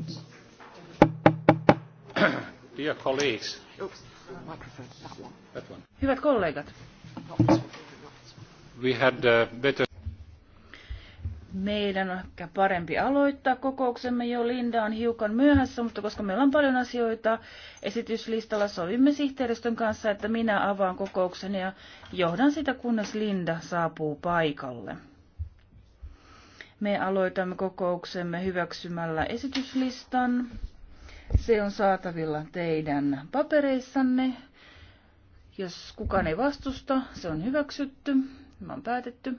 Hyvät kollegat. We had uh, better... Meidän on ehkä parempi aloittaa kokouksemme jo. Linda on hiukan myöhässä, mutta koska meillä on paljon asioita esityslistalla, sovimme sihteeristön kanssa, että minä avaan kokouksen ja johdan sitä, kunnes Linda saapuu paikalle. Me aloitamme kokouksemme hyväksymällä esityslistan. Se on saatavilla teidän papereissanne. Jos kukaan ei vastusta, se on hyväksytty. Tämä on päätetty.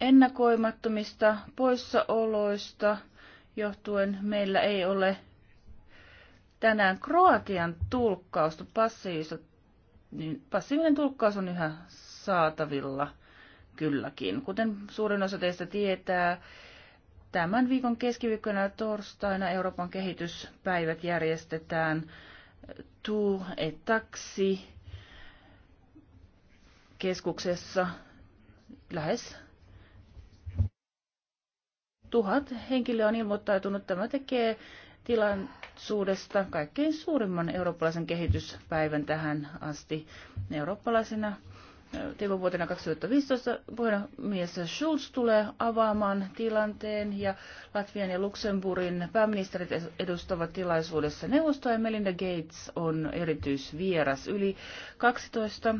Ennakoimattomista poissaoloista johtuen meillä ei ole tänään Kroatian tulkkausta passiivista niin passiivinen tulkkaus on yhä saatavilla kylläkin. Kuten suurin osa teistä tietää, tämän viikon keskiviikkona torstaina Euroopan kehityspäivät järjestetään tu et Taxi keskuksessa lähes tuhat henkilöä on ilmoittautunut. Tämä tekee tilaisuudesta kaikkein suurimman eurooppalaisen kehityspäivän tähän asti. Eurooppalaisena vuotena 2015 puhemies Schulz tulee avaamaan tilanteen ja Latvian ja Luxemburgin pääministerit edustavat tilaisuudessa neuvostoa ja Melinda Gates on erityisvieras. Yli 12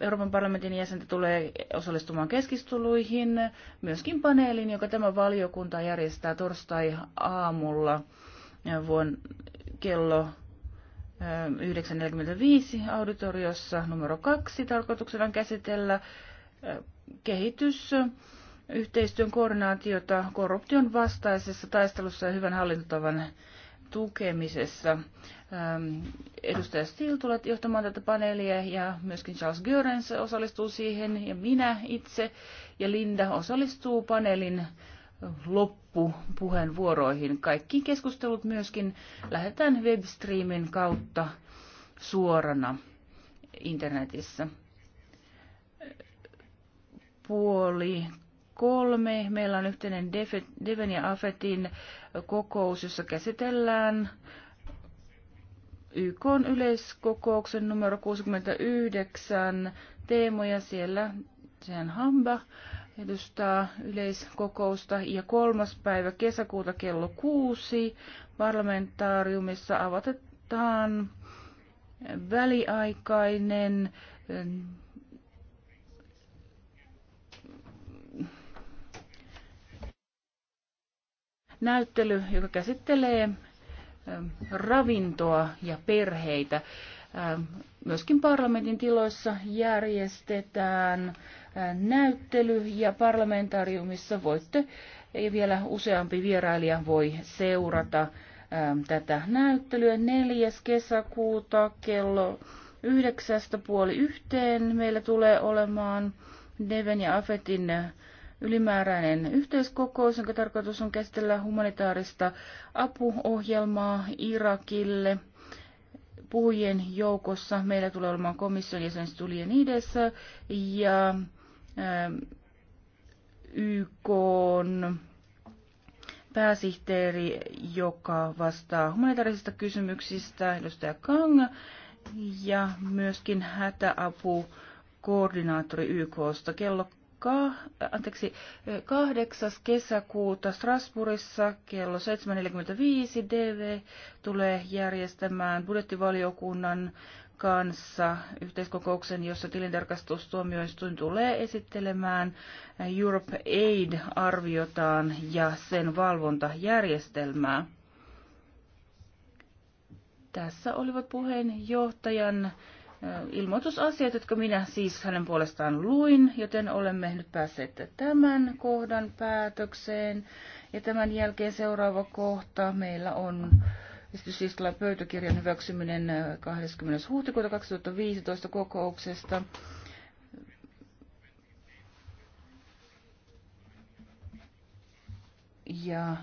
Euroopan parlamentin jäsentä tulee osallistumaan keskusteluihin, myöskin paneelin, joka tämä valiokunta järjestää torstai-aamulla vuon kello 9.45 auditoriossa numero kaksi. Tarkoituksena on käsitellä kehitys yhteistyön koordinaatiota korruption vastaisessa taistelussa ja hyvän hallintotavan tukemisessa. Edustaja Stil tulee johtamaan tätä paneelia ja myöskin Charles Görens osallistuu siihen ja minä itse ja Linda osallistuu paneelin loppuun loppupuheenvuoroihin. Kaikki keskustelut myöskin lähetään webstreamin kautta suorana internetissä. Puoli kolme. Meillä on yhteinen Deven ja Afetin kokous, jossa käsitellään YK yleiskokouksen numero 69 teemoja siellä. Sehän hamba edustaa yleiskokousta ja kolmas päivä kesäkuuta kello kuusi parlamentaariumissa avatetaan väliaikainen ähm, näyttely, joka käsittelee ähm, ravintoa ja perheitä. Ähm, myöskin parlamentin tiloissa järjestetään näyttely ja parlamentaariumissa voitte ja vielä useampi vierailija voi seurata tätä näyttelyä 4. kesäkuuta kello yhdeksästä puoli yhteen. Meillä tulee olemaan Deven ja Afetin ylimääräinen yhteiskokous, jonka tarkoitus on käsitellä humanitaarista apuohjelmaa Irakille. Puhujien joukossa meillä tulee olemaan komission jäsen idessä ja Ähm, YK on pääsihteeri, joka vastaa humanitaarisista kysymyksistä, edustaja Kang, ja myöskin hätäapu koordinaattori YKsta kello ka, äh, anteeksi, 8. kesäkuuta Strasbourgissa kello 7.45 DV tulee järjestämään budjettivaliokunnan kanssa yhteiskokouksen, jossa tilintarkastustuomioistuin tulee esittelemään Europe Aid-arviotaan ja sen valvontajärjestelmää. Tässä olivat puheenjohtajan ilmoitusasiat, jotka minä siis hänen puolestaan luin, joten olemme nyt päässeet tämän kohdan päätökseen. Ja tämän jälkeen seuraava kohta meillä on esityslistalla pöytäkirjan hyväksyminen 20. huhtikuuta 2015 kokouksesta. Ja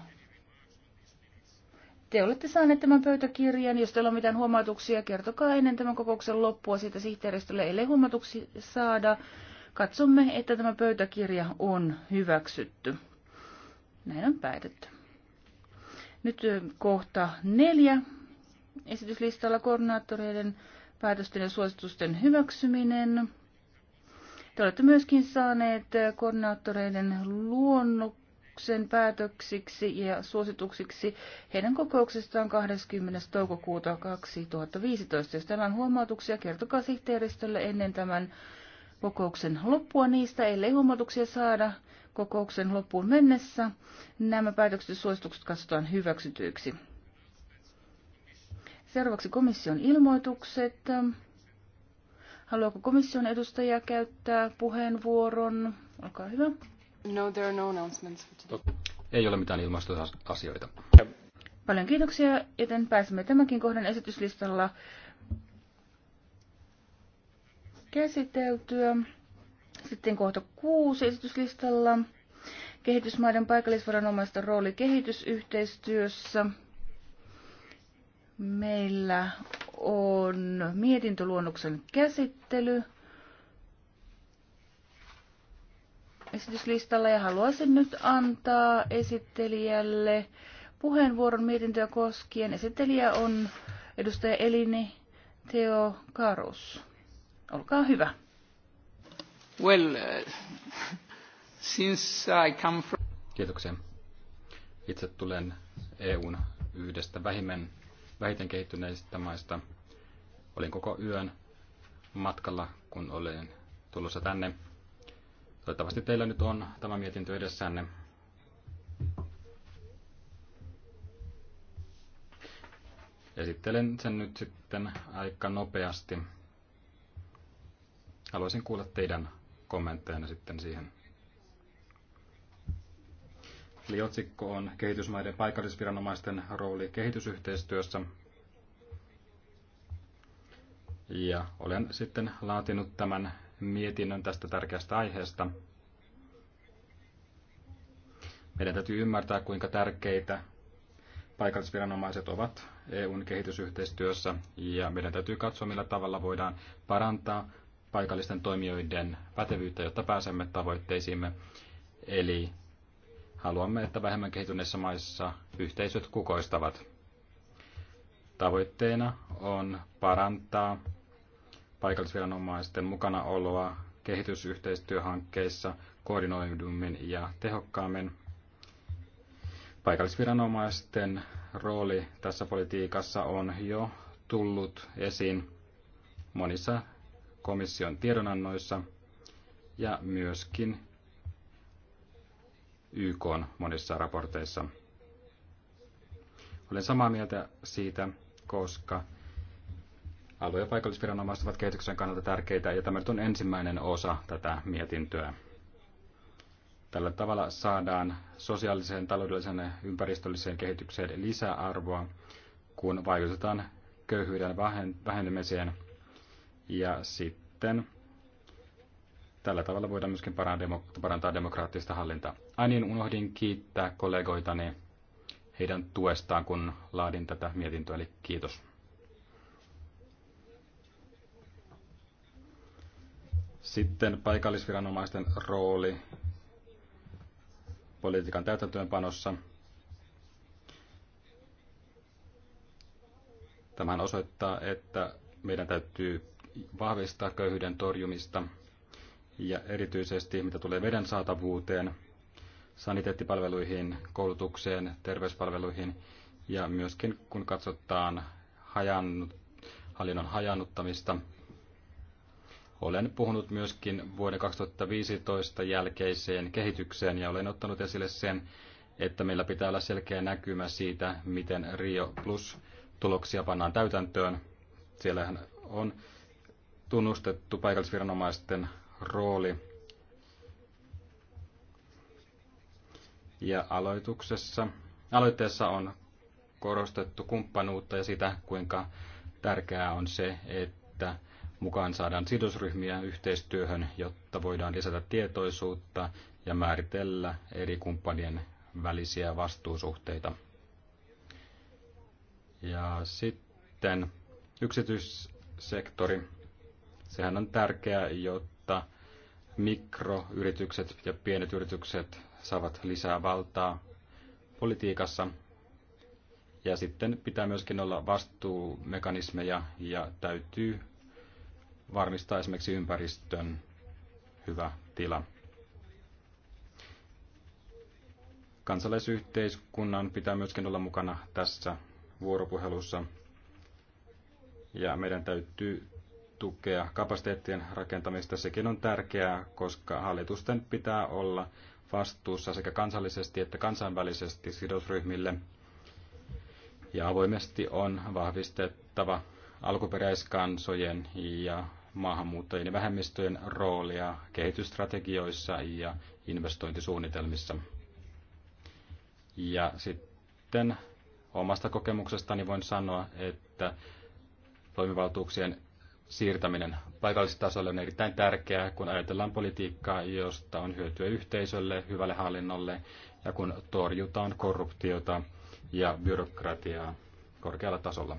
te olette saaneet tämän pöytäkirjan. Jos teillä on mitään huomautuksia, kertokaa ennen tämän kokouksen loppua siitä sihteeristölle. Ellei huomautuksia saada, katsomme, että tämä pöytäkirja on hyväksytty. Näin on päätetty. Nyt kohta neljä. Esityslistalla koordinaattoreiden päätösten ja suositusten hyväksyminen. Te olette myöskin saaneet koordinaattoreiden luonnoksen päätöksiksi ja suosituksiksi heidän kokouksestaan 20. toukokuuta 2015. Jos tämän huomautuksia, kertokaa sihteeristölle ennen tämän kokouksen loppua niistä, ellei huomautuksia saada kokouksen loppuun mennessä. Nämä päätökset ja suositukset katsotaan hyväksytyiksi. Seuraavaksi komission ilmoitukset. Haluaako komission edustaja käyttää puheenvuoron? Olkaa hyvä. No, there are no announcements. Ei ole mitään ilmastoasioita. Paljon kiitoksia, joten pääsemme tämänkin kohdan esityslistalla käsiteltyä. Sitten kohta kuusi esityslistalla. Kehitysmaiden paikallisviranomaisten rooli kehitysyhteistyössä. Meillä on mietintöluonnoksen käsittely esityslistalla ja haluaisin nyt antaa esittelijälle puheenvuoron mietintöä koskien. Esittelijä on edustaja Elini Teo Karus. Olkaa hyvä. Well, uh, since I come from... Kiitoksia. Itse tulen EUn yhdestä vähimmän, vähiten kehittyneistä maista. Olin koko yön matkalla, kun olin tulossa tänne. Toivottavasti teillä nyt on tämä mietintö edessänne. Esittelen sen nyt sitten aika nopeasti. Haluaisin kuulla teidän kommentteina sitten siihen. Eli otsikko on kehitysmaiden paikallisviranomaisten rooli kehitysyhteistyössä. Ja olen sitten laatinut tämän mietinnön tästä tärkeästä aiheesta. Meidän täytyy ymmärtää, kuinka tärkeitä paikallisviranomaiset ovat EUn kehitysyhteistyössä, ja meidän täytyy katsoa, millä tavalla voidaan parantaa paikallisten toimijoiden pätevyyttä, jotta pääsemme tavoitteisiimme. Eli haluamme, että vähemmän kehittyneissä maissa yhteisöt kukoistavat. Tavoitteena on parantaa paikallisviranomaisten mukanaoloa kehitysyhteistyöhankkeissa koordinoidummin ja tehokkaammin. Paikallisviranomaisten rooli tässä politiikassa on jo tullut esiin monissa komission tiedonannoissa ja myöskin YK monissa raporteissa. Olen samaa mieltä siitä, koska alue- ja paikallisviranomaiset ovat kehityksen kannalta tärkeitä, ja tämä on ensimmäinen osa tätä mietintöä. Tällä tavalla saadaan sosiaaliseen, taloudelliseen ja ympäristölliseen kehitykseen lisäarvoa, kun vaikutetaan köyhyyden vähenemiseen ja sitten tällä tavalla voidaan myöskin parantaa demokraattista hallintaa. Ai niin, unohdin kiittää kollegoitani heidän tuestaan, kun laadin tätä mietintöä, eli kiitos. Sitten paikallisviranomaisten rooli politiikan täytäntöönpanossa. Tämä osoittaa, että meidän täytyy vahvistaa köyhyyden torjumista ja erityisesti mitä tulee veden saatavuuteen, saniteettipalveluihin, koulutukseen, terveyspalveluihin ja myöskin kun katsotaan hajannut, hallinnon hajannuttamista. Olen puhunut myöskin vuoden 2015 jälkeiseen kehitykseen ja olen ottanut esille sen, että meillä pitää olla selkeä näkymä siitä, miten Rio Plus tuloksia pannaan täytäntöön. Siellähän on tunnustettu paikallisviranomaisten rooli. Ja aloituksessa, aloitteessa on korostettu kumppanuutta ja sitä, kuinka tärkeää on se, että mukaan saadaan sidosryhmiä yhteistyöhön, jotta voidaan lisätä tietoisuutta ja määritellä eri kumppanien välisiä vastuusuhteita. Ja sitten yksityissektori. Sehän on tärkeää, jotta mikroyritykset ja pienet yritykset saavat lisää valtaa politiikassa. Ja sitten pitää myöskin olla vastuumekanismeja ja täytyy varmistaa esimerkiksi ympäristön hyvä tila. Kansalaisyhteiskunnan pitää myöskin olla mukana tässä vuoropuhelussa. Ja meidän täytyy tukea kapasiteettien rakentamista. Sekin on tärkeää, koska hallitusten pitää olla vastuussa sekä kansallisesti että kansainvälisesti sidosryhmille. Ja avoimesti on vahvistettava alkuperäiskansojen ja maahanmuuttajien ja vähemmistöjen roolia kehitysstrategioissa ja investointisuunnitelmissa. Ja sitten omasta kokemuksestani voin sanoa, että toimivaltuuksien siirtäminen paikallistasolle on erittäin tärkeää, kun ajatellaan politiikkaa, josta on hyötyä yhteisölle, hyvälle hallinnolle ja kun torjutaan korruptiota ja byrokratiaa korkealla tasolla.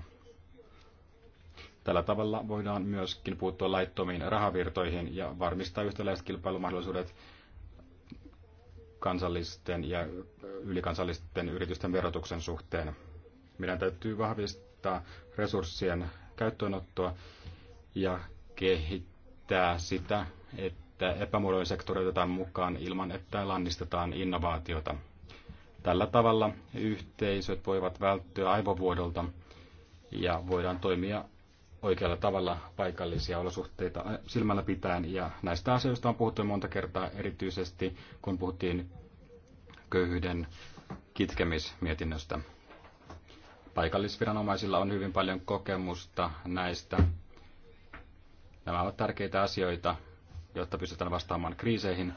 Tällä tavalla voidaan myöskin puuttua laittomiin rahavirtoihin ja varmistaa yhtäläiset kilpailumahdollisuudet kansallisten ja ylikansallisten yritysten verotuksen suhteen. Meidän täytyy vahvistaa resurssien käyttöönottoa ja kehittää sitä, että epämuodollinen sektori otetaan mukaan ilman, että lannistetaan innovaatiota. Tällä tavalla yhteisöt voivat välttyä aivovuodolta ja voidaan toimia oikealla tavalla paikallisia olosuhteita äh, silmällä pitäen. Ja näistä asioista on puhuttu monta kertaa, erityisesti kun puhuttiin köyhyyden kitkemismietinnöstä. Paikallisviranomaisilla on hyvin paljon kokemusta näistä Nämä ovat tärkeitä asioita, jotta pystytään vastaamaan kriiseihin,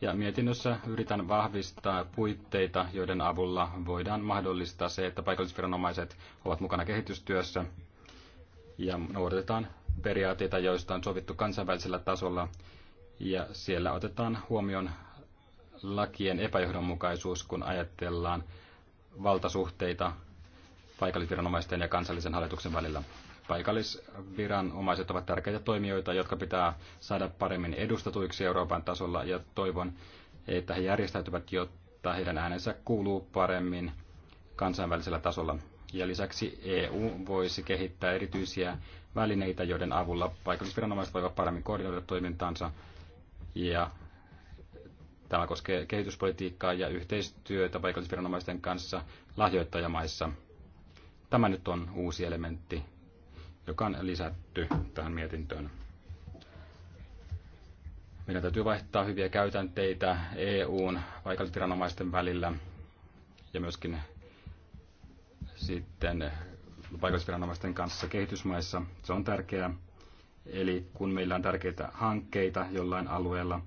ja mietinnössä yritän vahvistaa puitteita, joiden avulla voidaan mahdollistaa se, että paikallisviranomaiset ovat mukana kehitystyössä ja noudatetaan periaatteita, joista on sovittu kansainvälisellä tasolla ja siellä otetaan huomioon lakien epäjohdonmukaisuus, kun ajatellaan valtasuhteita paikallisviranomaisten ja kansallisen hallituksen välillä paikallisviranomaiset ovat tärkeitä toimijoita, jotka pitää saada paremmin edustetuiksi Euroopan tasolla ja toivon, että he järjestäytyvät, jotta heidän äänensä kuuluu paremmin kansainvälisellä tasolla. Ja lisäksi EU voisi kehittää erityisiä välineitä, joiden avulla paikallisviranomaiset voivat paremmin koordinoida toimintaansa. Ja tämä koskee kehityspolitiikkaa ja yhteistyötä paikallisviranomaisten kanssa lahjoittajamaissa. Tämä nyt on uusi elementti joka on lisätty tähän mietintöön. Meidän täytyy vaihtaa hyviä käytänteitä EUn paikallisviranomaisten välillä ja myöskin sitten paikallisviranomaisten kanssa kehitysmaissa. Se on tärkeää. Eli kun meillä on tärkeitä hankkeita jollain alueella,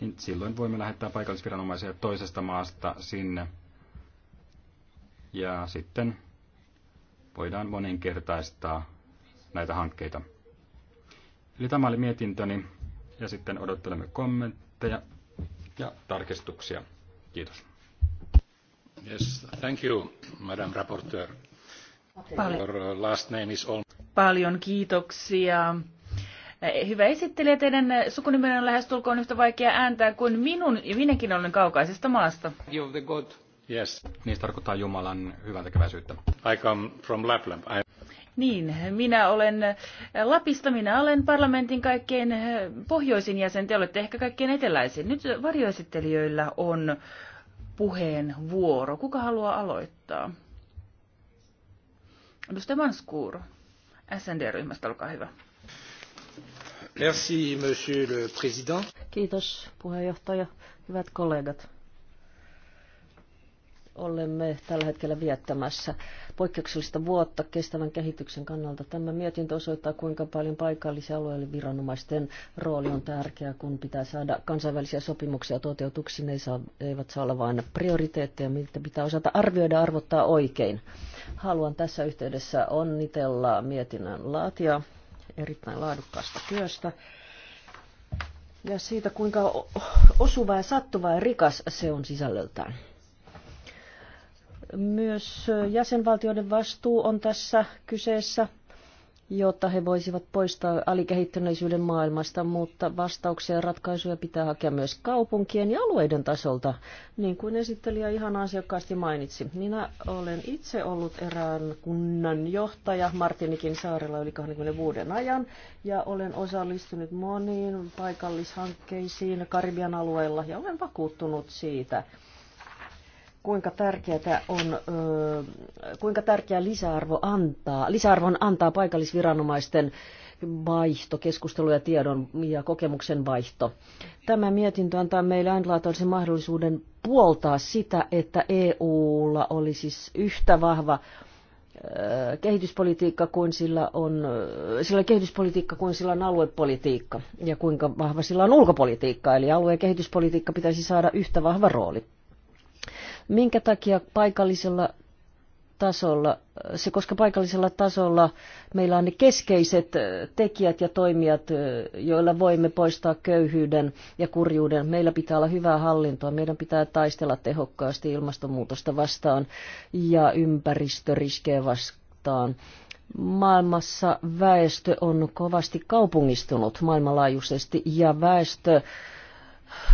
niin silloin voimme lähettää paikallisviranomaisia toisesta maasta sinne. Ja sitten voidaan moninkertaistaa näitä hankkeita. Eli tämä oli mietintöni ja sitten odottelemme kommentteja ja tarkistuksia. Kiitos. Yes, thank you, Madam Rapporteur. Your uh, last name is all... Paljon kiitoksia. Eh, hyvä esittelijä, teidän sukunimenne on lähestulkoon yhtä vaikea ääntää kuin minun, ja minäkin olen kaukaisesta maasta. Yes. Niistä tarkoittaa Jumalan hyvän tekeväisyyttä. I come from Lapland. I... Niin, minä olen Lapista, minä olen parlamentin kaikkein pohjoisin jäsen, te olette ehkä kaikkein eteläisin. Nyt varjoesittelijöillä on puheen vuoro. Kuka haluaa aloittaa? Edustaja Manskuur, SND-ryhmästä, olkaa hyvä. Merci, monsieur le président. Kiitos, puheenjohtaja. Hyvät kollegat. Olemme tällä hetkellä viettämässä poikkeuksellista vuotta kestävän kehityksen kannalta. Tämä mietintö osoittaa, kuinka paljon paikallisen alueelle viranomaisten rooli on tärkeä, kun pitää saada kansainvälisiä sopimuksia toteutuksi. Ne eivät saa olla vain prioriteetteja, mitä pitää osata arvioida ja arvottaa oikein. Haluan tässä yhteydessä onnitella mietinnön laatia erittäin laadukkaasta työstä ja siitä, kuinka osuva ja sattuva ja rikas se on sisällöltään. Myös jäsenvaltioiden vastuu on tässä kyseessä, jotta he voisivat poistaa alikehittyneisyyden maailmasta, mutta vastauksia ja ratkaisuja pitää hakea myös kaupunkien ja alueiden tasolta, niin kuin esittelijä ihan ansiokkaasti mainitsi. Minä olen itse ollut erään kunnan johtaja Martinikin saarella yli 20 vuoden ajan ja olen osallistunut moniin paikallishankkeisiin Karibian alueella ja olen vakuuttunut siitä, kuinka tärkeää on, kuinka tärkeä lisäarvo antaa, lisäarvon antaa paikallisviranomaisten vaihto, keskustelu ja tiedon ja kokemuksen vaihto. Tämä mietintö antaa meille ainutlaatuisen mahdollisuuden puoltaa sitä, että EUlla olisi siis yhtä vahva kehityspolitiikka kuin sillä on, sillä on kehityspolitiikka kuin sillä on aluepolitiikka ja kuinka vahva sillä on ulkopolitiikka. Eli ja kehityspolitiikka pitäisi saada yhtä vahva rooli. Minkä takia paikallisella tasolla, se koska paikallisella tasolla meillä on ne keskeiset tekijät ja toimijat, joilla voimme poistaa köyhyyden ja kurjuuden. Meillä pitää olla hyvää hallintoa, meidän pitää taistella tehokkaasti ilmastonmuutosta vastaan ja ympäristöriskejä vastaan. Maailmassa väestö on kovasti kaupungistunut maailmanlaajuisesti ja väestö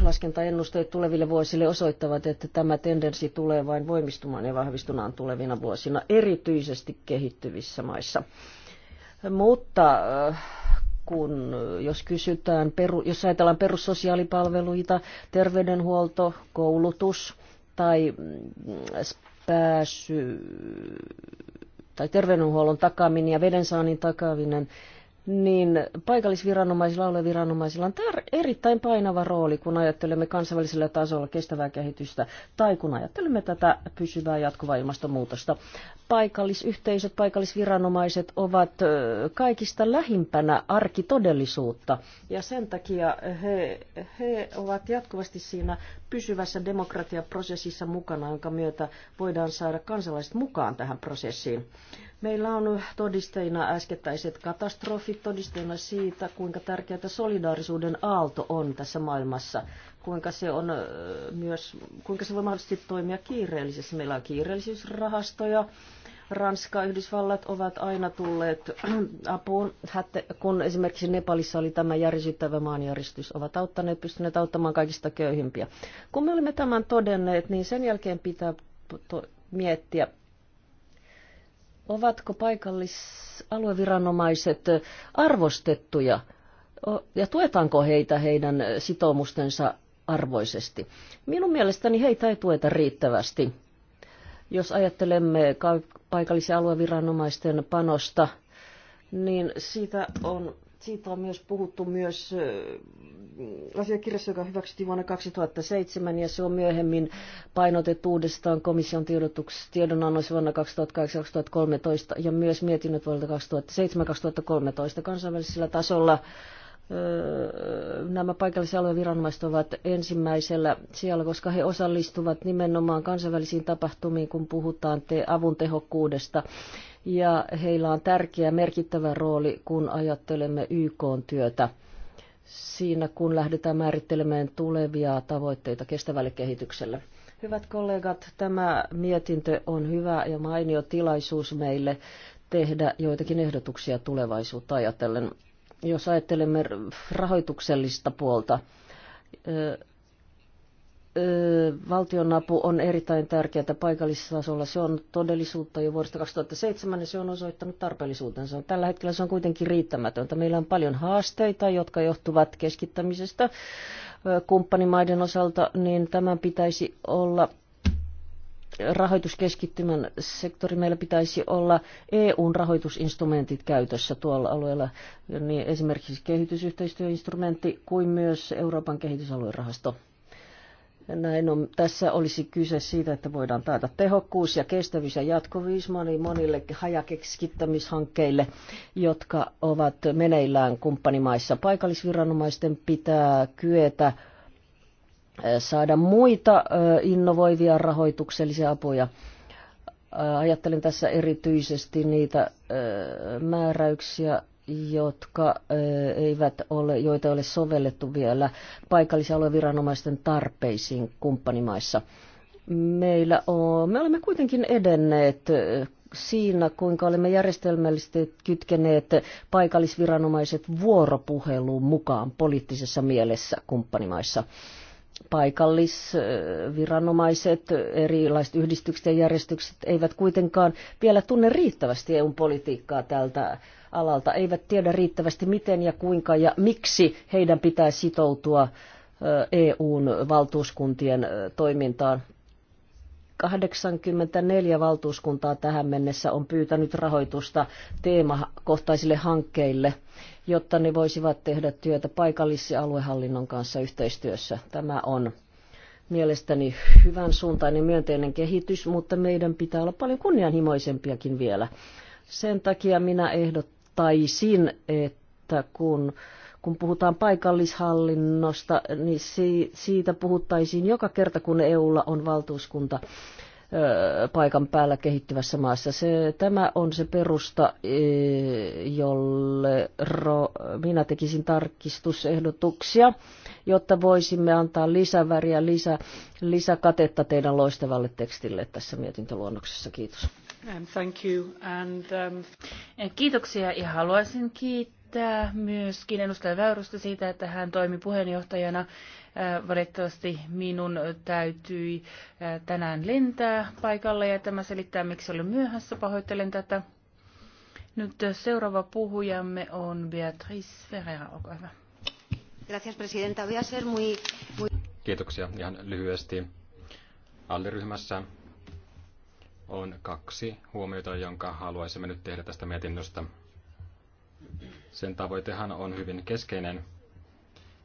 laskentaennusteet tuleville vuosille osoittavat, että tämä tendenssi tulee vain voimistumaan ja vahvistumaan tulevina vuosina, erityisesti kehittyvissä maissa. Mutta äh, kun, jos, kysytään, jos ajatellaan perussosiaalipalveluita, terveydenhuolto, koulutus tai mm, pääsy tai terveydenhuollon takaaminen ja vedensaannin takaaminen, niin paikallisviranomaisilla viranomaisilla on tämä erittäin painava rooli, kun ajattelemme kansainvälisellä tasolla kestävää kehitystä tai kun ajattelemme tätä pysyvää jatkuvaa ilmastonmuutosta. Paikallisyhteisöt, paikallisviranomaiset ovat kaikista lähimpänä arkitodellisuutta ja sen takia he, he ovat jatkuvasti siinä pysyvässä demokratiaprosessissa mukana, jonka myötä voidaan saada kansalaiset mukaan tähän prosessiin. Meillä on todisteina äskettäiset katastrofit, todisteina siitä, kuinka tärkeää solidaarisuuden aalto on tässä maailmassa, kuinka se, on myös, kuinka se voi mahdollisesti toimia kiireellisessä. Meillä on kiireellisyysrahastoja. Ranska ja Yhdysvallat ovat aina tulleet apuun, kun esimerkiksi Nepalissa oli tämä järisyttävä maanjäristys, ovat auttaneet, pystyneet auttamaan kaikista köyhimpiä. Kun me olemme tämän todenneet, niin sen jälkeen pitää miettiä Ovatko paikallisalueviranomaiset arvostettuja ja tuetaanko heitä heidän sitoumustensa arvoisesti? Minun mielestäni heitä ei tueta riittävästi. Jos ajattelemme paikallisen alueviranomaisten panosta, niin siitä on siitä on myös puhuttu myös asiakirjassa, joka hyväksyttiin vuonna 2007, ja se on myöhemmin painotettu uudestaan komission tiedonannoissa vuonna 2008-2013 ja myös mietinnöt vuodelta 2007-2013 kansainvälisellä tasolla nämä paikallisen alueen viranomaiset ovat ensimmäisellä siellä, koska he osallistuvat nimenomaan kansainvälisiin tapahtumiin, kun puhutaan te avun tehokkuudesta ja heillä on tärkeä merkittävä rooli, kun ajattelemme YK-työtä siinä, kun lähdetään määrittelemään tulevia tavoitteita kestävälle kehitykselle. Hyvät kollegat, tämä mietintö on hyvä ja mainio tilaisuus meille tehdä joitakin ehdotuksia tulevaisuutta ajatellen. Jos ajattelemme rahoituksellista puolta, valtionapu on erittäin tärkeää paikallistasolla. Se on todellisuutta jo vuodesta 2007 ja se on osoittanut tarpeellisuutensa. Tällä hetkellä se on kuitenkin riittämätöntä. Meillä on paljon haasteita, jotka johtuvat keskittämisestä kumppanimaiden osalta, niin tämän pitäisi olla rahoituskeskittymän sektori meillä pitäisi olla EUn rahoitusinstrumentit käytössä tuolla alueella, niin esimerkiksi kehitysyhteistyöinstrumentti kuin myös Euroopan kehitysalueen rahasto näin on, tässä olisi kyse siitä, että voidaan taata tehokkuus ja kestävyys ja jatkuvuus monille hajakeskittämishankkeille, jotka ovat meneillään kumppanimaissa. Paikallisviranomaisten pitää kyetä saada muita innovoivia rahoituksellisia apuja. Ajattelen tässä erityisesti niitä määräyksiä, jotka eivät ole, joita ei ole sovellettu vielä paikallisia alueviranomaisten tarpeisiin kumppanimaissa. Meillä on, me olemme kuitenkin edenneet siinä, kuinka olemme järjestelmällisesti kytkeneet paikallisviranomaiset vuoropuheluun mukaan poliittisessa mielessä kumppanimaissa paikallisviranomaiset, erilaiset yhdistykset ja järjestykset eivät kuitenkaan vielä tunne riittävästi EU-politiikkaa tältä alalta eivät tiedä riittävästi miten ja kuinka ja miksi heidän pitää sitoutua EUn valtuuskuntien toimintaan. 84 valtuuskuntaa tähän mennessä on pyytänyt rahoitusta teemakohtaisille hankkeille, jotta ne voisivat tehdä työtä paikallis- ja aluehallinnon kanssa yhteistyössä. Tämä on mielestäni hyvän suuntainen myönteinen kehitys, mutta meidän pitää olla paljon kunnianhimoisempiakin vielä. Sen takia minä ehdot, ehdottaisin, että kun, kun puhutaan paikallishallinnosta, niin siitä puhuttaisiin joka kerta, kun EUlla on valtuuskunta paikan päällä kehittyvässä maassa. Se, tämä on se perusta, jolle ro, minä tekisin tarkistusehdotuksia, jotta voisimme antaa lisäväriä, lisä, lisäkatetta teidän loistavalle tekstille tässä mietintöluonnoksessa. Kiitos. Thank you. And, um... Kiitoksia ja haluaisin kiittää myöskin edustaja Väyrystä siitä, että hän toimi puheenjohtajana. Valitettavasti minun täytyi tänään lentää paikalle ja tämä selittää, miksi olin myöhässä. Pahoittelen tätä. Nyt seuraava puhujamme on Beatrice Ferreira, olkaa hyvä. Gracias, presidenta. Voy a ser muy, muy... Kiitoksia ihan lyhyesti. Alliryhmässä on kaksi huomiota, jonka haluaisimme nyt tehdä tästä mietinnöstä. Sen tavoitehan on hyvin keskeinen,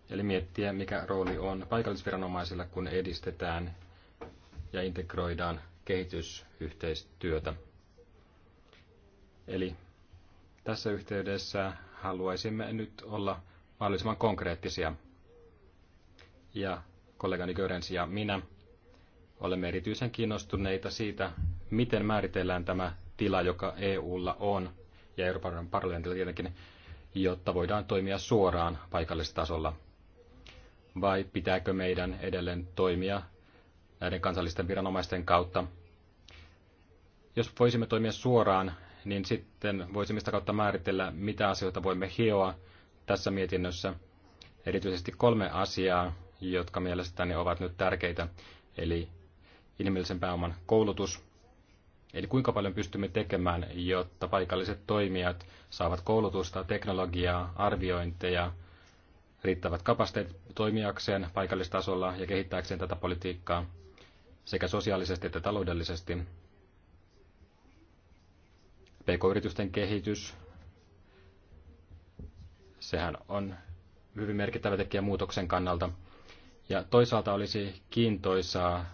eli miettiä, mikä rooli on paikallisviranomaisilla, kun edistetään ja integroidaan kehitysyhteistyötä. Eli tässä yhteydessä haluaisimme nyt olla mahdollisimman konkreettisia. Ja kollegani Görens ja minä Olemme erityisen kiinnostuneita siitä, miten määritellään tämä tila, joka EUlla on, ja Euroopan parlamentilla tietenkin, jotta voidaan toimia suoraan paikallistasolla. Vai pitääkö meidän edelleen toimia näiden kansallisten viranomaisten kautta? Jos voisimme toimia suoraan, niin sitten voisimme sitä kautta määritellä, mitä asioita voimme hioa tässä mietinnössä. Erityisesti kolme asiaa, jotka mielestäni ovat nyt tärkeitä. Eli inhimillisen pääoman koulutus. Eli kuinka paljon pystymme tekemään, jotta paikalliset toimijat saavat koulutusta, teknologiaa, arviointeja, riittävät kapasiteet toimijakseen paikallistasolla ja kehittääkseen tätä politiikkaa sekä sosiaalisesti että taloudellisesti. PK-yritysten kehitys, sehän on hyvin merkittävä tekijä muutoksen kannalta. Ja toisaalta olisi kiintoisaa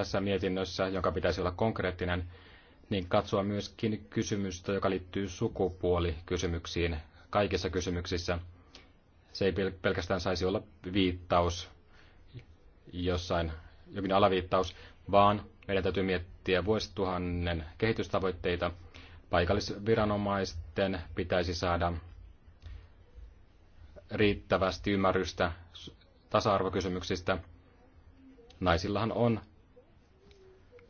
tässä mietinnössä, jonka pitäisi olla konkreettinen, niin katsoa myöskin kysymystä, joka liittyy sukupuolikysymyksiin kaikissa kysymyksissä. Se ei pelkästään saisi olla viittaus jossain, jokin alaviittaus, vaan meidän täytyy miettiä vuosituhannen kehitystavoitteita. Paikallisviranomaisten pitäisi saada riittävästi ymmärrystä tasa-arvokysymyksistä. Naisillahan on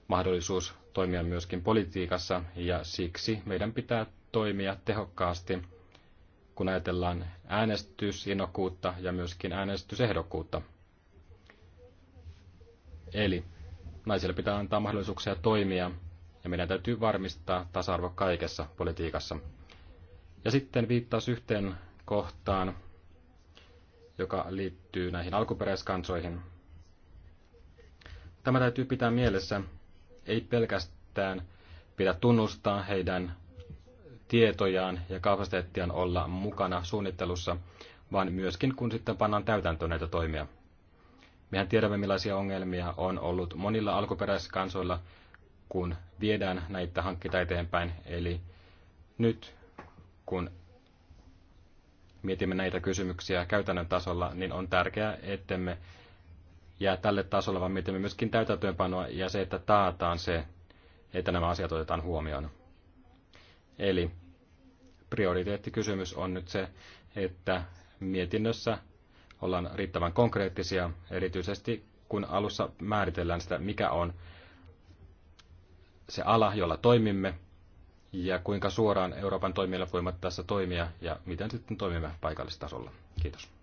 mahdollisuus toimia myöskin politiikassa ja siksi meidän pitää toimia tehokkaasti, kun ajatellaan äänestysinokkuutta ja myöskin äänestysehdokkuutta. Eli naisille pitää antaa mahdollisuuksia toimia ja meidän täytyy varmistaa tasa-arvo kaikessa politiikassa. Ja sitten viittaus yhteen kohtaan, joka liittyy näihin alkuperäiskansoihin. Tämä täytyy pitää mielessä, ei pelkästään pidä tunnustaa heidän tietojaan ja kapasiteettiaan olla mukana suunnittelussa, vaan myöskin kun sitten pannaan täytäntöön näitä toimia. Mehän tiedämme, millaisia ongelmia on ollut monilla alkuperäiskansoilla, kun viedään näitä hankkeita eteenpäin. Eli nyt, kun mietimme näitä kysymyksiä käytännön tasolla, niin on tärkeää, ettemme jää tälle tasolle, vaan mietimme myöskin täytäntöönpanoa ja se, että taataan se, että nämä asiat otetaan huomioon. Eli prioriteettikysymys on nyt se, että mietinnössä ollaan riittävän konkreettisia, erityisesti kun alussa määritellään sitä, mikä on se ala, jolla toimimme, ja kuinka suoraan Euroopan toimijoilla voimat tässä toimia, ja miten sitten toimimme paikallistasolla. Kiitos.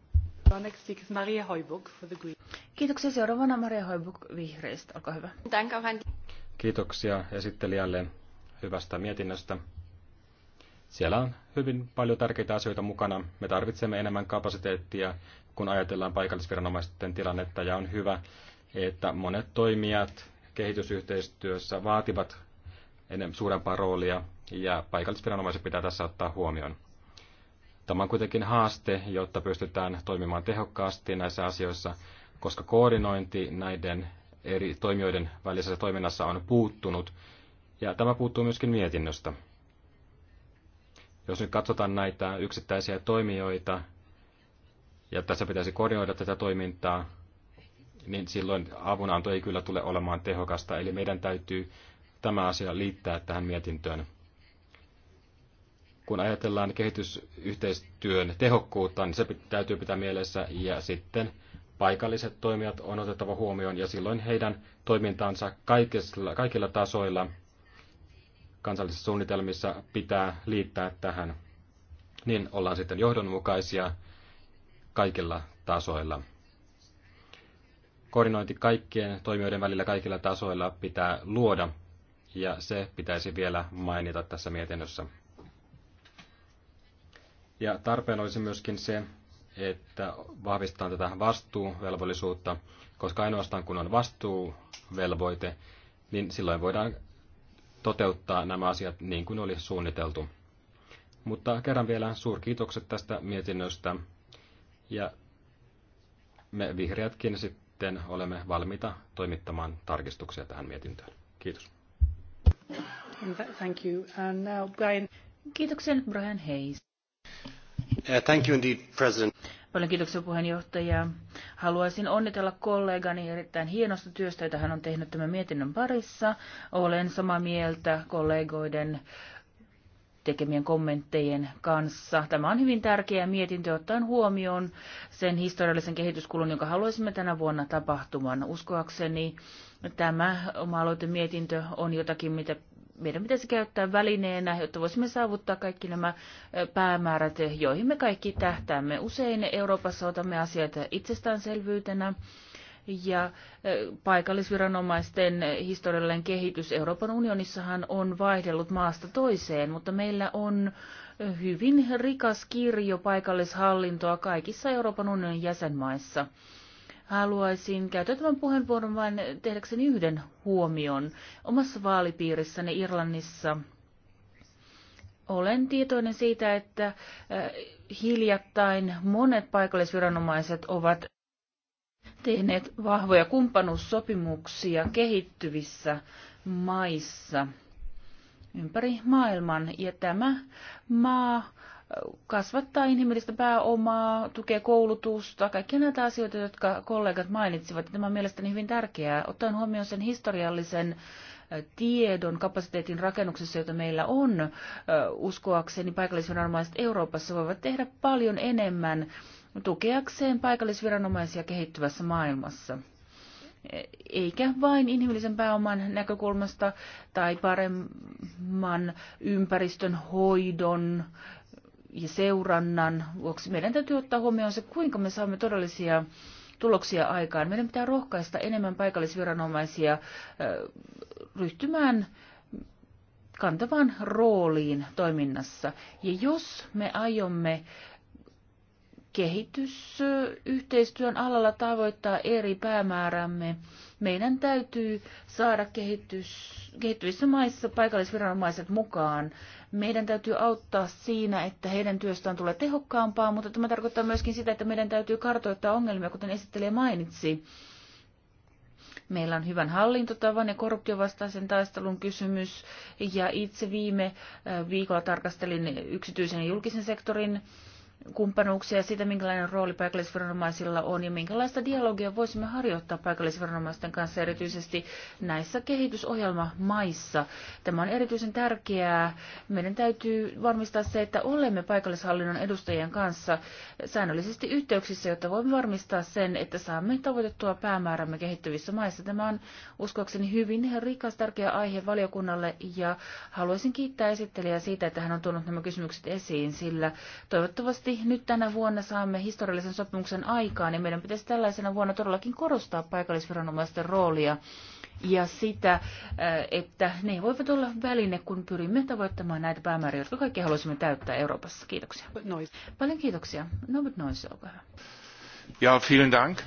Kiitoksia seuraavana Maria Hoibuk vihreistä. Olkaa hyvä. Kiitoksia esittelijälle hyvästä mietinnöstä. Siellä on hyvin paljon tärkeitä asioita mukana. Me tarvitsemme enemmän kapasiteettia, kun ajatellaan paikallisviranomaisten tilannetta, ja on hyvä, että monet toimijat kehitysyhteistyössä vaativat suurempaa roolia, ja paikallisviranomaiset pitää tässä ottaa huomioon. Tämä on kuitenkin haaste, jotta pystytään toimimaan tehokkaasti näissä asioissa, koska koordinointi näiden eri toimijoiden välisessä toiminnassa on puuttunut, ja tämä puuttuu myöskin mietinnöstä. Jos nyt katsotaan näitä yksittäisiä toimijoita, ja tässä pitäisi koordinoida tätä toimintaa, niin silloin avunanto ei kyllä tule olemaan tehokasta, eli meidän täytyy tämä asia liittää tähän mietintöön kun ajatellaan kehitysyhteistyön tehokkuutta, niin se täytyy pitää mielessä ja sitten paikalliset toimijat on otettava huomioon ja silloin heidän toimintaansa kaikilla, kaikilla tasoilla kansallisissa suunnitelmissa pitää liittää tähän. Niin ollaan sitten johdonmukaisia kaikilla tasoilla. Koordinointi kaikkien toimijoiden välillä kaikilla tasoilla pitää luoda ja se pitäisi vielä mainita tässä mietinnössä. Ja tarpeen olisi myöskin se, että vahvistetaan tätä vastuuvelvollisuutta, koska ainoastaan kun on vastuuvelvoite, niin silloin voidaan toteuttaa nämä asiat niin kuin oli suunniteltu. Mutta kerran vielä suurkiitokset tästä mietinnöstä. Ja me vihreätkin sitten olemme valmiita toimittamaan tarkistuksia tähän mietintöön. Kiitos. Thank you. And now Brian. Kiitoksen Brian Hayes. Uh, Paljon kiitoksia puheenjohtaja. Haluaisin onnitella kollegani erittäin hienosta työstä, jota hän on tehnyt tämän mietinnön parissa. Olen samaa mieltä kollegoiden tekemien kommenttejen kanssa. Tämä on hyvin tärkeä mietintö ottaen huomioon sen historiallisen kehityskulun, jonka haluaisimme tänä vuonna tapahtuman. Uskoakseni tämä oma aloitemietintö on jotakin, mitä meidän pitäisi käyttää välineenä, jotta voisimme saavuttaa kaikki nämä päämäärät, joihin me kaikki tähtäämme. Usein Euroopassa otamme asioita itsestäänselvyytenä ja paikallisviranomaisten historiallinen kehitys Euroopan unionissahan on vaihdellut maasta toiseen, mutta meillä on hyvin rikas kirjo paikallishallintoa kaikissa Euroopan unionin jäsenmaissa haluaisin käyttää tämän puheenvuoron vain tehdäkseni yhden huomion. Omassa vaalipiirissäni Irlannissa olen tietoinen siitä, että äh, hiljattain monet paikallisviranomaiset ovat tehneet vahvoja kumppanuussopimuksia kehittyvissä maissa ympäri maailman. Ja tämä maa kasvattaa inhimillistä pääomaa, tukee koulutusta, kaikkia näitä asioita, jotka kollegat mainitsivat. Tämä on mielestäni hyvin tärkeää, ottaen huomioon sen historiallisen tiedon kapasiteetin rakennuksessa, jota meillä on, uskoakseni paikallisviranomaiset Euroopassa voivat tehdä paljon enemmän tukeakseen paikallisviranomaisia kehittyvässä maailmassa. E, eikä vain inhimillisen pääoman näkökulmasta tai paremman ympäristön hoidon ja seurannan vuoksi meidän täytyy ottaa huomioon se, kuinka me saamme todellisia tuloksia aikaan. Meidän pitää rohkaista enemmän paikallisviranomaisia ryhtymään kantavaan rooliin toiminnassa. Ja jos me aiomme kehitysyhteistyön alalla tavoittaa eri päämäärämme, meidän täytyy saada kehitys, kehittyvissä maissa paikallisviranomaiset mukaan meidän täytyy auttaa siinä, että heidän työstään tulee tehokkaampaa, mutta tämä tarkoittaa myöskin sitä, että meidän täytyy kartoittaa ongelmia, kuten esittelijä mainitsi. Meillä on hyvän hallintotavan ja korruptiovastaisen taistelun kysymys, ja itse viime äh, viikolla tarkastelin yksityisen ja julkisen sektorin kumppanuuksia siitä, minkälainen rooli paikallisviranomaisilla on ja minkälaista dialogia voisimme harjoittaa paikallisviranomaisten kanssa erityisesti näissä kehitysohjelmamaissa. Tämä on erityisen tärkeää. Meidän täytyy varmistaa se, että olemme paikallishallinnon edustajien kanssa säännöllisesti yhteyksissä, jotta voimme varmistaa sen, että saamme tavoitettua päämäärämme kehittyvissä maissa. Tämä on uskoakseni hyvin rikas tärkeä aihe valiokunnalle ja haluaisin kiittää esittelijää siitä, että hän on tuonut nämä kysymykset esiin, sillä toivottavasti Onneksi nyt tänä vuonna saamme historiallisen sopimuksen aikaan ja meidän pitäisi tällaisena vuonna todellakin korostaa paikallisviranomaisten roolia ja sitä, äh, että ne voivat olla väline, kun pyrimme tavoittamaan näitä päämääriä, jotka kaikki haluaisimme täyttää Euroopassa. Kiitoksia. Nois. Paljon kiitoksia. No, Nois, olkaa hyvä. Ja, vielen dank.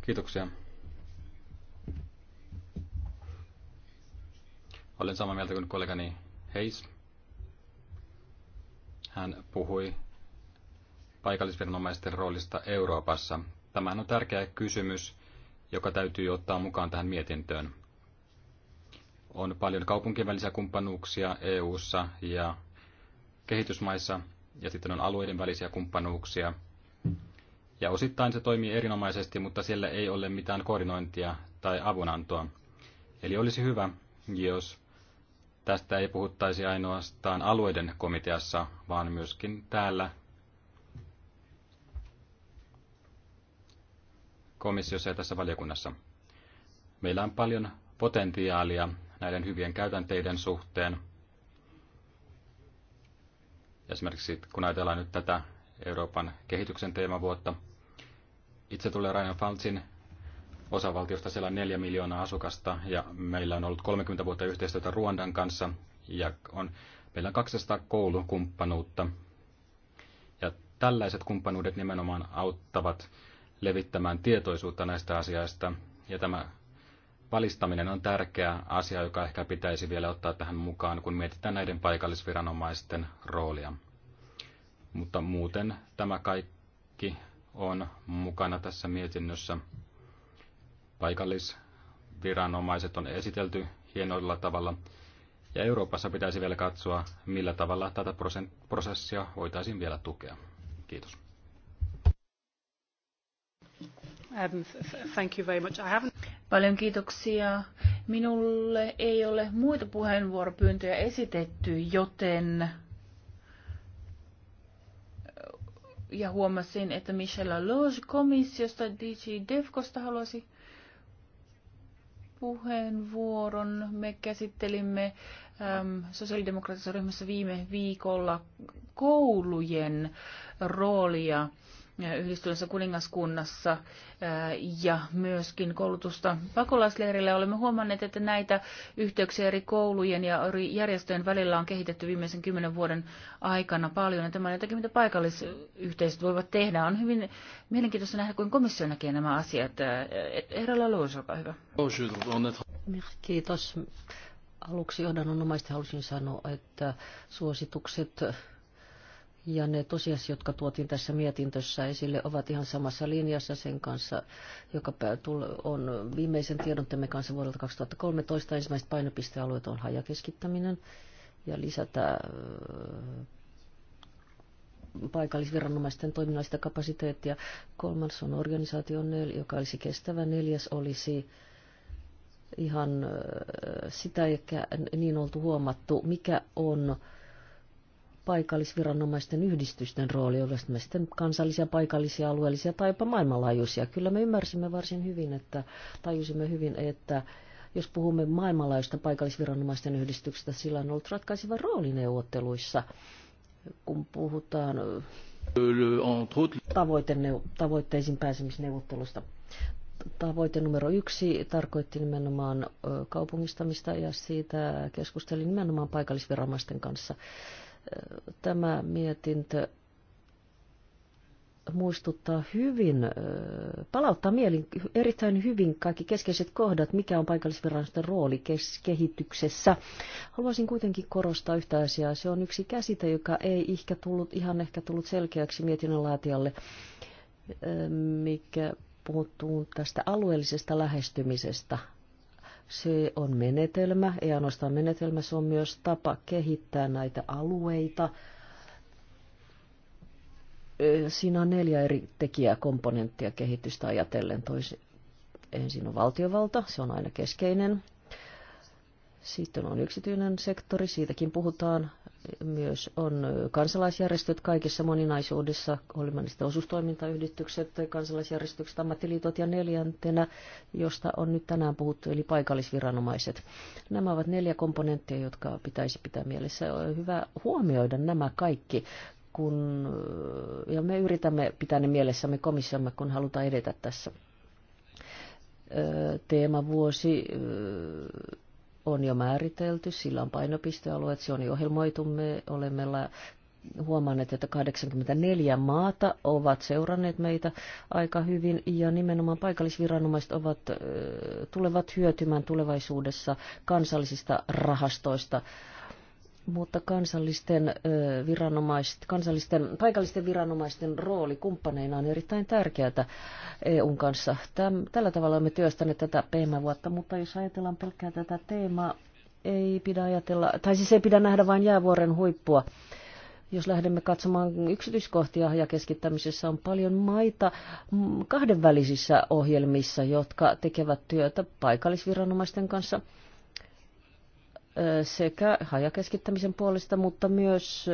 Kiitoksia. Olen samaa mieltä kuin kollegani Heis hän puhui paikallisviranomaisten roolista Euroopassa. Tämä on tärkeä kysymys, joka täytyy ottaa mukaan tähän mietintöön. On paljon kaupunkien välisiä kumppanuuksia EU:ssa ja kehitysmaissa, ja sitten on alueiden välisiä kumppanuuksia. Ja osittain se toimii erinomaisesti, mutta siellä ei ole mitään koordinointia tai avunantoa. Eli olisi hyvä, jos tästä ei puhuttaisi ainoastaan alueiden komiteassa, vaan myöskin täällä komissiossa ja tässä valiokunnassa. Meillä on paljon potentiaalia näiden hyvien käytänteiden suhteen. Esimerkiksi kun ajatellaan nyt tätä Euroopan kehityksen teemavuotta, itse tulee Ryan Faltsin osavaltiosta siellä on neljä miljoonaa asukasta ja meillä on ollut 30 vuotta yhteistyötä Ruandan kanssa ja on, meillä on 200 koulukumppanuutta. Ja tällaiset kumppanuudet nimenomaan auttavat levittämään tietoisuutta näistä asioista ja tämä valistaminen on tärkeä asia, joka ehkä pitäisi vielä ottaa tähän mukaan, kun mietitään näiden paikallisviranomaisten roolia. Mutta muuten tämä kaikki on mukana tässä mietinnössä paikallisviranomaiset on esitelty hienoilla tavalla. Ja Euroopassa pitäisi vielä katsoa, millä tavalla tätä prosessia voitaisiin vielä tukea. Kiitos. Um, thank you very much. I Paljon kiitoksia. Minulle ei ole muita puheenvuoropyyntöjä esitetty, joten ja huomasin, että Michelle Loge komissiosta DG Defcosta haluaisi puheenvuoron. Me käsittelimme äm, sosiaalidemokraattisessa ryhmässä viime viikolla koulujen roolia yhdistyneessä kuningaskunnassa ja myöskin koulutusta pakolaisleirillä. Olemme huomanneet, että näitä yhteyksiä eri koulujen ja eri järjestöjen välillä on kehitetty viimeisen kymmenen vuoden aikana paljon. Ja tämä on jotakin, mitä paikallisyhteisöt voivat tehdä. On hyvin mielenkiintoista nähdä, kuin komissio näkee nämä asiat. Herra Lalous, olkaa hyvä. Kiitos. Aluksi johdannonomaisesti halusin sanoa, että suositukset ja ne tosiasiat, jotka tuotiin tässä mietintössä esille, ovat ihan samassa linjassa sen kanssa, joka on viimeisen tiedontemme kanssa vuodelta 2013. Ensimmäiset painopistealueet on hajakeskittäminen ja lisätä äh, paikallisviranomaisten toiminnallista kapasiteettia. Kolmas on organisaatio, joka olisi kestävä. Neljäs olisi ihan äh, sitä, eikä niin oltu huomattu, mikä on paikallisviranomaisten yhdistysten rooli, olivat me sitten kansallisia, paikallisia, alueellisia tai jopa maailmanlaajuisia. Kyllä me ymmärsimme varsin hyvin, että tajusimme hyvin, että jos puhumme maailmanlaajuista paikallisviranomaisten yhdistyksestä, sillä on ollut ratkaiseva rooli neuvotteluissa, kun puhutaan tavoitteisiin pääsemisneuvottelusta tavoite numero yksi tarkoitti nimenomaan kaupungistamista ja siitä keskustelin nimenomaan paikallisviranomaisten kanssa. Tämä mietintö muistuttaa hyvin, palauttaa mielin erittäin hyvin kaikki keskeiset kohdat, mikä on paikallisviranomaisten rooli kehityksessä. Haluaisin kuitenkin korostaa yhtä asiaa. Se on yksi käsite, joka ei ehkä tullut, ihan ehkä tullut selkeäksi mietinnön laatijalle, mikä puhuttuu tästä alueellisesta lähestymisestä se on menetelmä, ei ainoastaan menetelmä, se on myös tapa kehittää näitä alueita. Siinä on neljä eri tekijää, komponenttia kehitystä ajatellen. Toisi, ensin on valtiovalta, se on aina keskeinen. Sitten on yksityinen sektori, siitäkin puhutaan myös on kansalaisjärjestöt kaikissa moninaisuudessa, olimme niistä osustoimintayhdistykset, kansalaisjärjestykset, ammattiliitot ja neljäntenä, josta on nyt tänään puhuttu, eli paikallisviranomaiset. Nämä ovat neljä komponenttia, jotka pitäisi pitää mielessä. On hyvä huomioida nämä kaikki, kun, ja me yritämme pitää ne mielessämme komissiomme, kun halutaan edetä tässä teemavuosi on jo määritelty, sillä on painopistealueet, se on jo ohjelmoitu, me olemme huomanneet, että 84 maata ovat seuranneet meitä aika hyvin ja nimenomaan paikallisviranomaiset ovat, tulevat hyötymään tulevaisuudessa kansallisista rahastoista mutta kansallisten, viranomaiset, kansallisten, paikallisten viranomaisten rooli kumppaneina on erittäin tärkeää EUn kanssa. Täm, tällä tavalla olemme työstäneet tätä teemavuotta, mutta jos ajatellaan pelkkää tätä teemaa, ei pidä ajatella, tai siis ei pidä nähdä vain jäävuoren huippua. Jos lähdemme katsomaan yksityiskohtia ja keskittämisessä on paljon maita kahdenvälisissä ohjelmissa, jotka tekevät työtä paikallisviranomaisten kanssa – sekä hajakeskittämisen puolesta, mutta myös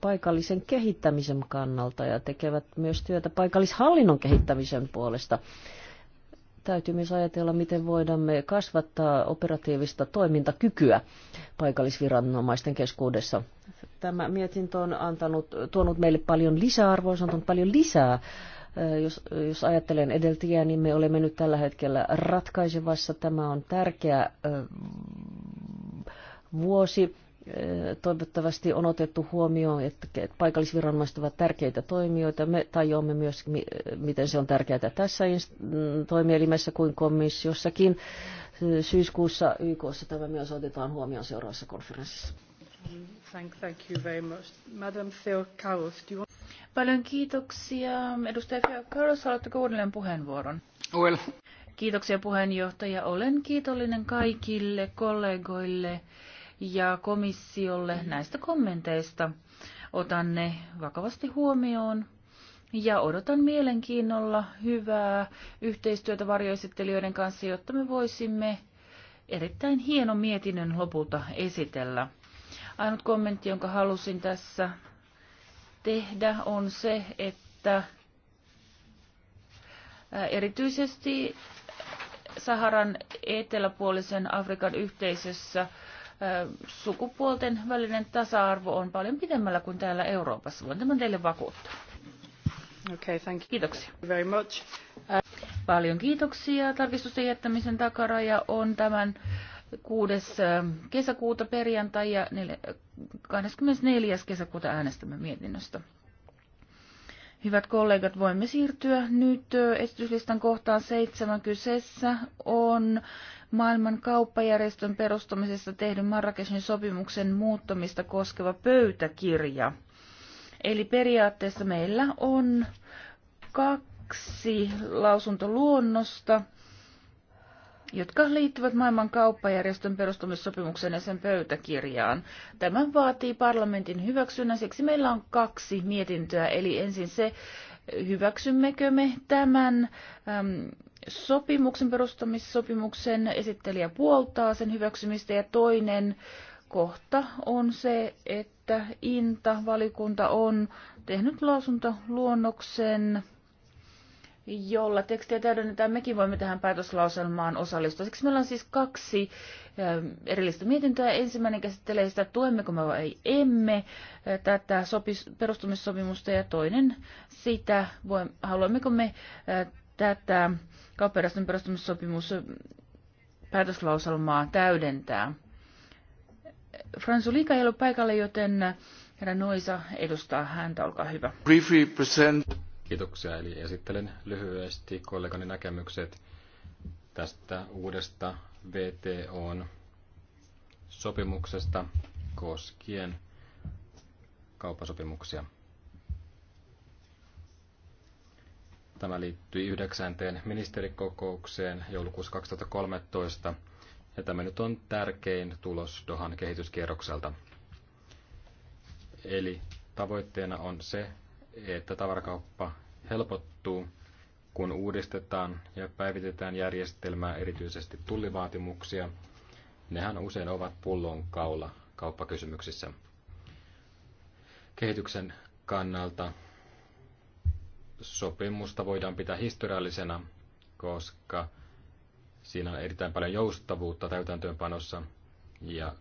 paikallisen kehittämisen kannalta ja tekevät myös työtä paikallishallinnon kehittämisen puolesta. Täytyy myös ajatella, miten voidaan kasvattaa operatiivista toimintakykyä paikallisviranomaisten keskuudessa. Tämä mietintö on antanut, tuonut meille paljon lisäarvoa, se on antanut paljon lisää jos, jos ajattelen edeltäjää, niin me olemme nyt tällä hetkellä ratkaisevassa. Tämä on tärkeä vuosi. Toivottavasti on otettu huomioon, että paikallisviranomaiset ovat tärkeitä toimijoita. Me tajuamme myös, miten se on tärkeää tässä mm, toimielimessä kuin komissiossakin. Syyskuussa YKssa tämä myös otetaan huomioon seuraavassa konferenssissa. Thank, thank you very much. Madam Theokaros, do you want... Paljon kiitoksia. Edustaja Theokaros, haluatteko uudelleen puheenvuoron? Well. Kiitoksia puheenjohtaja. Olen kiitollinen kaikille kollegoille ja komissiolle näistä kommenteista. Otan ne vakavasti huomioon ja odotan mielenkiinnolla hyvää yhteistyötä varjoesittelijöiden kanssa, jotta me voisimme erittäin hienon mietinnön lopulta esitellä. Ainut kommentti, jonka halusin tässä tehdä, on se, että erityisesti Saharan eteläpuolisen Afrikan yhteisössä sukupuolten välinen tasa-arvo on paljon pidemmällä kuin täällä Euroopassa. Voin tämän teille vakuuttaa. Okay, thank you. Kiitoksia. Very much. Uh... Paljon kiitoksia. Tarkistusten jättämisen takaraja on tämän 6. kesäkuuta perjantai ja 24. kesäkuuta äänestämme mietinnöstä. Hyvät kollegat, voimme siirtyä nyt esityslistan kohtaan seitsemän. Kyseessä on maailman kauppajärjestön perustamisesta tehdyn Marrakeshin sopimuksen muuttamista koskeva pöytäkirja. Eli periaatteessa meillä on kaksi lausuntoluonnosta, jotka liittyvät maailman kauppajärjestön perustamissopimukseen ja sen pöytäkirjaan. Tämä vaatii parlamentin hyväksynnän, siksi meillä on kaksi mietintöä, eli ensin se, hyväksymmekö me tämän sopimuksen perustamissopimuksen esittelijä puoltaa sen hyväksymistä ja toinen kohta on se, että INTA-valikunta on tehnyt lausuntoluonnoksen, jolla tekstiä täydennetään. Mekin voimme tähän päätöslauselmaan osallistua. Siksi meillä on siis kaksi erillistä mietintöä. Ensimmäinen käsittelee sitä, tuemmeko me vai emme tätä sopis, perustumissopimusta ja toinen sitä, voi, haluammeko me tätä kauppajärjestön perustamissopimus päätöslauselmaa täydentää. Fransu Liika ei ollut paikalle, joten herra Noisa edustaa häntä. Olkaa hyvä. present. Kiitoksia. Eli esittelen lyhyesti kollegani näkemykset tästä uudesta VTOn sopimuksesta koskien kauppasopimuksia. Tämä liittyi yhdeksänteen ministerikokoukseen joulukuussa 2013, ja tämä nyt on tärkein tulos Dohan kehityskierrokselta. Eli tavoitteena on se, että tavarakauppa helpottuu, kun uudistetaan ja päivitetään järjestelmää erityisesti tullivaatimuksia. Nehän usein ovat kaula kauppakysymyksissä. Kehityksen kannalta sopimusta voidaan pitää historiallisena, koska siinä on erittäin paljon joustavuutta täytäntöönpanossa ja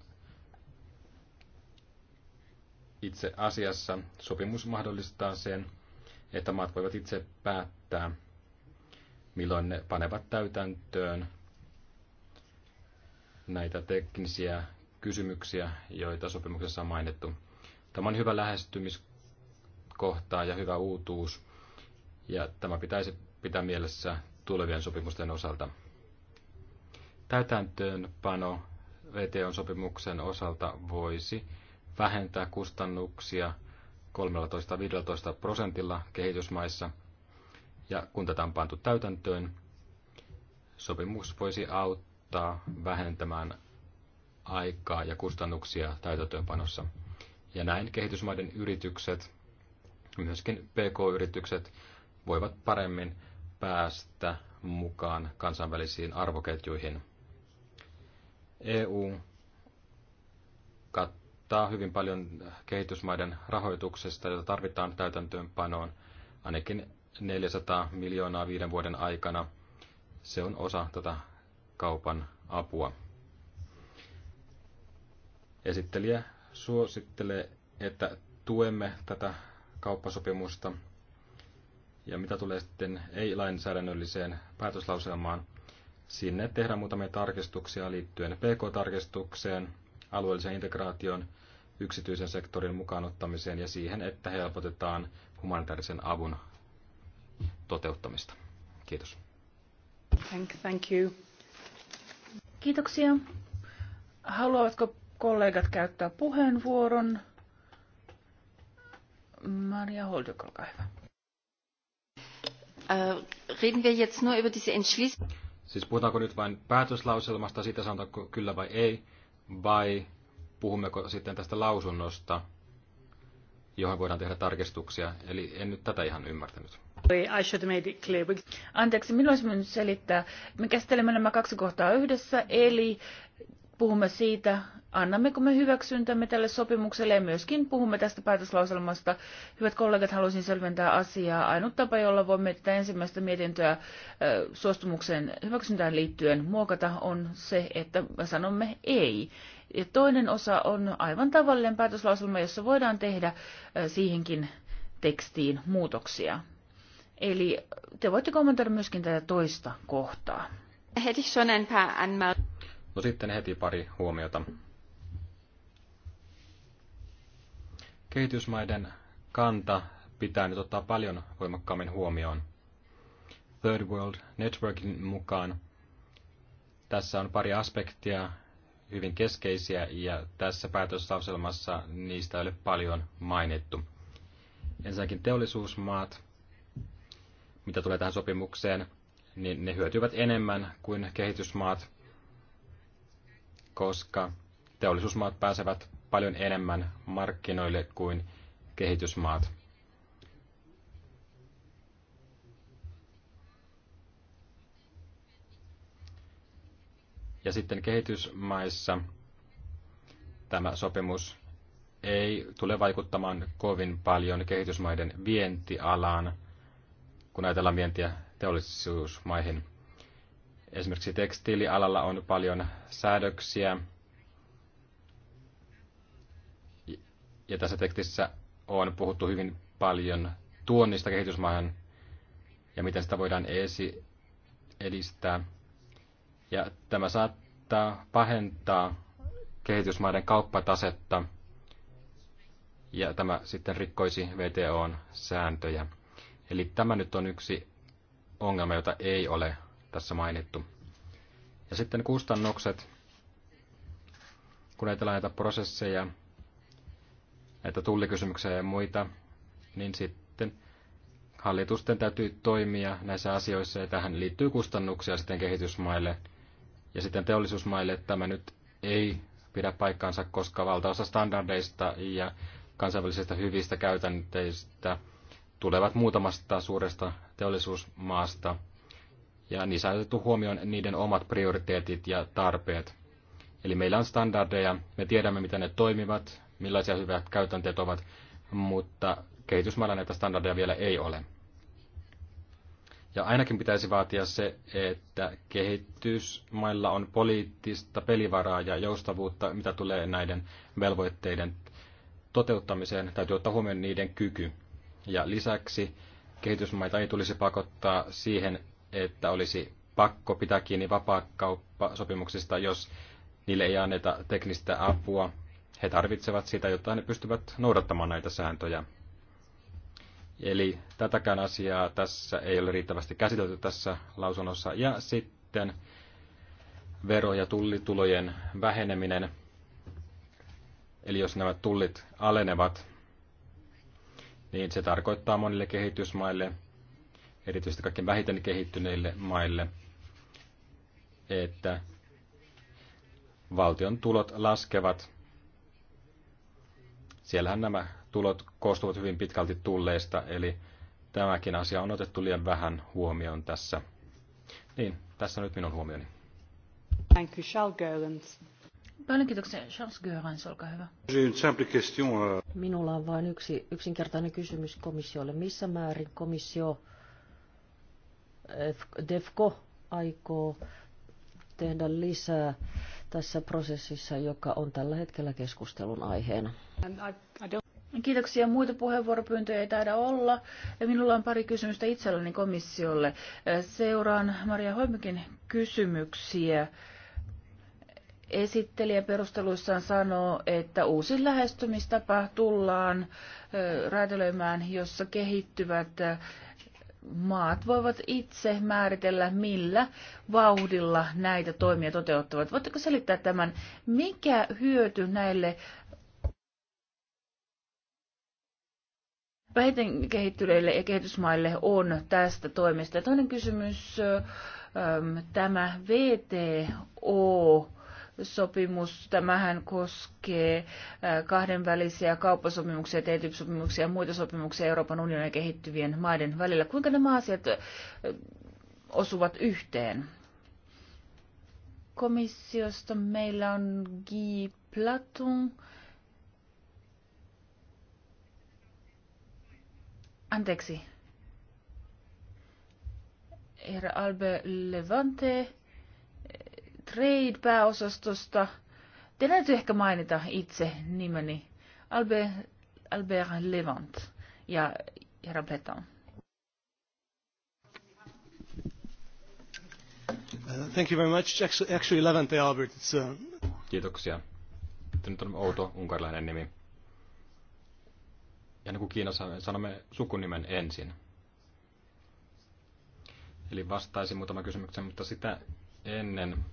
itse asiassa sopimus mahdollistaa sen, että maat voivat itse päättää, milloin ne panevat täytäntöön näitä teknisiä kysymyksiä, joita sopimuksessa on mainittu. Tämä on hyvä lähestymiskohta ja hyvä uutuus ja tämä pitäisi pitää mielessä tulevien sopimusten osalta. Täytäntöönpano VTO-sopimuksen osalta voisi vähentää kustannuksia 13-15 prosentilla kehitysmaissa, ja kun tätä on pantu täytäntöön, sopimus voisi auttaa vähentämään aikaa ja kustannuksia täytäntöönpanossa. Ja näin kehitysmaiden yritykset, myöskin PK-yritykset, voivat paremmin päästä mukaan kansainvälisiin arvoketjuihin. EU kattaa hyvin paljon kehitysmaiden rahoituksesta, jota tarvitaan täytäntöönpanoon ainakin 400 miljoonaa viiden vuoden aikana. Se on osa tätä kaupan apua. Esittelijä suosittelee, että tuemme tätä kauppasopimusta ja mitä tulee sitten ei-lainsäädännölliseen päätöslauselmaan, sinne tehdään muutamia tarkistuksia liittyen PK-tarkistukseen, alueelliseen integraation, yksityisen sektorin mukaanottamiseen ja siihen, että helpotetaan humanitaarisen avun toteuttamista. Kiitos. Thank, thank you. Kiitoksia. Haluavatko kollegat käyttää puheenvuoron? Maria Holdyk, olkaa hyvä. Äh, reden wir jetzt nur über diese Entschließung? Siis puhutaanko nyt vain päätöslauselmasta, sitä sanotaanko kyllä vai ei, vai puhummeko sitten tästä lausunnosta, johon voidaan tehdä tarkistuksia. Eli en nyt tätä ihan ymmärtänyt. I should made it clear. Anteeksi, minun olisi mennyt selittää. Me käsittelemme nämä kaksi kohtaa yhdessä, eli puhumme siitä, annammeko me hyväksyntämme tälle sopimukselle ja myöskin puhumme tästä päätöslauselmasta. Hyvät kollegat, haluaisin selventää asiaa. Ainut tapa, jolla voimme tätä ensimmäistä mietintöä suostumuksen hyväksyntään liittyen muokata, on se, että sanomme ei. Ja toinen osa on aivan tavallinen päätöslauselma, jossa voidaan tehdä siihenkin tekstiin muutoksia. Eli te voitte kommentoida myöskin tätä toista kohtaa. Hätte ich schon ein paar No sitten heti pari huomiota. Kehitysmaiden kanta pitää nyt ottaa paljon voimakkaammin huomioon. Third World Networkin mukaan tässä on pari aspektia hyvin keskeisiä ja tässä päätöslauselmassa niistä ei ole paljon mainittu. Ensinnäkin teollisuusmaat, mitä tulee tähän sopimukseen, niin ne hyötyvät enemmän kuin kehitysmaat – koska teollisuusmaat pääsevät paljon enemmän markkinoille kuin kehitysmaat. Ja sitten kehitysmaissa tämä sopimus ei tule vaikuttamaan kovin paljon kehitysmaiden vientialaan, kun ajatellaan vientiä teollisuusmaihin – Esimerkiksi tekstiilialalla on paljon säädöksiä. Ja tässä tekstissä on puhuttu hyvin paljon tuonnista kehitysmaahan ja miten sitä voidaan esi- edistää. Ja tämä saattaa pahentaa kehitysmaiden kauppatasetta ja tämä sitten rikkoisi VTOn sääntöjä. Eli tämä nyt on yksi ongelma, jota ei ole tässä mainittu. Ja sitten kustannukset, kun ajatellaan näitä prosesseja, näitä tullikysymyksiä ja muita, niin sitten hallitusten täytyy toimia näissä asioissa, ja tähän liittyy kustannuksia sitten kehitysmaille ja sitten teollisuusmaille. Tämä nyt ei pidä paikkaansa, koska valtaosa standardeista ja kansainvälisistä hyvistä käytänteistä tulevat muutamasta suuresta teollisuusmaasta – ja niissä on otettu huomioon niiden omat prioriteetit ja tarpeet. Eli meillä on standardeja, me tiedämme miten ne toimivat, millaisia hyvät käytänteet ovat, mutta kehitysmailla näitä standardeja vielä ei ole. Ja ainakin pitäisi vaatia se, että kehitysmailla on poliittista pelivaraa ja joustavuutta, mitä tulee näiden velvoitteiden toteuttamiseen. Täytyy ottaa huomioon niiden kyky. Ja lisäksi kehitysmaita ei tulisi pakottaa siihen, että olisi pakko pitää kiinni vapaakauppasopimuksista, jos niille ei anneta teknistä apua. He tarvitsevat sitä, jotta ne pystyvät noudattamaan näitä sääntöjä. Eli tätäkään asiaa tässä ei ole riittävästi käsitelty tässä lausunnossa. Ja sitten vero- ja tullitulojen väheneminen. Eli jos nämä tullit alenevat, niin se tarkoittaa monille kehitysmaille erityisesti kaikkein vähiten kehittyneille maille, että valtion tulot laskevat. Siellähän nämä tulot koostuvat hyvin pitkälti tulleista, eli tämäkin asia on otettu liian vähän huomioon tässä. Niin, tässä nyt minun huomioni. Thank you, Charles Paljon kiitoksia. Charles Görans, olkaa hyvä. Euh. Minulla on vain yksi yksinkertainen kysymys komissiolle. Missä määrin komissio DEFCO aikoo tehdä lisää tässä prosessissa, joka on tällä hetkellä keskustelun aiheena. Kiitoksia. Muita puheenvuoropyyntöjä ei taida olla. Ja minulla on pari kysymystä itselleni komissiolle. Seuraan Maria Hoimikin kysymyksiä. Esittelijä perusteluissaan sanoo, että uusi lähestymistapa tullaan räätälöimään, jossa kehittyvät maat voivat itse määritellä, millä vauhdilla näitä toimia toteuttavat. Voitteko selittää tämän, mikä hyöty näille vähiten kehittyneille ja kehitysmaille on tästä toimesta? Ja toinen kysymys, tämä VTO sopimus. Tämähän koskee äh, kahdenvälisiä kauppasopimuksia, TTIP-sopimuksia ja muita sopimuksia Euroopan unionin ja kehittyvien maiden välillä. Kuinka nämä asiat äh, osuvat yhteen? Komissiosta meillä on Guy Platon. Anteeksi. Herra Albert Levante Trade-pääosastosta. Te täytyy ehkä mainita itse nimeni Albert, Albert Levant ja herra Breton. Uh, thank you very much. Actually, Levante Albert. It's, uh... Kiitoksia. Tämä nyt on outo unkarilainen nimi. Ja niin kuin Kiinassa sanomme sukunimen ensin. Eli vastaisin muutama kysymykseen, mutta sitä ennen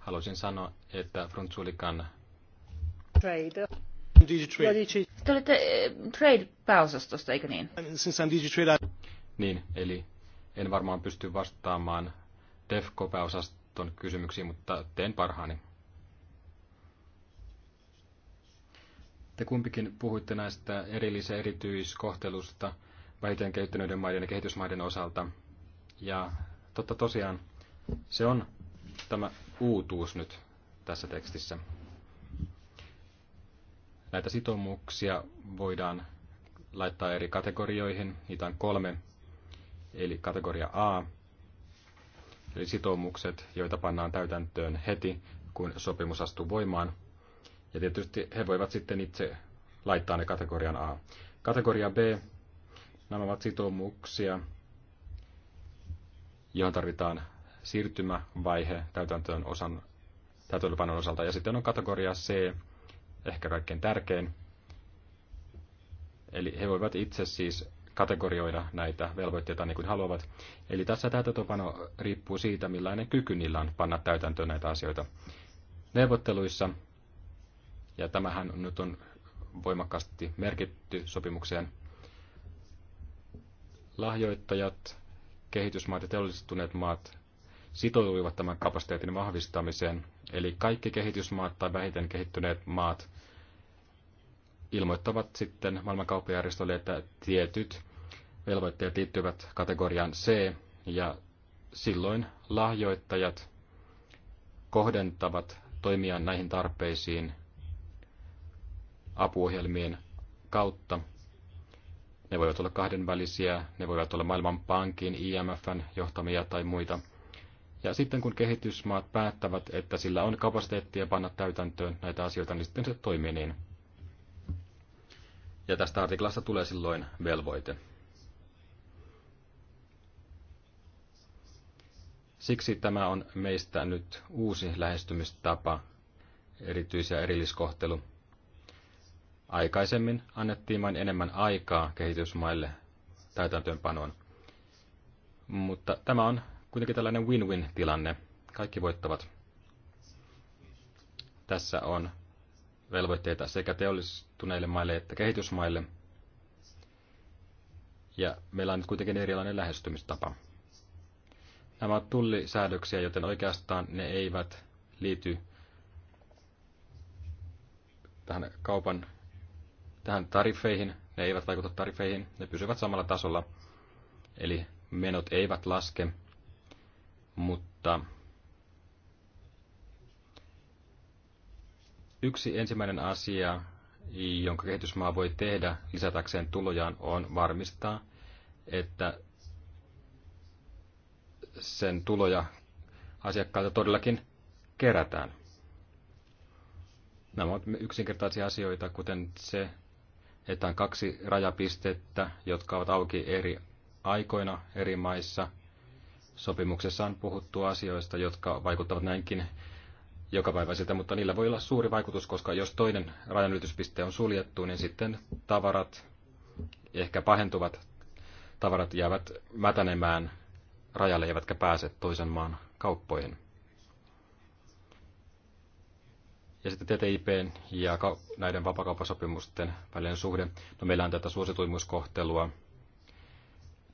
haluaisin sanoa, että Frontsulikan... Trade. Te olette eh, trade-pääosastosta, eikö niin? Since I'm DigiTrade, I... Niin, eli en varmaan pysty vastaamaan DEFCO-pääosaston kysymyksiin, mutta teen parhaani. Te kumpikin puhuitte näistä erillis- ja erityiskohtelusta vähiten kehittyneiden maiden ja kehitysmaiden osalta. Ja totta tosiaan, se on tämä uutuus nyt tässä tekstissä. Näitä sitoumuksia voidaan laittaa eri kategorioihin. Niitä on kolme. Eli kategoria A, eli sitoumukset, joita pannaan täytäntöön heti, kun sopimus astuu voimaan. Ja tietysti he voivat sitten itse laittaa ne kategorian A. Kategoria B, nämä ovat sitoumuksia, johon tarvitaan siirtymävaihe täytäntöön osan, täytäntöönpanon osalta. Ja sitten on kategoria C, ehkä kaikkein tärkein. Eli he voivat itse siis kategorioida näitä velvoitteita niin kuin haluavat. Eli tässä täytäntöpano riippuu siitä, millainen kyky niillä on panna täytäntöön näitä asioita. Neuvotteluissa, ja tämähän nyt on voimakkaasti merkitty sopimukseen, lahjoittajat, kehitysmaat ja teollistuneet maat sitoutuivat tämän kapasiteetin vahvistamiseen, eli kaikki kehitysmaat tai vähiten kehittyneet maat ilmoittavat sitten maailmankauppajärjestölle, että tietyt velvoitteet liittyvät kategoriaan C, ja silloin lahjoittajat kohdentavat toimia näihin tarpeisiin apuohjelmien kautta. Ne voivat olla kahdenvälisiä, ne voivat olla Maailmanpankin, IMFn johtamia tai muita. Ja sitten kun kehitysmaat päättävät, että sillä on kapasiteettia panna täytäntöön näitä asioita, niin sitten se toimii niin. Ja tästä artiklasta tulee silloin velvoite. Siksi tämä on meistä nyt uusi lähestymistapa, erityis- ja erilliskohtelu. Aikaisemmin annettiin vain enemmän aikaa kehitysmaille täytäntöönpanoon. Mutta tämä on kuitenkin tällainen win-win-tilanne. Kaikki voittavat. Tässä on velvoitteita sekä teollistuneille maille että kehitysmaille. Ja meillä on nyt kuitenkin erilainen lähestymistapa. Nämä ovat tullisäädöksiä, joten oikeastaan ne eivät liity tähän kaupan, tähän tarifeihin, ne eivät vaikuta tarifeihin, ne pysyvät samalla tasolla, eli menot eivät laske, mutta yksi ensimmäinen asia, jonka kehitysmaa voi tehdä lisätäkseen tulojaan, on varmistaa, että sen tuloja asiakkailta todellakin kerätään. Nämä ovat yksinkertaisia asioita, kuten se, että on kaksi rajapistettä, jotka ovat auki eri aikoina eri maissa – Sopimuksessa on puhuttu asioista, jotka vaikuttavat näinkin jokapäiväisiltä, mutta niillä voi olla suuri vaikutus, koska jos toinen rajanylityspiste on suljettu, niin sitten tavarat, ehkä pahentuvat tavarat jäävät mätänemään rajalle eivätkä pääse toisen maan kauppoihin. Ja sitten TTIP ja näiden vapakauppasopimusten välinen suhde. No meillä on tätä suosituimuskohtelua.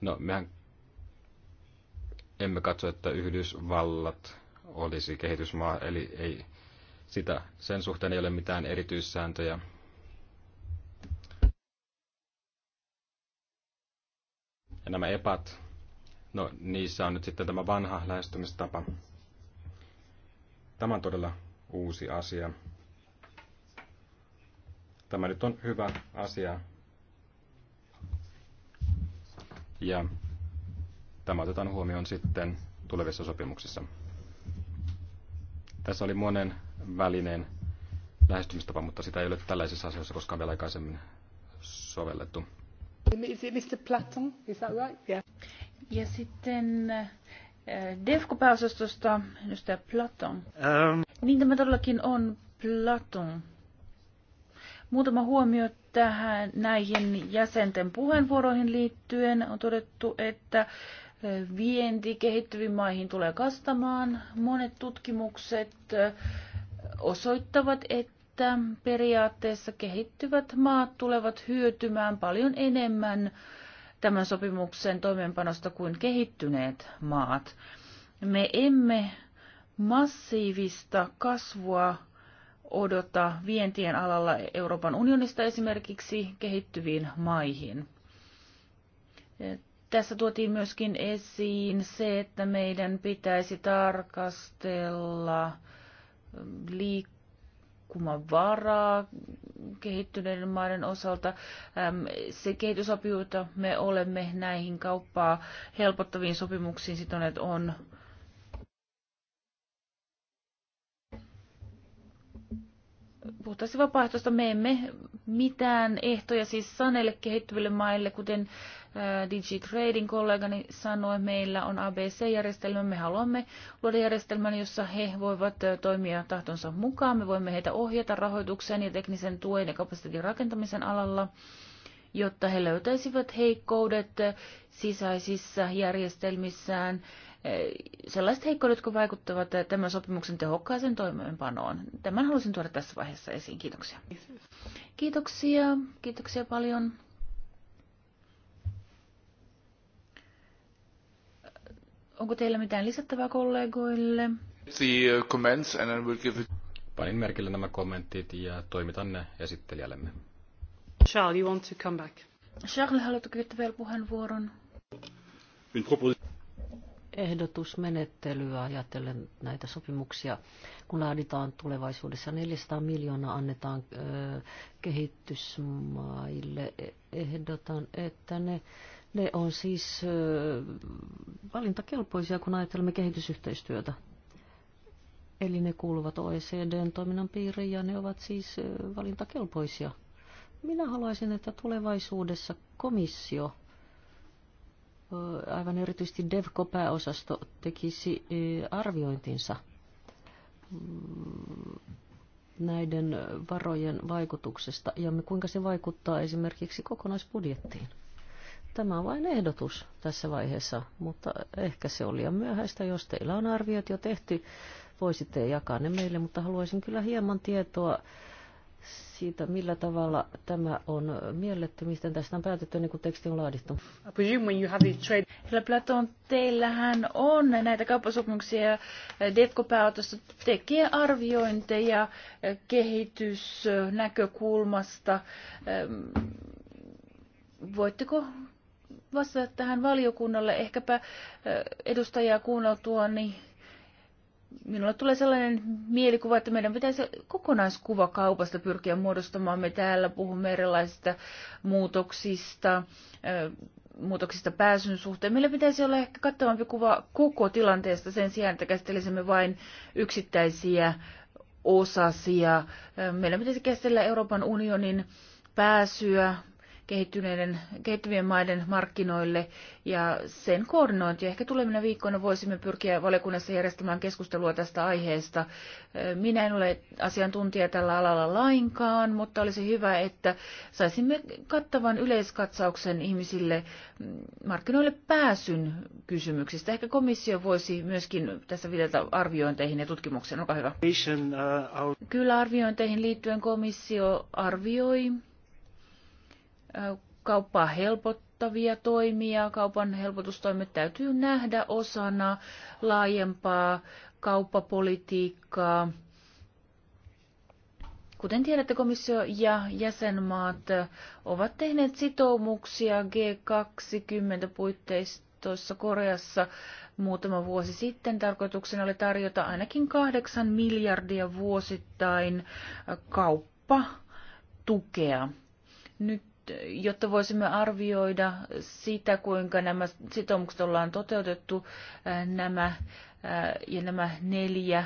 No mehän emme katso, että Yhdysvallat olisi kehitysmaa, eli ei sitä, sen suhteen ei ole mitään erityissääntöjä. Ja nämä epat, no niissä on nyt sitten tämä vanha lähestymistapa. Tämä on todella uusi asia. Tämä nyt on hyvä asia. Ja tämä otetaan huomioon sitten tulevissa sopimuksissa. Tässä oli monen välinen lähestymistapa, mutta sitä ei ole tällaisissa asioissa koskaan vielä aikaisemmin sovellettu. Mr. Platon, is that right? Yeah. Ja sitten eh, DEFCO-pääosastosta edustaja Platon. Um. Niin tämä todellakin on Platon. Muutama huomio tähän näihin jäsenten puheenvuoroihin liittyen. On todettu, että vienti kehittyviin maihin tulee kastamaan. Monet tutkimukset osoittavat, että periaatteessa kehittyvät maat tulevat hyötymään paljon enemmän tämän sopimuksen toimeenpanosta kuin kehittyneet maat. Me emme massiivista kasvua odota vientien alalla Euroopan unionista esimerkiksi kehittyviin maihin. Tässä tuotiin myöskin esiin se, että meidän pitäisi tarkastella liikkumavaraa kehittyneiden maiden osalta. Se kehitysapu, jota me olemme näihin kauppaa helpottaviin sopimuksiin sitoneet, on puhtaasti vapaaehtoista. Me emme mitään ehtoja siis sanelle kehittyville maille, kuten DigiTrading kollegani sanoi, meillä on ABC-järjestelmä. Me haluamme luoda järjestelmän, jossa he voivat toimia tahtonsa mukaan. Me voimme heitä ohjata rahoituksen ja teknisen tuen ja kapasiteetin rakentamisen alalla jotta he löytäisivät heikkoudet sisäisissä järjestelmissään, sellaiset heikkoudet, jotka vaikuttavat tämän sopimuksen tehokkaaseen toimeenpanoon. Tämän halusin tuoda tässä vaiheessa esiin. Kiitoksia. Kiitoksia. Kiitoksia paljon. Onko teillä mitään lisättävää kollegoille? The uh, comments and I will give it... Panin merkille nämä kommentit ja toimitan ne esittelijällemme. Charles, you want to come back? Charles, haluatko käyttää vielä puheenvuoron? Ehdotusmenettelyä ajatellen näitä sopimuksia, kun laaditaan tulevaisuudessa 400 miljoonaa annetaan ö, kehitysmaille, ehdotan, että ne, ne on siis ö, valintakelpoisia, kun ajattelemme kehitysyhteistyötä. Eli ne kuuluvat OECDn toiminnan piiriin ja ne ovat siis valintakelpoisia. Minä haluaisin, että tulevaisuudessa komissio, aivan erityisesti DEVCO-pääosasto, tekisi arviointinsa mm, näiden varojen vaikutuksesta ja kuinka se vaikuttaa esimerkiksi kokonaisbudjettiin. Tämä on vain ehdotus tässä vaiheessa, mutta ehkä se oli jo myöhäistä. Jos teillä on arviot jo tehty, voisitte jakaa ne meille, mutta haluaisin kyllä hieman tietoa siitä, millä tavalla tämä on mielletty, miten tästä on päätetty, niin kuin teksti on laadittu. Herra Platon, teillähän on näitä kauppasopimuksia. DEFCO-pääotosta tekee arviointeja kehitysnäkökulmasta. Voitteko vastata tähän valiokunnalle. Ehkäpä edustajaa kuunneltua, niin minulle tulee sellainen mielikuva, että meidän pitäisi kokonaiskuva kaupasta pyrkiä muodostamaan. Me täällä puhumme erilaisista muutoksista, muutoksista pääsyn suhteen. Meillä pitäisi olla ehkä kattavampi kuva koko tilanteesta sen sijaan, että käsittelisimme vain yksittäisiä osasia. Meillä pitäisi käsitellä Euroopan unionin pääsyä kehittyneiden, kehittyvien maiden markkinoille ja sen koordinointi. Ehkä tulevina viikkoina voisimme pyrkiä valiokunnassa järjestämään keskustelua tästä aiheesta. Minä en ole asiantuntija tällä alalla lainkaan, mutta olisi hyvä, että saisimme kattavan yleiskatsauksen ihmisille mm, markkinoille pääsyn kysymyksistä. Ehkä komissio voisi myöskin tässä viitata arviointeihin ja tutkimukseen. Olkaa hyvä. Uh, Kyllä arviointeihin liittyen komissio arvioi kauppaa helpottavia toimia. Kaupan helpotustoimet täytyy nähdä osana laajempaa kauppapolitiikkaa. Kuten tiedätte, komissio ja jäsenmaat ovat tehneet sitoumuksia G20-puitteistossa Koreassa muutama vuosi sitten. Tarkoituksena oli tarjota ainakin kahdeksan miljardia vuosittain kauppatukea. Nyt jotta voisimme arvioida sitä, kuinka nämä sitoumukset ollaan toteutettu, äh, nämä äh, ja nämä neljä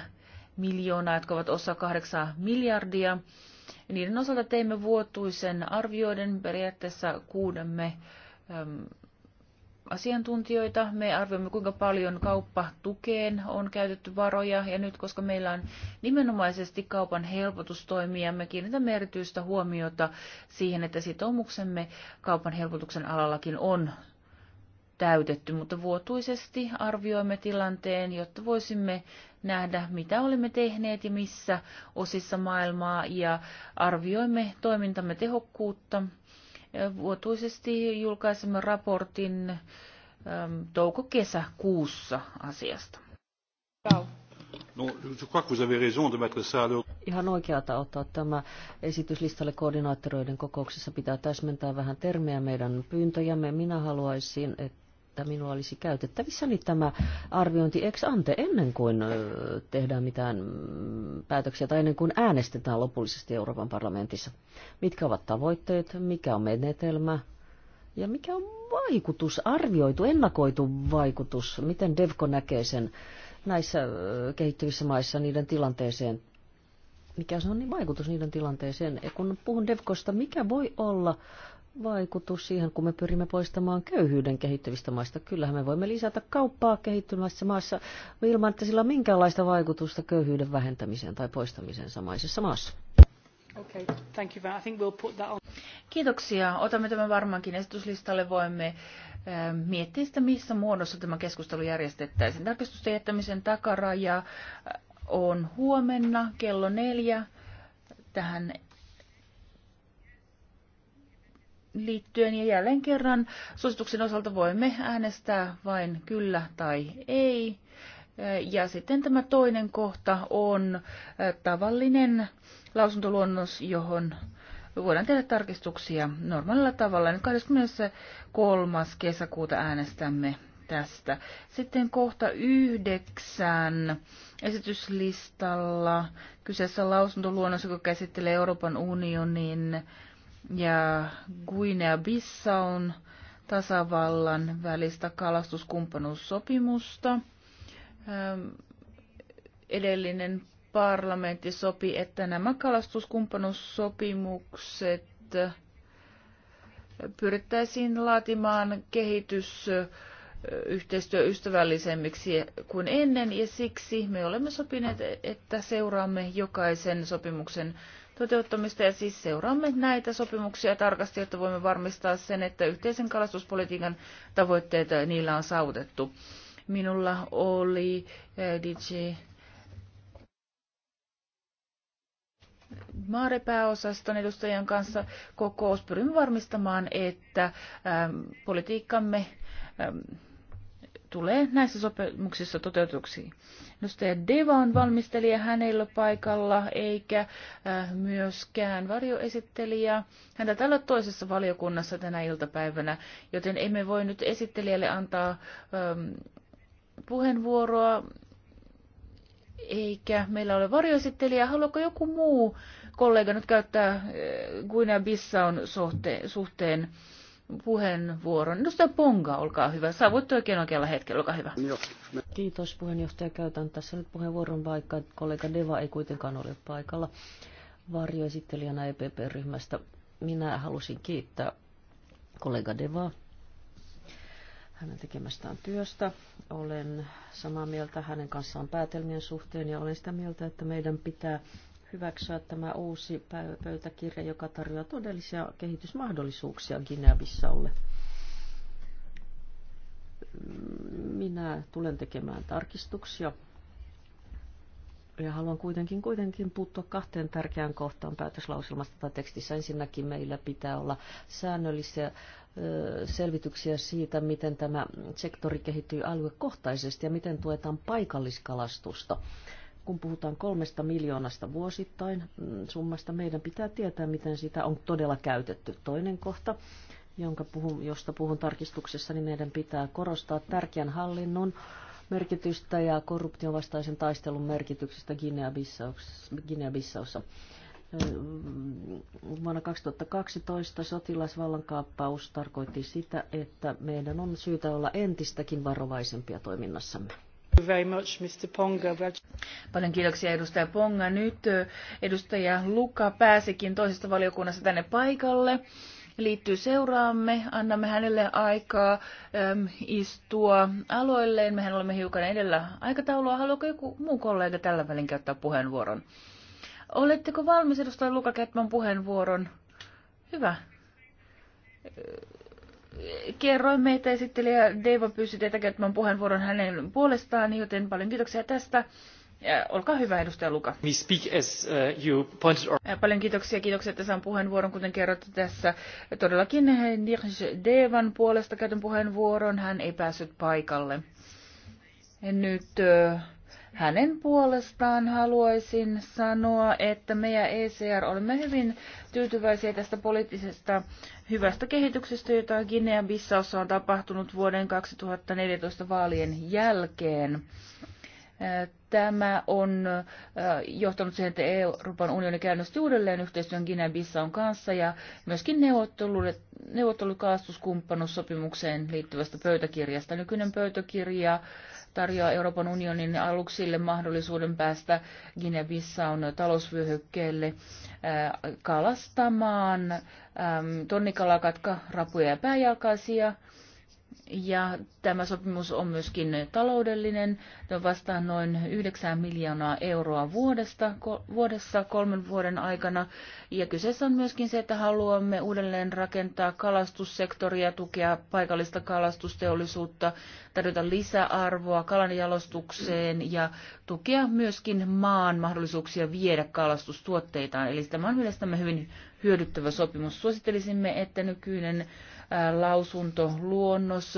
miljoonaa, jotka ovat osa kahdeksaa miljardia. Niiden osalta teimme vuotuisen arvioiden, periaatteessa kuudemme asiantuntijoita. Me arvioimme, kuinka paljon kauppatukeen on käytetty varoja. Ja nyt, koska meillä on nimenomaisesti kaupan helpotustoimia, me kiinnitämme erityistä huomiota siihen, että sitoumuksemme kaupan helpotuksen alallakin on täytetty, mutta vuotuisesti arvioimme tilanteen, jotta voisimme nähdä, mitä olemme tehneet ja missä osissa maailmaa, ja arvioimme toimintamme tehokkuutta vuotuisesti julkaisemme raportin ähm, touko-kesäkuussa asiasta. No, Ihan oikeata ottaa tämä esityslistalle koordinaattoreiden kokouksessa. Pitää täsmentää vähän termejä meidän pyyntöjämme. Minä haluaisin, että että minulla olisi käytettävissäni tämä arviointi ex ante ennen kuin tehdään mitään mm, päätöksiä tai ennen kuin äänestetään lopullisesti Euroopan parlamentissa. Mitkä ovat tavoitteet, mikä on menetelmä ja mikä on vaikutus, arvioitu, ennakoitu vaikutus, miten Devko näkee sen näissä kehittyvissä maissa niiden tilanteeseen. Mikä se on niin vaikutus niiden tilanteeseen? Ja kun puhun Devkosta, mikä voi olla vaikutus siihen, kun me pyrimme poistamaan köyhyyden kehittyvistä maista. Kyllähän me voimme lisätä kauppaa kehittymässä maassa ilman, että sillä on minkäänlaista vaikutusta köyhyyden vähentämiseen tai poistamiseen samaisessa maassa. Okay, thank you. I think we'll put that on. Kiitoksia. Otamme tämän varmaankin esityslistalle. Voimme ähm, miettiä sitä, missä muodossa tämä keskustelu järjestettäisiin. Tarkistusten jättämisen takaraja äh, on huomenna kello neljä tähän liittyen ja jälleen kerran suosituksen osalta voimme äänestää vain kyllä tai ei. Ja sitten tämä toinen kohta on tavallinen lausuntoluonnos, johon voidaan tehdä tarkistuksia normaalilla tavalla. Nyt 23. kesäkuuta äänestämme tästä. Sitten kohta yhdeksän esityslistalla kyseessä lausuntoluonnos, joka käsittelee Euroopan unionin ja Guinea-Bissaun tasavallan välistä kalastuskumppanuussopimusta. Ähm, edellinen parlamentti sopi, että nämä kalastuskumppanuussopimukset pyrittäisiin laatimaan kehitys yhteistyöystävällisemmiksi kuin ennen ja siksi me olemme sopineet, että seuraamme jokaisen sopimuksen toteuttamista ja siis seuraamme näitä sopimuksia tarkasti, jotta voimme varmistaa sen, että yhteisen kalastuspolitiikan tavoitteet äh, niillä on saavutettu. Minulla oli äh, DJ maarepääosaston edustajien kanssa kokous. Pyrimme varmistamaan, että ähm, politiikkamme ähm, tulee näissä sopimuksissa toteutuksi edustaja Deva valmistelija hänellä paikalla, eikä äh, myöskään varjoesittelijä. Häntä täällä toisessa valiokunnassa tänä iltapäivänä, joten emme voi nyt esittelijälle antaa ähm, puheenvuoroa, eikä meillä ole varjoesittelijää. Haluatko joku muu kollega nyt käyttää äh, Guinea Bissaun suhteen puheenvuoron. Edustaja Ponga, olkaa hyvä. Saavuitte oikein oikealla hetkellä, olkaa hyvä. Kiitos puheenjohtaja. Käytän tässä nyt puheenvuoron, vaikka kollega Deva ei kuitenkaan ole paikalla varjoesittelijänä EPP-ryhmästä. Minä halusin kiittää kollega Devaa hänen tekemästään työstä. Olen samaa mieltä hänen kanssaan päätelmien suhteen ja olen sitä mieltä, että meidän pitää hyväksyä tämä uusi pöytäkirja, joka tarjoaa todellisia kehitysmahdollisuuksia Guinea-Bissaulle. Minä tulen tekemään tarkistuksia ja haluan kuitenkin, kuitenkin puuttua kahteen tärkeään kohtaan päätöslauselmasta tai tekstissä. Ensinnäkin meillä pitää olla säännöllisiä selvityksiä siitä, miten tämä sektori kehittyy aluekohtaisesti ja miten tuetaan paikalliskalastusta kun puhutaan kolmesta miljoonasta vuosittain mm, summasta, meidän pitää tietää, miten sitä on todella käytetty. Toinen kohta, jonka puhun, josta puhun tarkistuksessa, niin meidän pitää korostaa tärkeän hallinnon merkitystä ja korruption vastaisen taistelun merkityksestä Guinea-Bissaussa. Mm, vuonna 2012 sotilasvallankaappaus tarkoitti sitä, että meidän on syytä olla entistäkin varovaisempia toiminnassamme. Paljon kiitoksia edustaja Ponga. Nyt edustaja Luka pääsikin toisesta valiokunnasta tänne paikalle. Liittyy seuraamme, annamme hänelle aikaa äm, istua aloilleen. Mehän olemme hiukan edellä aikataulua. Haluaako joku muu kollega tällä välin käyttää puheenvuoron? Oletteko valmis edustaja Luka käyttämään puheenvuoron? Hyvä kerroin meitä esittelijä Deivo pyysi teitä käyttämään puheenvuoron hänen puolestaan, joten paljon kiitoksia tästä. ja Olkaa hyvä, edustaja Luka. We speak as uh, you pointed or... Paljon kiitoksia, kiitoksia, että saan puheenvuoron, kuten kerrotte tässä. Todellakin Nirj Devan puolesta käytän puheenvuoron, hän ei päässyt paikalle. Nyt uh, hänen puolestaan haluaisin sanoa, että me ja ECR olemme hyvin tyytyväisiä tästä poliittisesta hyvästä kehityksestä, jota Guinea-Bissaussa on tapahtunut vuoden 2014 vaalien jälkeen. Tämä on johtanut siihen, että Euroopan unioni käynnisti uudelleen yhteistyön Guinea-Bissaun kanssa ja myöskin neuvottelukaastuskumppanussopimukseen liittyvästä pöytäkirjasta. Nykyinen pöytäkirja tarjoaa Euroopan unionin aluksille mahdollisuuden päästä Guinea-Bissaun talousvyöhykkeelle äh, kalastamaan ähm, tonnikalakatka, rapuja ja pääjalkaisia ja tämä sopimus on myöskin taloudellinen. Tämä vastaa noin 9 miljoonaa euroa vuodesta, vuodessa kolmen vuoden aikana. Ja kyseessä on myöskin se, että haluamme uudelleen rakentaa kalastussektoria, tukea paikallista kalastusteollisuutta, tarjota lisäarvoa kalanjalostukseen ja tukea myöskin maan mahdollisuuksia viedä kalastustuotteitaan. Eli tämä on mielestämme hyvin hyödyttävä sopimus. Suosittelisimme, että nykyinen lausuntoluonnos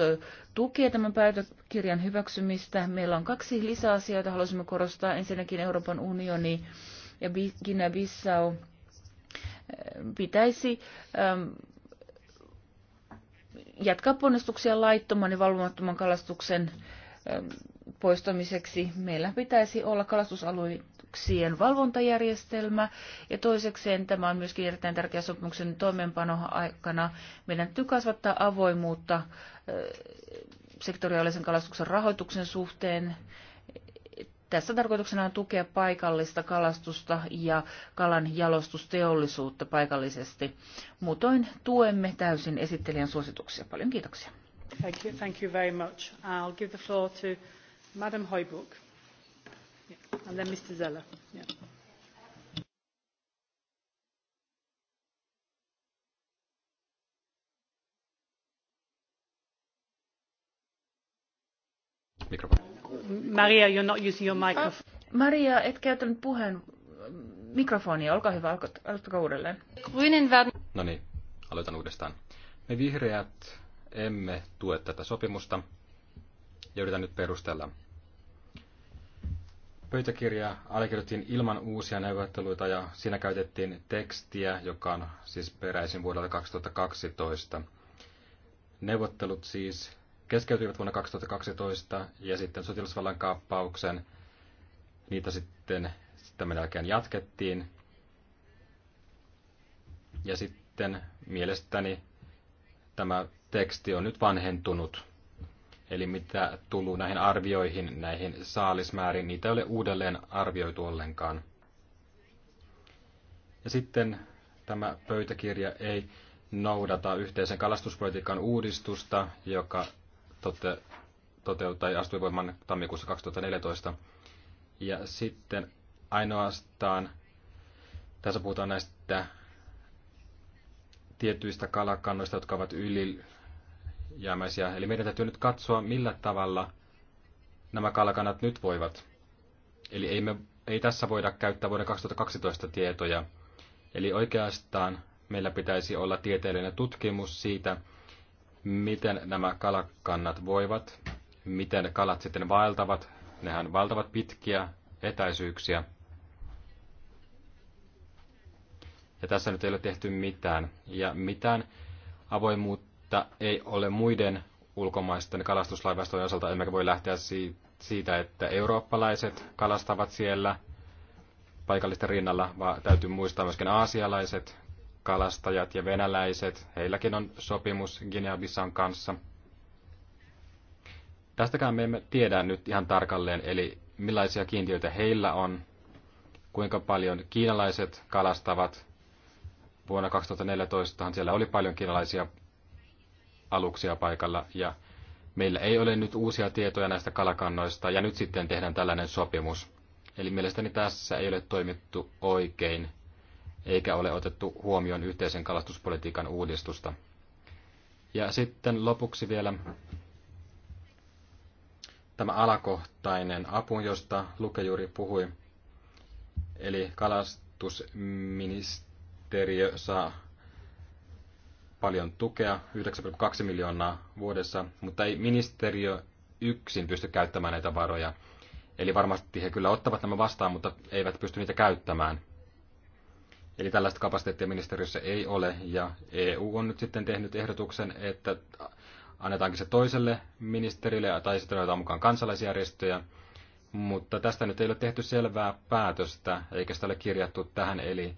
tukee tämän päätökirjan hyväksymistä. Meillä on kaksi lisäasiaa, joita haluaisimme korostaa. Ensinnäkin Euroopan unioni ja Guinea-Bissau eh, pitäisi eh, jatkaa ponnistuksia laittoman ja valvomattoman kalastuksen eh, poistamiseksi. Meillä pitäisi olla kalastusalue sopimuksien valvontajärjestelmä ja toisekseen tämä on myöskin erittäin tärkeä sopimuksen toimeenpano aikana. Meidän täytyy kasvattaa avoimuutta sektoriaalisen kalastuksen rahoituksen suhteen. Tässä tarkoituksena on tukea paikallista kalastusta ja kalan jalostusteollisuutta paikallisesti. Muutoin tuemme täysin esittelijän suosituksia. Paljon kiitoksia. Thank you, thank you very much. I'll give the floor to Madam Hoybrook and then Mr. Zeller. Yeah. Maria, you're not using your ah, microphone. Maria, et käytänyt puheen mm, mikrofonia. Olkaa hyvä, aloittakaa uudelleen. No niin, aloitan uudestaan. Me vihreät emme tue tätä sopimusta ja yritän nyt perustella Pöytäkirja allekirjoitettiin ilman uusia neuvotteluita ja siinä käytettiin tekstiä, joka on siis peräisin vuodelta 2012. Neuvottelut siis keskeytyivät vuonna 2012 ja sitten sotilasvallan kaappauksen niitä sitten tämän jälkeen jatkettiin. Ja sitten mielestäni tämä teksti on nyt vanhentunut. Eli mitä tullut näihin arvioihin, näihin saalismääriin, niitä ei ole uudelleen arvioitu ollenkaan. Ja sitten tämä pöytäkirja ei noudata yhteisen kalastuspolitiikan uudistusta, joka tote, toteutai astui voimaan tammikuussa 2014. Ja sitten ainoastaan, tässä puhutaan näistä tietyistä kalakannoista, jotka ovat yli jäämäisiä. Eli meidän täytyy nyt katsoa, millä tavalla nämä kalkanat nyt voivat. Eli ei, me, ei tässä voida käyttää vuoden 2012 tietoja. Eli oikeastaan meillä pitäisi olla tieteellinen tutkimus siitä, miten nämä kalakannat voivat, miten kalat sitten vaeltavat. Nehän valtavat pitkiä etäisyyksiä. Ja tässä nyt ei ole tehty mitään. Ja mitään avoimuutta että ei ole muiden ulkomaisten kalastuslaivastojen osalta, emmekä voi lähteä siitä, että eurooppalaiset kalastavat siellä paikallisten rinnalla, vaan täytyy muistaa myöskin aasialaiset kalastajat ja venäläiset. Heilläkin on sopimus Guinea-Bissan kanssa. Tästäkään me emme tiedä nyt ihan tarkalleen, eli millaisia kiintiöitä heillä on, kuinka paljon kiinalaiset kalastavat. Vuonna 2014 siellä oli paljon kiinalaisia aluksia paikalla ja meillä ei ole nyt uusia tietoja näistä kalakannoista ja nyt sitten tehdään tällainen sopimus. Eli mielestäni tässä ei ole toimittu oikein eikä ole otettu huomioon yhteisen kalastuspolitiikan uudistusta. Ja sitten lopuksi vielä tämä alakohtainen apu, josta Luke juuri puhui. Eli kalastusministeriö saa paljon tukea, 9,2 miljoonaa vuodessa, mutta ei ministeriö yksin pysty käyttämään näitä varoja. Eli varmasti he kyllä ottavat nämä vastaan, mutta eivät pysty niitä käyttämään. Eli tällaista kapasiteettia ministeriössä ei ole, ja EU on nyt sitten tehnyt ehdotuksen, että annetaankin se toiselle ministerille, tai sitten otetaan mukaan kansalaisjärjestöjä, mutta tästä nyt ei ole tehty selvää päätöstä, eikä sitä ole kirjattu tähän, eli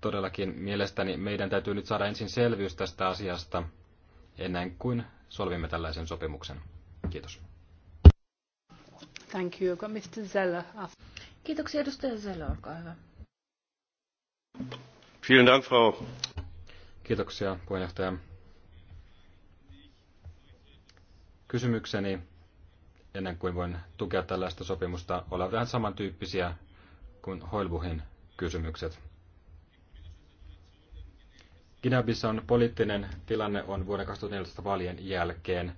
todellakin mielestäni meidän täytyy nyt saada ensin selvyys tästä asiasta ennen kuin solvimme tällaisen sopimuksen. Kiitos. Thank you. Mr. Zeller. Kiitoksia edustaja Zeller, olkaa hyvä. Vielen Dank, Frau. Kiitoksia puheenjohtaja. Kysymykseni ennen kuin voin tukea tällaista sopimusta olla vähän samantyyppisiä kuin Hoilbuhin kysymykset. Ginabisson poliittinen tilanne on vuoden 2014 vaalien jälkeen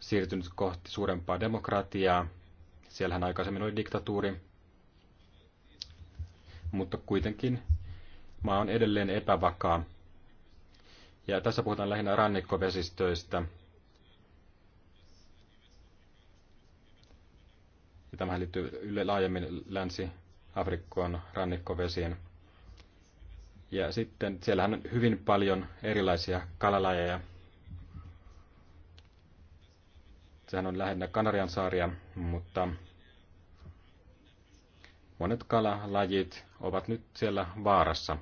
siirtynyt kohti suurempaa demokratiaa. Siellähän aikaisemmin oli diktatuuri, mutta kuitenkin maa on edelleen epävakaa. Ja tässä puhutaan lähinnä rannikkovesistöistä. Ja tämähän liittyy laajemmin Länsi-Afrikkoon rannikkovesien ja sitten siellähän on hyvin paljon erilaisia kalalajeja. Sehän on lähinnä Kanarian saaria, mutta monet kalalajit ovat nyt siellä vaarassa.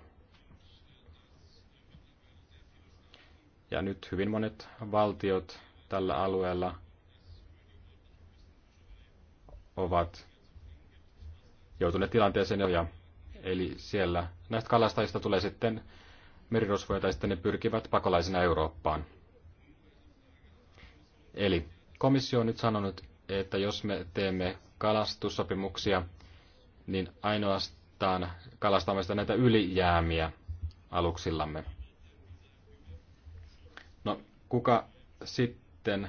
Ja nyt hyvin monet valtiot tällä alueella ovat joutuneet tilanteeseen ja eli siellä näistä kalastajista tulee sitten merirosvoja tai sitten ne pyrkivät pakolaisina Eurooppaan. Eli komissio on nyt sanonut, että jos me teemme kalastussopimuksia, niin ainoastaan kalastamme sitä näitä ylijäämiä aluksillamme. No, kuka sitten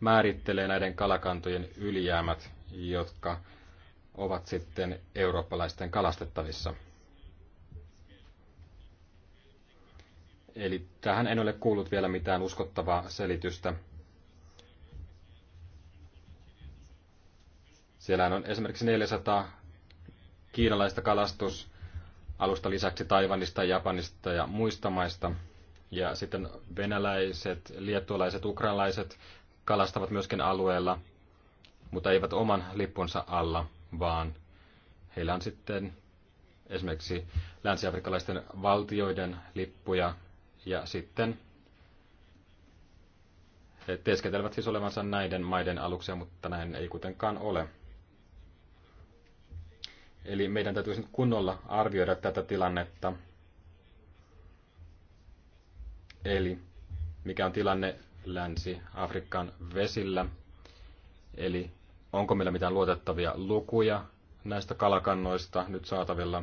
määrittelee näiden kalakantojen ylijäämät, jotka ovat sitten eurooppalaisten kalastettavissa? Eli tähän en ole kuullut vielä mitään uskottavaa selitystä. Siellä on esimerkiksi 400 kiinalaista kalastusalusta lisäksi Taivanista, Japanista ja muista maista. Ja sitten venäläiset, liettualaiset, ukrainalaiset kalastavat myöskin alueella, mutta eivät oman lippunsa alla, vaan heillä on sitten esimerkiksi länsiafrikkalaisten valtioiden lippuja ja sitten he teeskentelevät siis olevansa näiden maiden aluksia, mutta näin ei kuitenkaan ole. Eli meidän täytyisi nyt kunnolla arvioida tätä tilannetta. Eli mikä on tilanne Länsi-Afrikan vesillä. Eli onko meillä mitään luotettavia lukuja näistä kalakannoista nyt saatavilla.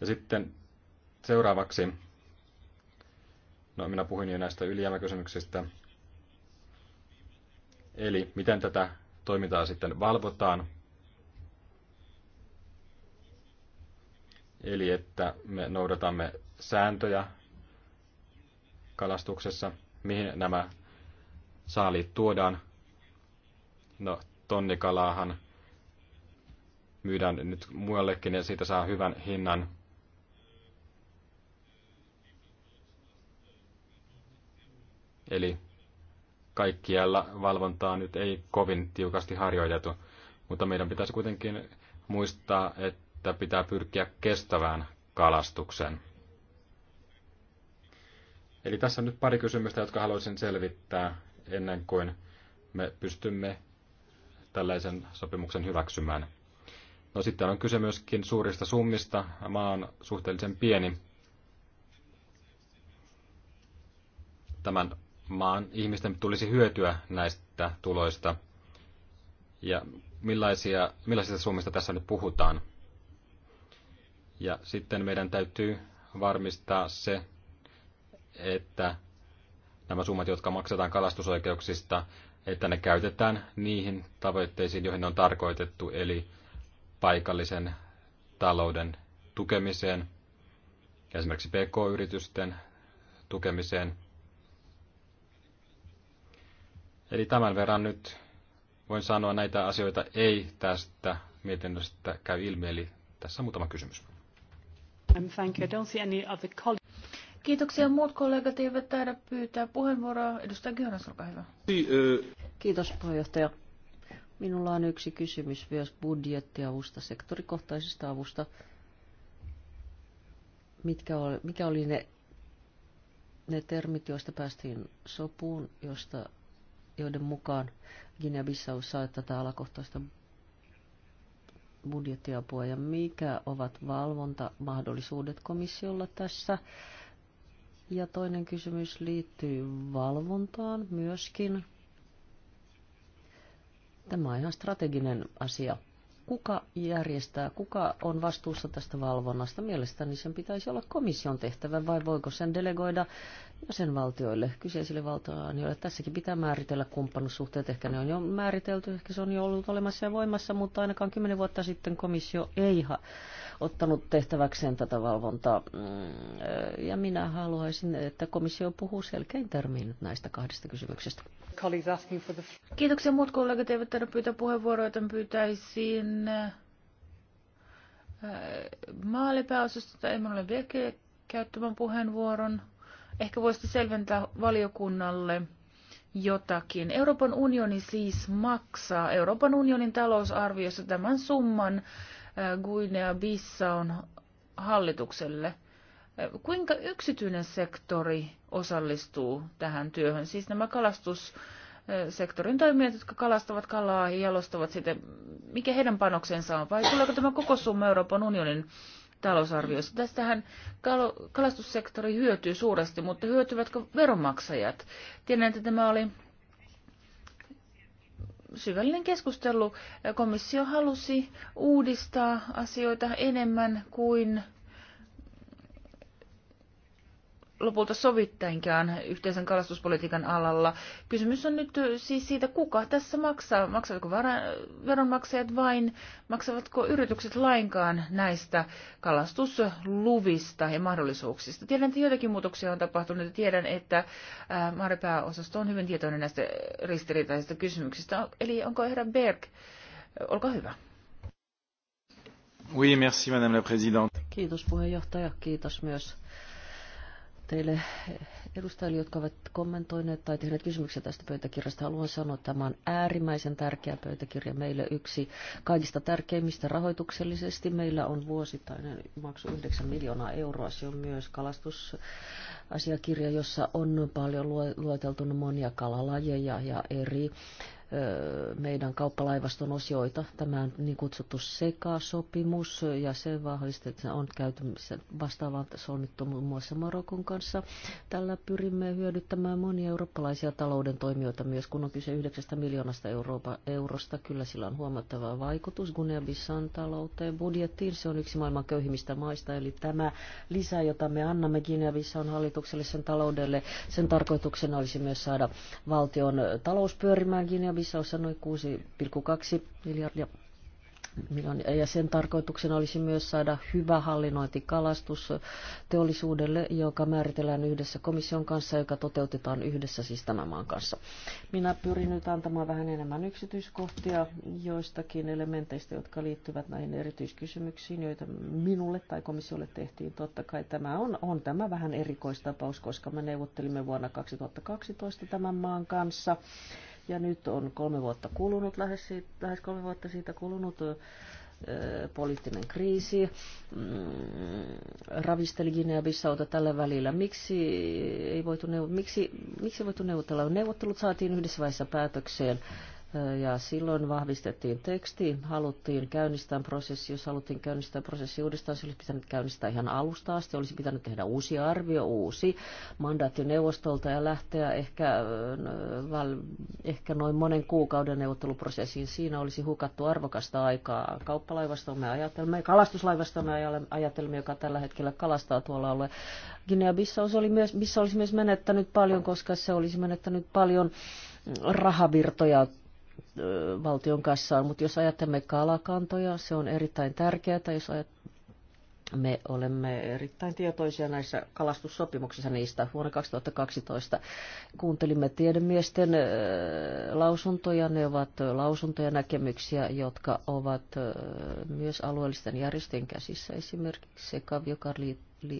Ja sitten seuraavaksi, no minä puhuin jo näistä ylijäämäkysymyksistä, eli miten tätä toimintaa sitten valvotaan. Eli että me noudatamme sääntöjä kalastuksessa, mihin nämä saaliit tuodaan. No, tonnikalaahan myydään nyt muuallekin ja siitä saa hyvän hinnan. Eli kaikkialla valvontaa nyt ei kovin tiukasti harjoitettu, mutta meidän pitäisi kuitenkin muistaa, että pitää pyrkiä kestävään kalastukseen. Eli tässä on nyt pari kysymystä, jotka haluaisin selvittää ennen kuin me pystymme tällaisen sopimuksen hyväksymään. No sitten on kyse myöskin suurista summista. Maa on suhteellisen pieni. Tämän maan ihmisten tulisi hyötyä näistä tuloista ja millaisia, millaisista summista tässä nyt puhutaan. Ja sitten meidän täytyy varmistaa se, että nämä summat, jotka maksetaan kalastusoikeuksista, että ne käytetään niihin tavoitteisiin, joihin ne on tarkoitettu, eli paikallisen talouden tukemiseen, esimerkiksi pk-yritysten tukemiseen – Eli tämän verran nyt voin sanoa näitä asioita ei tästä mietinnöstä käy ilmi, eli tässä on muutama kysymys. Um, thank you. I don't see any other Kiitoksia. Muut kollegat eivät taida pyytää puheenvuoroa. Edustaja Gionas, olkaa hyvä. Kiitos puheenjohtaja. Minulla on yksi kysymys myös budjettiavusta, sektorikohtaisesta avusta. Mitkä oli, mikä oli ne, ne termit, joista päästiin sopuun, josta joiden mukaan Guinea-Bissau saa tätä alakohtaista budjettiapua ja mikä ovat valvontamahdollisuudet komissiolla tässä. Ja toinen kysymys liittyy valvontaan myöskin. Tämä on ihan strateginen asia kuka järjestää, kuka on vastuussa tästä valvonnasta? Mielestäni sen pitäisi olla komission tehtävä vai voiko sen delegoida valtioille, kyseisille valtioille. Tässäkin pitää määritellä kumppanussuhteet. Ehkä ne on jo määritelty, ehkä se on jo ollut olemassa ja voimassa, mutta ainakaan kymmenen vuotta sitten komissio ei ha ottanut tehtäväkseen tätä valvontaa. Mm, ja minä haluaisin, että komissio puhuu selkein termiin näistä kahdesta kysymyksestä. Kiitoksia. Muut kollegat eivät tarvitse pyytää puheenvuoroa, joten pyytäisin äh, maalipääosastosta. ei ole vielä käyttämään puheenvuoron. Ehkä voisitte selventää valiokunnalle jotakin. Euroopan unioni siis maksaa Euroopan unionin talousarviossa tämän summan, Guinea-Bissaun hallitukselle. Kuinka yksityinen sektori osallistuu tähän työhön? Siis nämä kalastussektorin toimijat, jotka kalastavat kalaa ja jalostavat sitä, mikä heidän panoksensa on? Vai tuleeko tämä koko summa Euroopan unionin talousarviossa. Tästähän kalastussektori hyötyy suuresti, mutta hyötyvätkö veronmaksajat? Tiedän, että tämä oli syvällinen keskustelu. Komissio halusi uudistaa asioita enemmän kuin lopulta sovittainkään yhteisen kalastuspolitiikan alalla. Kysymys on nyt siis siitä, kuka tässä maksaa. Maksavatko veronmaksajat vain, maksavatko yritykset lainkaan näistä kalastusluvista ja mahdollisuuksista. Tiedän, että joitakin muutoksia on tapahtunut ja tiedän, että Maripääosasto on hyvin tietoinen näistä ristiriitaisista kysymyksistä. Eli onko herra Berg, olkaa hyvä. Oui, merci, madame la présidente. Kiitos puheenjohtaja, kiitos myös teille edustajille, jotka ovat kommentoineet tai tehneet kysymyksiä tästä pöytäkirjasta. Haluan sanoa, että tämä on äärimmäisen tärkeä pöytäkirja. Meille yksi kaikista tärkeimmistä rahoituksellisesti. Meillä on vuosittainen maksu 9 miljoonaa euroa. Se on myös kalastusasiakirja, jossa on paljon lueteltu monia kalalajeja ja eri meidän kauppalaivaston osioita. Tämä on niin kutsuttu sekasopimus ja se vahvistetaan on käyty vastaavaan solmittu muun muassa Marokon kanssa. Tällä pyrimme hyödyttämään monia eurooppalaisia talouden toimijoita myös, kun on kyse 9 miljoonasta Euroopa, eurosta. Kyllä sillä on huomattava vaikutus Guinea-Bissan talouteen, budjettiin. Se on yksi maailman köyhimmistä maista, eli tämä lisä, jota me annamme Guinea-Bissan hallitukselle sen taloudelle, sen tarkoituksena olisi myös saada valtion talous pyörimään Guinea Bissaussa noin 6,2 miljardia ja sen tarkoituksena olisi myös saada hyvä hallinnointi kalastus teollisuudelle, joka määritellään yhdessä komission kanssa, joka toteutetaan yhdessä siis tämän maan kanssa. Minä pyrin nyt antamaan vähän enemmän yksityiskohtia joistakin elementeistä, jotka liittyvät näihin erityiskysymyksiin, joita minulle tai komissiolle tehtiin. Totta kai tämä on, on tämä vähän erikoistapaus, koska me neuvottelimme vuonna 2012 tämän maan kanssa ja nyt on kolme vuotta kulunut, lähes, siitä, lähes kolme vuotta siitä kulunut poliittinen kriisi mm, ravisteli Guinea-Bissauta tällä välillä. Miksi, ei voitu neuv- miksi, miksi voitu neuvotella? Neuvottelut saatiin yhdessä vaiheessa päätökseen ja silloin vahvistettiin teksti, haluttiin käynnistää prosessi, jos haluttiin käynnistää prosessi uudestaan, se olisi pitänyt käynnistää ihan alusta asti, olisi pitänyt tehdä uusi arvio, uusi mandaatti neuvostolta ja lähteä ehkä, äh, ehkä noin monen kuukauden neuvotteluprosessiin. Siinä olisi hukattu arvokasta aikaa kauppalaivastomme ajatelmia, kalastuslaivastomme ajatelmia, joka tällä hetkellä kalastaa tuolla alue. Guinea-Bissau oli myös, missä olisi myös menettänyt paljon, koska se olisi menettänyt paljon rahavirtoja valtion kassaan. Mutta jos ajattelemme kalakantoja, se on erittäin tärkeää. Jos ajat... Me olemme erittäin tietoisia näissä kalastussopimuksissa niistä. Vuonna 2012 kuuntelimme tiedemiesten lausuntoja. Ne ovat lausuntoja näkemyksiä, jotka ovat myös alueellisten järjestöjen käsissä. Esimerkiksi se kavio, joka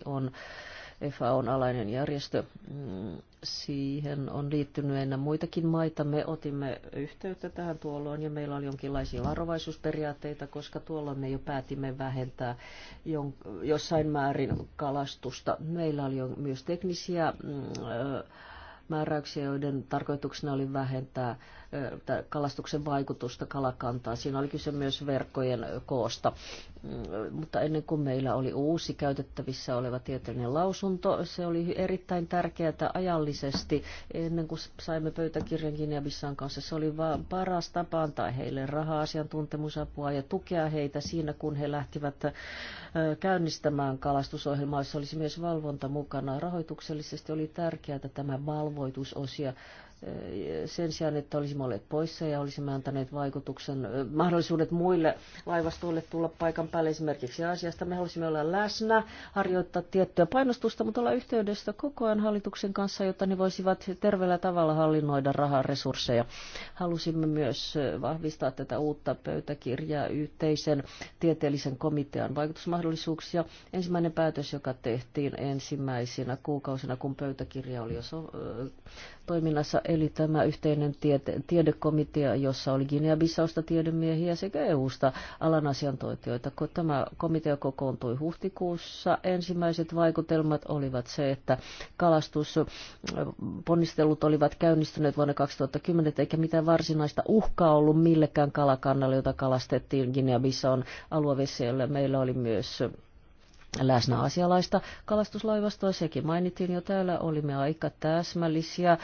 on on alainen järjestö. Mm, siihen on liittynyt ennen muitakin maita. Me otimme yhteyttä tähän tuolloin ja meillä oli jonkinlaisia varovaisuusperiaatteita, koska tuolloin me jo päätimme vähentää jossain määrin kalastusta. Meillä oli myös teknisiä mm, määräyksiä, joiden tarkoituksena oli vähentää kalastuksen vaikutusta kalakantaan. Siinä oli kyse myös verkkojen koosta. Mm, mutta ennen kuin meillä oli uusi käytettävissä oleva tieteellinen lausunto, se oli erittäin tärkeää ajallisesti. Ennen kuin saimme pöytäkirjan guinea kanssa, se oli vain paras tapa antaa heille rahaa, asiantuntemusapua ja tukea heitä siinä, kun he lähtivät käynnistämään kalastusohjelmaa, se olisi myös valvonta mukana. Rahoituksellisesti oli tärkeää tämä valvoitusosia sen sijaan, että olisimme olleet poissa ja olisimme antaneet vaikutuksen, mahdollisuudet muille laivastoille tulla paikan päälle esimerkiksi asiasta. Me halusimme olla läsnä, harjoittaa tiettyä painostusta, mutta olla yhteydessä koko ajan hallituksen kanssa, jotta ne voisivat terveellä tavalla hallinnoida rahan resursseja. Halusimme myös vahvistaa tätä uutta pöytäkirjaa yhteisen tieteellisen komitean vaikutusmahdollisuuksia. Ensimmäinen päätös, joka tehtiin ensimmäisenä kuukausina, kun pöytäkirja oli jo so- toiminnassa, eli tämä yhteinen tiede, tiedekomitea, jossa oli Guinea-Bissausta tiedemiehiä sekä EU-sta alan asiantuntijoita. Kun tämä komitea kokoontui huhtikuussa, ensimmäiset vaikutelmat olivat se, että kalastusponnistelut olivat käynnistyneet vuonna 2010, eikä mitään varsinaista uhkaa ollut millekään kalakannalle, jota kalastettiin Guinea-Bissaun aluevesiölle. Meillä oli myös läsnä asialaista kalastuslaivastoa. Sekin mainittiin jo täällä. Olimme aika täsmällisiä äh,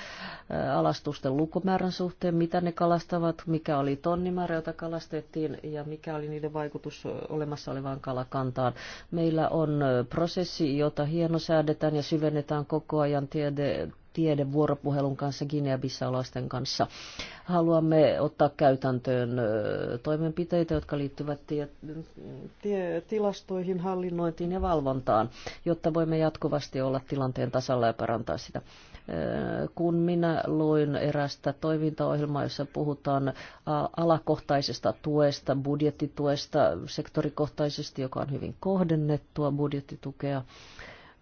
alastusten lukumäärän suhteen, mitä ne kalastavat, mikä oli tonnimäärä, jota kalastettiin ja mikä oli niiden vaikutus olemassa olevaan kalakantaan. Meillä on prosessi, jota hienosäädetään ja syvennetään koko ajan tiede tiedevuoropuhelun kanssa Guinea-Bissau-lasten kanssa. Haluamme ottaa käytäntöön toimenpiteitä, jotka liittyvät tie, tie, tilastoihin, hallinnointiin ja valvontaan, jotta voimme jatkuvasti olla tilanteen tasalla ja parantaa sitä. Kun minä luin erästä toimintaohjelmaa, jossa puhutaan alakohtaisesta tuesta, budjettituesta, sektorikohtaisesti, joka on hyvin kohdennettua budjettitukea,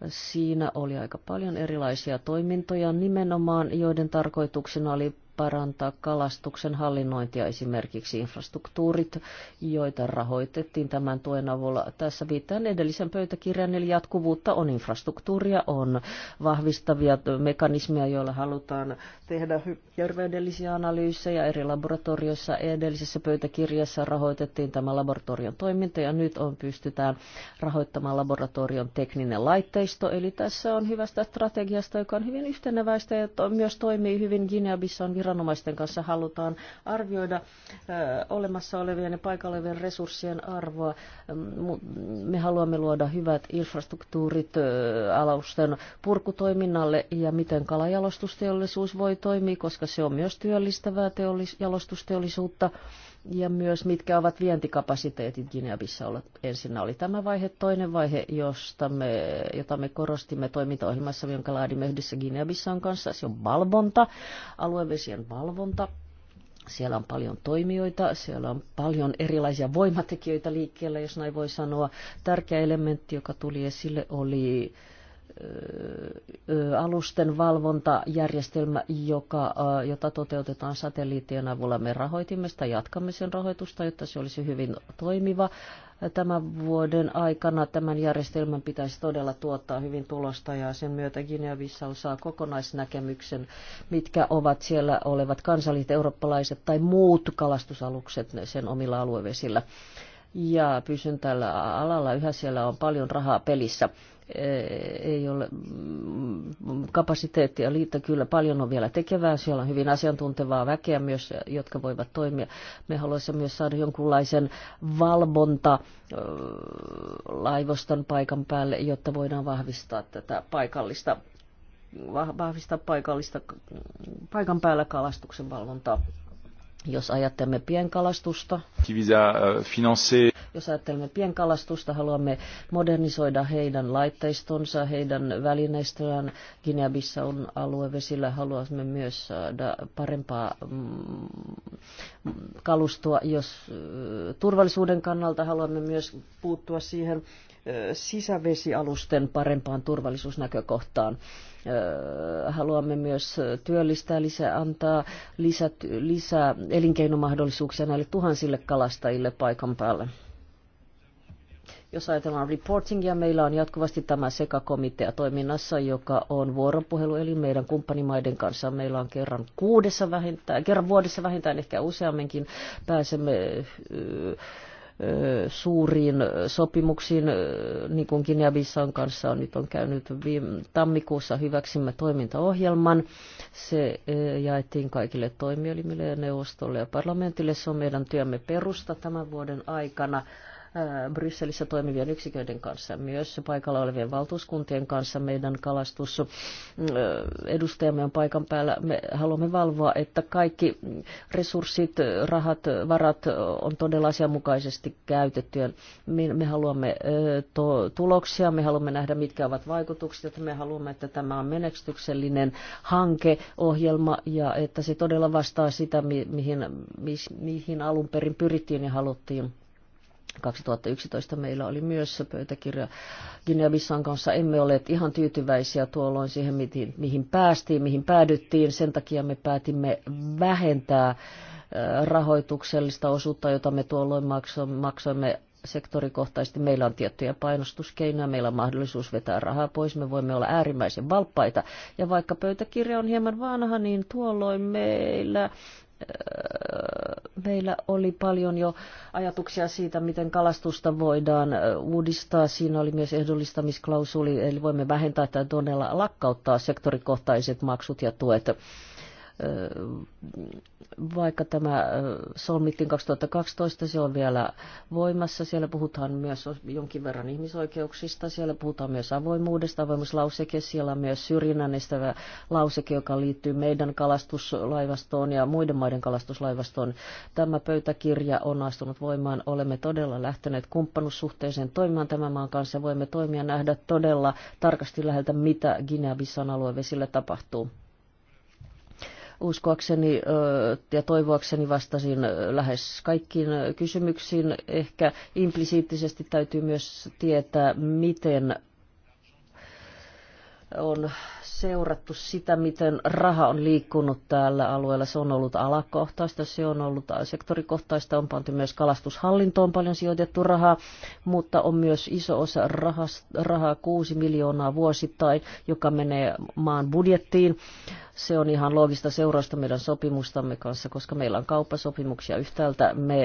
Siinä oli aika paljon erilaisia toimintoja nimenomaan, joiden tarkoituksena oli parantaa kalastuksen hallinnointia, esimerkiksi infrastruktuurit, joita rahoitettiin tämän tuen avulla. Tässä viittaan edellisen pöytäkirjan, eli jatkuvuutta on infrastruktuuria, on vahvistavia mekanismeja, joilla halutaan tehdä terveydellisiä analyysejä eri laboratorioissa. Edellisessä pöytäkirjassa rahoitettiin tämä laboratorion toiminta, ja nyt on pystytään rahoittamaan laboratorion tekninen laitteisto, eli tässä on hyvästä strategiasta, joka on hyvin yhteneväistä ja to- myös toimii hyvin Guinea-Bissaun viranomaisten kanssa halutaan arvioida olemassa olevien ja paikalla olevien resurssien arvoa. Me haluamme luoda hyvät infrastruktuurit alusten purkutoiminnalle ja miten kalajalostusteollisuus voi toimia, koska se on myös työllistävää teollis- jalostusteollisuutta ja myös mitkä ovat vientikapasiteetit guinea olla. Ensin oli tämä vaihe. Toinen vaihe, josta me, jota me korostimme toimintaohjelmassa, jonka laadimme yhdessä Guinea-Bissaun kanssa, se on valvonta, aluevesien valvonta. Siellä on paljon toimijoita, siellä on paljon erilaisia voimatekijöitä liikkeellä, jos näin voi sanoa. Tärkeä elementti, joka tuli esille, oli alusten valvontajärjestelmä, joka, jota toteutetaan satelliittien avulla. Me rahoitimme sitä, jatkamme sen rahoitusta, jotta se olisi hyvin toimiva. Tämän vuoden aikana tämän järjestelmän pitäisi todella tuottaa hyvin tulosta ja sen myötä Guinea-Bissau saa kokonaisnäkemyksen, mitkä ovat siellä olevat kansalliset, eurooppalaiset tai muut kalastusalukset sen omilla aluevesillä ja pysyn tällä alalla. Yhä siellä on paljon rahaa pelissä. Ei ole mm, kapasiteettia liitto kyllä paljon on vielä tekevää. Siellä on hyvin asiantuntevaa väkeä myös, jotka voivat toimia. Me haluaisimme myös saada jonkunlaisen valvonta laivoston paikan päälle, jotta voidaan vahvistaa tätä paikallista vahvistaa paikallista, mm, paikan päällä kalastuksen valvontaa. Jos ajattelemme pienkalastusta, euh, jos ajattelemme pienkalastusta, haluamme modernisoida heidän laitteistonsa, heidän välineistöään. guinea on aluevesillä haluamme myös saada parempaa mm, kalustoa, jos turvallisuuden kannalta haluamme myös puuttua siihen sisävesialusten parempaan turvallisuusnäkökohtaan. Haluamme myös työllistää lisää, antaa lisää, lisää elinkeinomahdollisuuksia näille tuhansille kalastajille paikan päälle. Jos ajatellaan reportingia, meillä on jatkuvasti tämä sekakomitea toiminnassa, joka on vuoropuhelu, eli meidän kumppanimaiden kanssa meillä on kerran, kuudessa vähintään, kerran vuodessa vähintään, ehkä useamminkin pääsemme suuriin sopimuksiin, niin kuin Kinjabissan kanssa on nyt on käynyt viime, tammikuussa hyväksimme toimintaohjelman. Se jaettiin kaikille toimielimille ja neuvostolle ja parlamentille. Se on meidän työmme perusta tämän vuoden aikana. Brysselissä toimivien yksiköiden kanssa, myös paikalla olevien valtuuskuntien kanssa. Meidän kalastusedustajamme on paikan päällä. Me haluamme valvoa, että kaikki resurssit, rahat, varat on todella asianmukaisesti käytettyä. Me haluamme tuloksia, me haluamme nähdä, mitkä ovat vaikutukset, että me haluamme, että tämä on menestyksellinen hankeohjelma ja että se todella vastaa sitä, mihin, mihin alun perin pyrittiin ja haluttiin 2011 meillä oli myös pöytäkirja Guinea-Bissan kanssa. Emme ole ihan tyytyväisiä tuolloin siihen, mihin, mihin päästiin, mihin päädyttiin. Sen takia me päätimme vähentää rahoituksellista osuutta, jota me tuolloin maksoimme sektorikohtaisesti. Meillä on tiettyjä painostuskeinoja, meillä on mahdollisuus vetää rahaa pois, me voimme olla äärimmäisen valppaita. Ja vaikka pöytäkirja on hieman vanha, niin tuolloin meillä Öö, meillä oli paljon jo ajatuksia siitä, miten kalastusta voidaan uudistaa. Siinä oli myös ehdollistamisklausuli, eli voimme vähentää tai todella lakkauttaa sektorikohtaiset maksut ja tuet vaikka tämä solmittiin 2012, se on vielä voimassa. Siellä puhutaan myös jonkin verran ihmisoikeuksista, siellä puhutaan myös avoimuudesta, avoimuuslauseke, siellä on myös syrjinnän estävä lauseke, joka liittyy meidän kalastuslaivastoon ja muiden maiden kalastuslaivastoon. Tämä pöytäkirja on astunut voimaan. Olemme todella lähteneet kumppanussuhteeseen toimimaan tämän maan kanssa. Voimme toimia nähdä todella tarkasti läheltä, mitä Guinea-Bissan aluevesille tapahtuu. Uskoakseni ja toivoakseni vastasin lähes kaikkiin kysymyksiin. Ehkä implisiittisesti täytyy myös tietää, miten on seurattu sitä, miten raha on liikkunut täällä alueella. Se on ollut alakohtaista, se on ollut sektorikohtaista, on pantu myös kalastushallintoon paljon sijoitettu rahaa, mutta on myös iso osa rahaa, 6 miljoonaa vuosittain, joka menee maan budjettiin. Se on ihan loogista seurausta meidän sopimustamme kanssa, koska meillä on kauppasopimuksia yhtäältä. Me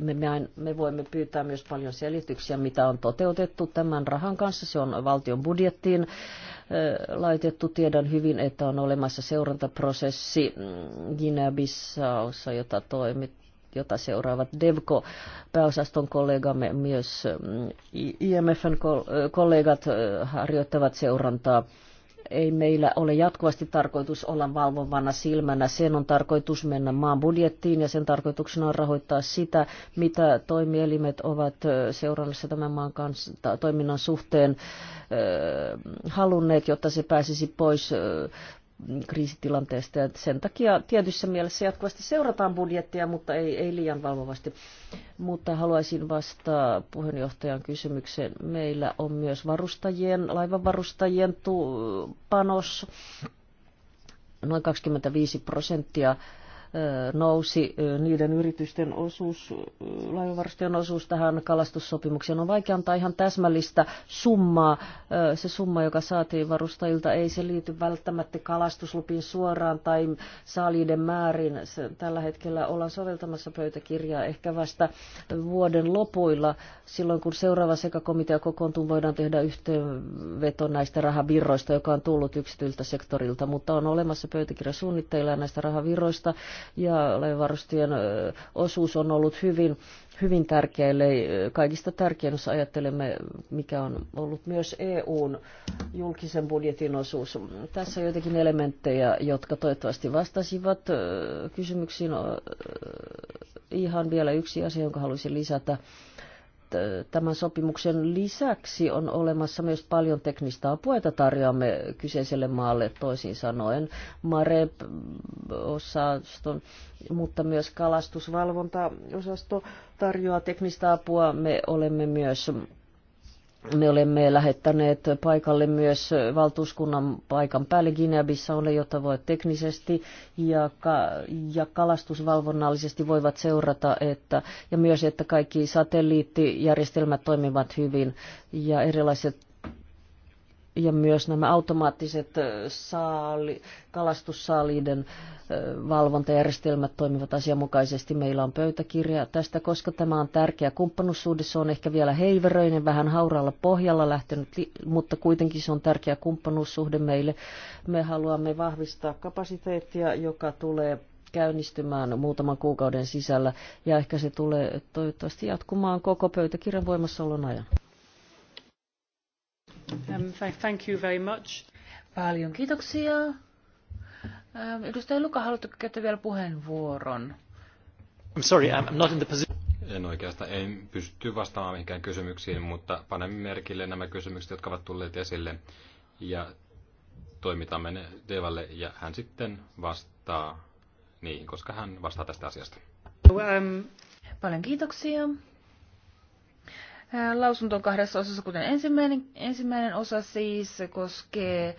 me, me, me voimme pyytää myös paljon selityksiä, mitä on toteutettu tämän rahan kanssa. Se on valtion budjettiin laitettu. Tiedän hyvin, että on olemassa seurantaprosessi Guinea-Bissaussa, jota toimit jota seuraavat DEVCO-pääosaston kollegamme, myös mm, IMFn kollegat harjoittavat seurantaa ei meillä ole jatkuvasti tarkoitus olla valvovana silmänä. Sen on tarkoitus mennä maan budjettiin ja sen tarkoituksena on rahoittaa sitä, mitä toimielimet ovat seurannassa tämän maan kanssa, toiminnan suhteen halunneet, jotta se pääsisi pois kriisitilanteesta. Ja sen takia tietyssä mielessä jatkuvasti seurataan budjettia, mutta ei, ei liian valvovasti. Mutta haluaisin vastaa puheenjohtajan kysymykseen. Meillä on myös varustajien, laivanvarustajien panos noin 25 prosenttia nousi niiden yritysten osuus, laivavarustajien osuus tähän kalastussopimukseen. On vaikea antaa ihan täsmällistä summaa. Se summa, joka saatiin varustajilta, ei se liity välttämättä kalastuslupiin suoraan tai saaliiden määrin. Tällä hetkellä ollaan soveltamassa pöytäkirjaa ehkä vasta vuoden lopuilla. Silloin kun seuraava sekakomitea kokoontuu, voidaan tehdä yhteenveto näistä rahavirroista, joka on tullut yksityiltä sektorilta, mutta on olemassa pöytäkirja suunnitteilla näistä rahavirroista ja laivavarustien osuus on ollut hyvin, hyvin tärkeä, eli kaikista tärkein, jos ajattelemme, mikä on ollut myös EUn julkisen budjetin osuus. Tässä on joitakin elementtejä, jotka toivottavasti vastasivat kysymyksiin. Ihan vielä yksi asia, jonka haluaisin lisätä Äh, tämän sopimuksen lisäksi on olemassa myös paljon teknistä apua, jota tarjoamme kyseiselle maalle, toisin sanoen Mareb-osaston, mutta myös kalastusvalvontaosasto tarjoaa teknistä apua. Me olemme myös me olemme lähettäneet paikalle myös valtuuskunnan paikan päälle Guinea-Bissaulle, jota voi teknisesti ja, ka- ja kalastusvalvonnallisesti voivat seurata, että, ja myös, että kaikki satelliittijärjestelmät toimivat hyvin ja erilaiset ja myös nämä automaattiset saali, kalastussaaliiden valvontajärjestelmät toimivat asianmukaisesti. Meillä on pöytäkirja tästä, koska tämä on tärkeä kumppanuussuhde. Se on ehkä vielä heiveröinen, vähän hauraalla pohjalla lähtenyt, mutta kuitenkin se on tärkeä kumppanuussuhde meille. Me haluamme vahvistaa kapasiteettia, joka tulee käynnistymään muutaman kuukauden sisällä ja ehkä se tulee toivottavasti jatkumaan koko pöytäkirjan voimassaolon ajan. Um, thank you very much. Paljon kiitoksia. Um, edustaja Luka, haluatteko käyttää vielä puheenvuoron? I'm sorry, I'm not in the position. En oikeastaan en pysty vastaamaan mihinkään kysymyksiin, mutta panemme merkille nämä kysymykset, jotka ovat tulleet esille. Ja toimitamme ne Devalle ja hän sitten vastaa niihin, koska hän vastaa tästä asiasta. Um, paljon kiitoksia. Lausunto on kahdessa osassa, kuten ensimmäinen, ensimmäinen osa siis koskee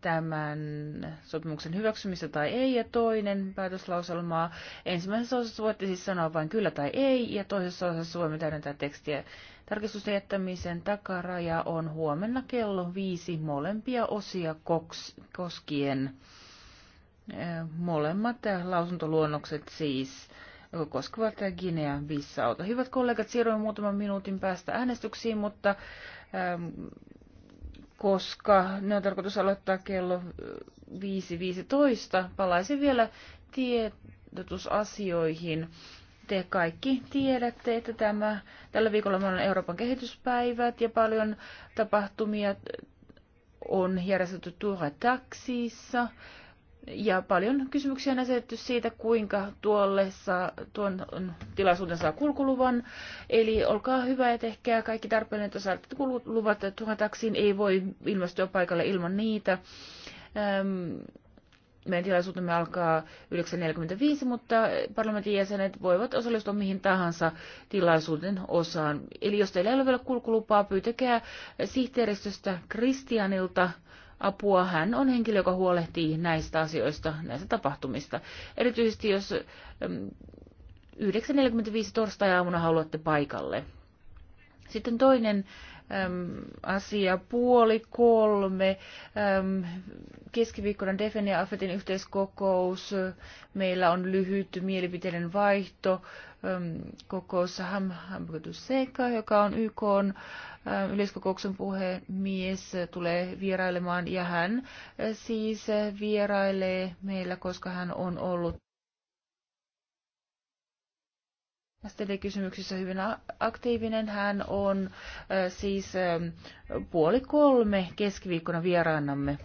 tämän sopimuksen hyväksymistä tai ei, ja toinen päätöslauselmaa. Ensimmäisessä osassa voitte siis sanoa vain kyllä tai ei, ja toisessa osassa voimme täydentää tekstiä. Tarkistusten jättämisen takaraja on huomenna kello viisi molempia osia koskien. Molemmat lausuntoluonnokset siis koskevat Guinea-Bissauta. Hyvät kollegat, siirrymme muutaman minuutin päästä äänestyksiin, mutta äm, koska ne on tarkoitus aloittaa kello 5.15, äh, palaisin vielä tiedotusasioihin. Te kaikki tiedätte, että tämä, tällä viikolla on Euroopan kehityspäivät ja paljon tapahtumia on järjestetty Tuure Taksissa ja paljon kysymyksiä on asetettu siitä, kuinka tuolle saa, tuon tilaisuuden saa kulkuluvan. Eli olkaa hyvä ja tehkää kaikki tarpeellinen, että saatte kulkuluvat tuohon taksiin. Ei voi ilmestyä paikalle ilman niitä. Öm, meidän tilaisuutemme alkaa 9.45, mutta parlamentin jäsenet voivat osallistua mihin tahansa tilaisuuden osaan. Eli jos teillä ei ole vielä kulkulupaa, pyytäkää sihteeristöstä Kristianilta apua. Hän on henkilö, joka huolehtii näistä asioista, näistä tapahtumista. Erityisesti jos 9.45 mm, torstai-aamuna haluatte paikalle. Sitten toinen asia puoli kolme. Keskiviikkona Defen ja Afetin yhteiskokous. Meillä on lyhyt mielipiteiden vaihto kokous Ham Seka, joka on YK yleiskokouksen puhemies, tulee vierailemaan ja hän siis vierailee meillä, koska hän on ollut STD-kysymyksissä hyvin aktiivinen. Hän on siis puoli kolme keskiviikkona vieraannamme.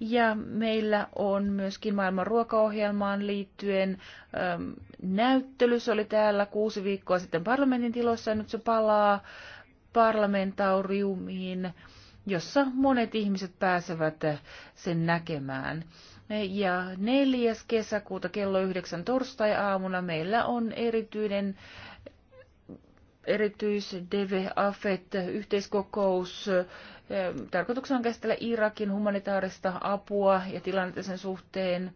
Ja meillä on myöskin maailman ruokaohjelmaan liittyen ähm, näyttely. Se oli täällä kuusi viikkoa sitten parlamentin tilossa ja nyt se palaa parlamentauriumiin, jossa monet ihmiset pääsevät sen näkemään. Ja 4. kesäkuuta kello 9 torstai-aamuna meillä on erityinen erityis DV AFET yhteiskokous. Tarkoituksena on käsitellä Irakin humanitaarista apua ja tilannetta sen suhteen.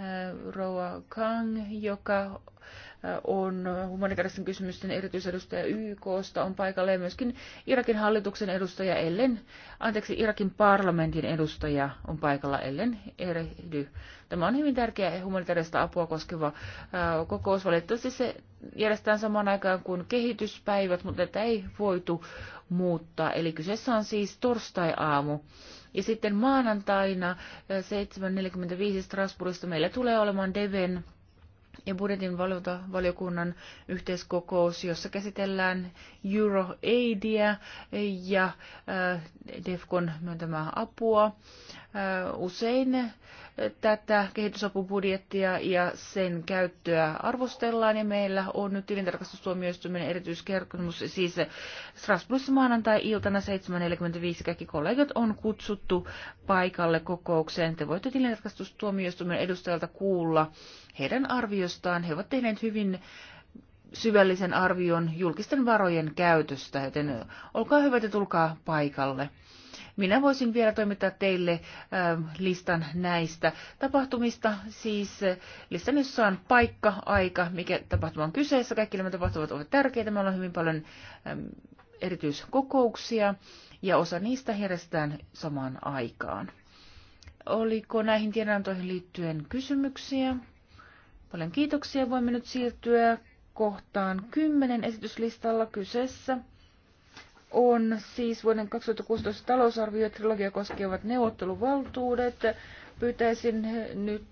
Äh, Roa Kang, joka äh, on humanitaaristen kysymysten erityisedustaja YKsta, on paikalla ja myöskin Irakin hallituksen edustaja Ellen, anteeksi, Irakin parlamentin edustaja on paikalla Ellen Erehdy. Tämä on hyvin tärkeä humanitaarista apua koskeva äh, kokous. Valitettavasti se järjestetään samaan aikaan kuin kehityspäivät, mutta tätä ei voitu muuttaa. Eli kyseessä on siis torstai-aamu. Ja sitten maanantaina 7.45 äh, Strasbourgista meillä tulee olemaan Deven ja budjetin valiokunnan yhteiskokous, jossa käsitellään EuroAidia ja äh, DEFCON myöntämää apua. Äh, usein tätä kehitysapubudjettia ja sen käyttöä arvostellaan. Ja meillä on nyt tilintarkastustuomioistuimen erityiskertomus siis Strasbourgissa maanantai-iltana 7.45. Kaikki kollegat on kutsuttu paikalle kokoukseen. Te voitte tilintarkastustuomioistuimen edustajalta kuulla heidän arviostaan. He ovat tehneet hyvin syvällisen arvion julkisten varojen käytöstä, joten olkaa hyvät ja tulkaa paikalle. Minä voisin vielä toimittaa teille listan näistä tapahtumista, siis listan, jossa on paikka, aika, mikä tapahtuma on kyseessä. Kaikki nämä tapahtumat ovat tärkeitä. Meillä on hyvin paljon erityiskokouksia ja osa niistä järjestetään samaan aikaan. Oliko näihin tiedonantoihin liittyen kysymyksiä? Paljon kiitoksia. Voimme nyt siirtyä kohtaan 10 esityslistalla kyseessä on siis vuoden 2016 talousarvio trilogia koskevat neuvotteluvaltuudet. Pyytäisin nyt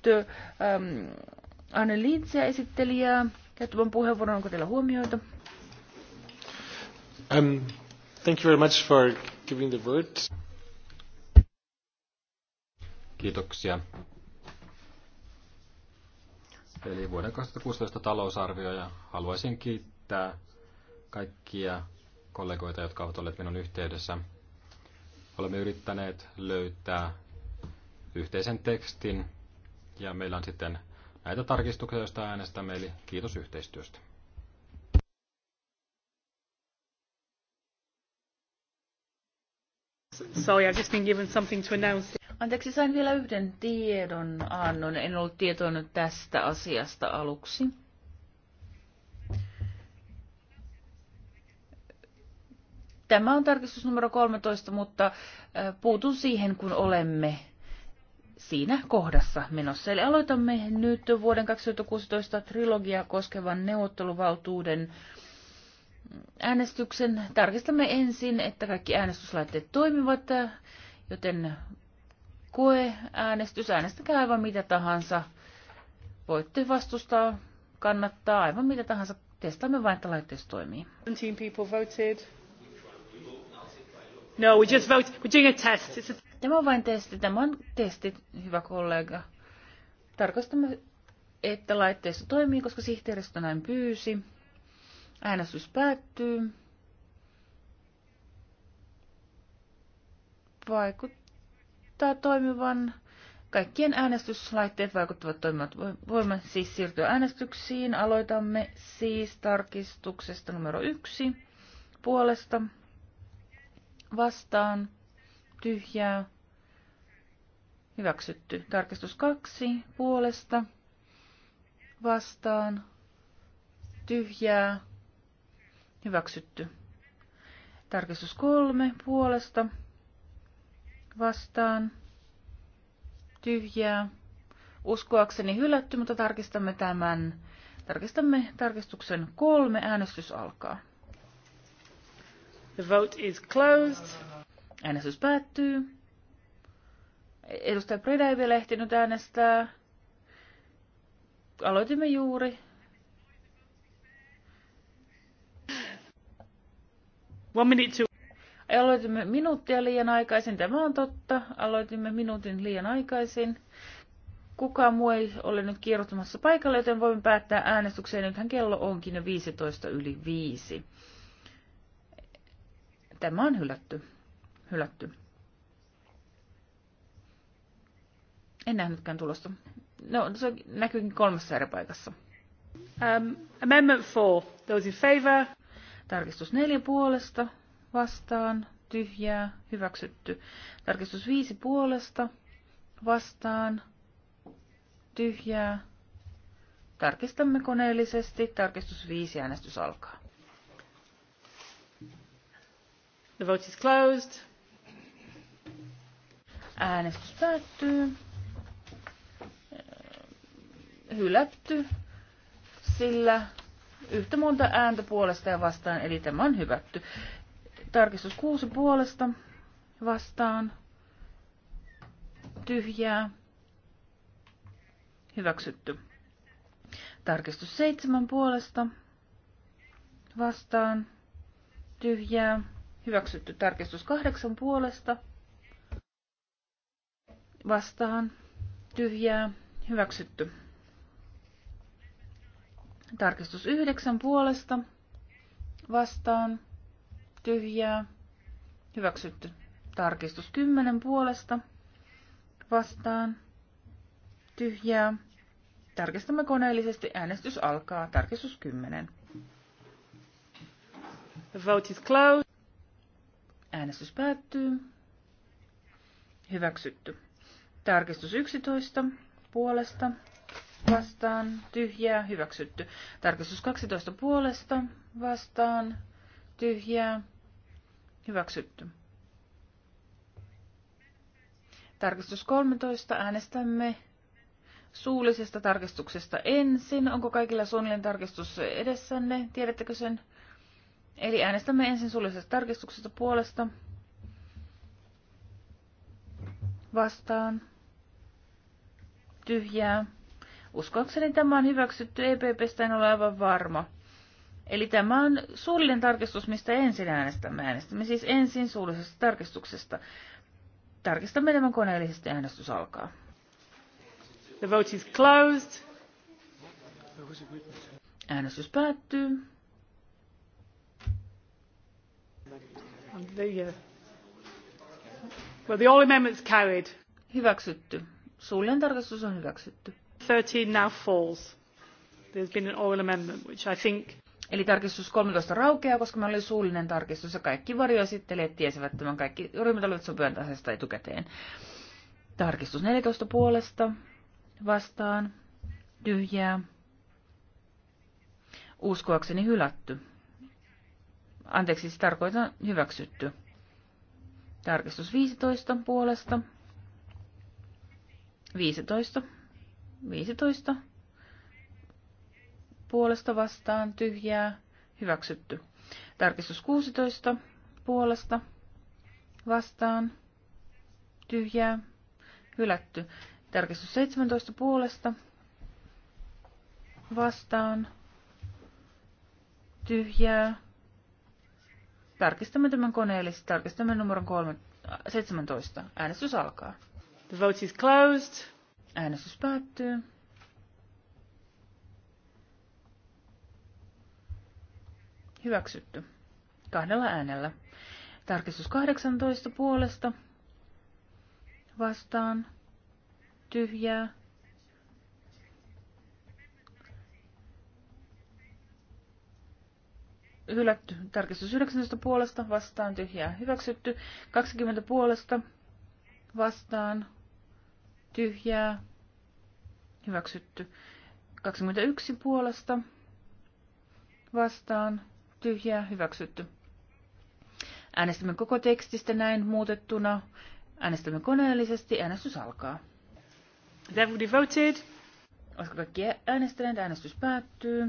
ähm, Anne Lintsiä esittelijää käyttämään puheenvuoron. Onko teillä huomioita? Um, thank you very much for giving the word. Kiitoksia. Eli vuoden 2016 talousarvio ja haluaisin kiittää kaikkia kollegoita, jotka ovat olleet minun yhteydessä. Olemme yrittäneet löytää yhteisen tekstin ja meillä on sitten näitä tarkistuksia, joista äänestämme, eli kiitos yhteistyöstä. Sorry, I've just been given something to announce. Anteeksi, sain vielä yhden tiedon annon. En ollut tietoinen tästä asiasta aluksi. Tämä on tarkistus numero 13, mutta puutun siihen, kun olemme siinä kohdassa menossa. Eli aloitamme nyt vuoden 2016 trilogia koskevan neuvotteluvaltuuden äänestyksen. Tarkistamme ensin, että kaikki äänestyslaitteet toimivat, joten koe, äänestys, äänestäkää aivan mitä tahansa. Voitte vastustaa, kannattaa, aivan mitä tahansa. Testaamme vain, että laitteisto toimii. 17 people voted. No, we just vote. We're doing a test. It's a... Tämä on vain testi. Tämä on testi, hyvä kollega. Tarkastamme, että laitteessa toimii, koska sihteeristö näin pyysi. Äänestys päättyy. Vaikuttaa toimivan. Kaikkien äänestyslaitteet vaikuttavat toimivat. Voimme siis siirtyä äänestyksiin. Aloitamme siis tarkistuksesta numero yksi puolesta vastaan, tyhjää, hyväksytty. Tarkistus kaksi puolesta, vastaan, tyhjää, hyväksytty. Tarkistus kolme puolesta, vastaan, tyhjää, uskoakseni hylätty, mutta tarkistamme tämän. Tarkistamme tarkistuksen kolme. Äänestys alkaa. The vote is closed. Äänestys päättyy. Edustaja Preda ei vielä ehtinyt äänestää. Aloitimme juuri. One minute to... Aloitimme minuuttia liian aikaisin. Tämä on totta. Aloitimme minuutin liian aikaisin. Kukaan muu ei ole nyt kierrottamassa paikalle, joten voimme päättää äänestykseen. Nythän kello onkin jo 15 yli 5. Tämä on hylätty. hylätty. En nähnytkään tulosta. No, se näkyykin kolmessa eri paikassa. Um, amendment 4. Those in favor. Tarkistus neljä puolesta. Vastaan. Tyhjää. Hyväksytty. Tarkistus viisi puolesta. Vastaan. Tyhjää. Tarkistamme koneellisesti. Tarkistus viisi. äänestys alkaa. The vote is closed. Äänestys päättyy. Hylätty, sillä yhtä monta ääntä puolesta ja vastaan, eli tämä on hyvätty. Tarkistus kuusi puolesta vastaan. Tyhjää. Hyväksytty. Tarkistus seitsemän puolesta vastaan. Tyhjää Hyväksytty tarkistus kahdeksan puolesta. Vastaan. Tyhjää. Hyväksytty. Tarkistus yhdeksän puolesta. Vastaan. Tyhjää. Hyväksytty. Tarkistus kymmenen puolesta. Vastaan. Tyhjää. Tarkistamme koneellisesti. Äänestys alkaa. Tarkistus 10. The vote is closed. Äänestys päättyy. Hyväksytty. Tarkistus 11 puolesta vastaan tyhjää hyväksytty. Tarkistus 12 puolesta vastaan tyhjää hyväksytty. Tarkistus 13 äänestämme suullisesta tarkistuksesta ensin. Onko kaikilla suunnilleen tarkistus edessänne? Tiedättekö sen? Eli äänestämme ensin suullisesta tarkistuksesta puolesta. Vastaan. Tyhjää. Uskoakseni tämä on hyväksytty EPPstä, en ole aivan varma. Eli tämä on suullinen tarkistus, mistä ensin äänestämme. Äänestämme siis ensin suullisesta tarkistuksesta. Tarkistamme tämän koneellisesti äänestys alkaa. The vote is closed. Äänestys päättyy. Uh, well, the all amendments carried. Hyväksytty. Suullinen tarkastus on hyväksytty. 13 now falls. There's been an oral amendment, which I think... Eli tarkistus 13 raukeaa, koska me oli suullinen tarkistus ja kaikki varjoesittelijät tiesivät tämän kaikki. Ryhmät olivat sopivan tasesta etukäteen. Tarkistus 14 puolesta vastaan. Tyhjää. Uskoakseni hylätty. Anteeksi, siis tarkoitan hyväksytty. Tarkistus 15 puolesta. 15. 15. Puolesta vastaan tyhjää. Hyväksytty. Tarkistus 16 puolesta vastaan tyhjää. Hylätty. Tarkistus 17 puolesta vastaan tyhjää Tarkistamme tämän koneellisesti. Tarkistamme numeron 3, 17. Äänestys alkaa. The vote is closed. Äänestys päättyy. Hyväksytty. Kahdella äänellä. Tarkistus 18 puolesta. Vastaan. Tyhjää. hylätty. Tarkistus 19 puolesta vastaan tyhjää hyväksytty. 20 puolesta vastaan tyhjää hyväksytty. 21 puolesta vastaan tyhjää hyväksytty. Äänestämme koko tekstistä näin muutettuna. Äänestämme koneellisesti. Äänestys alkaa. Have voted? Olisiko kaikki äänestäneet? Äänestys päättyy.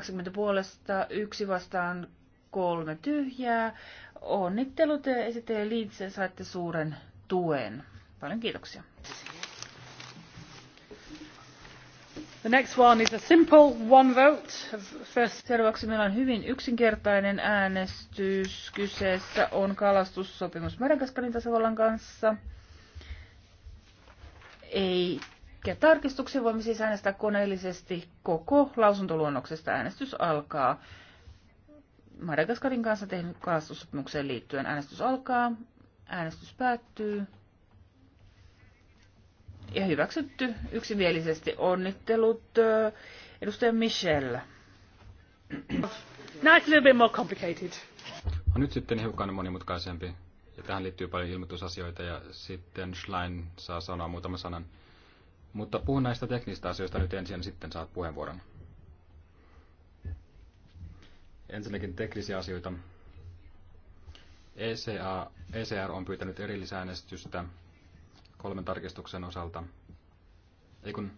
20 puolesta, yksi vastaan, kolme tyhjää. Onnittelut esittelijä Liitse, saitte suuren tuen. Paljon kiitoksia. The next one is a simple one vote. First. Seuraavaksi meillä on hyvin yksinkertainen äänestys. Kyseessä on kalastussopimus Merenkaskanin tasavallan kanssa. Ei kaikkia tarkistuksia. Voimme siis äänestää koneellisesti koko lausuntoluonnoksesta. Äänestys alkaa. Madagaskarin kanssa tehnyt kalastussopimukseen liittyen äänestys alkaa. Äänestys päättyy. Ja hyväksytty yksimielisesti onnittelut äh, edustaja Michelle. Now it's a little bit more complicated. On nyt sitten hiukan monimutkaisempi. Ja tähän liittyy paljon ilmoitusasioita ja sitten Schlein saa sanoa muutaman sanan. Mutta puhun näistä teknistä asioista nyt ensin, sitten saat puheenvuoron. Ensinnäkin teknisiä asioita. ECA, ECR on pyytänyt erillisäänestystä kolmen tarkistuksen osalta. Ei kun...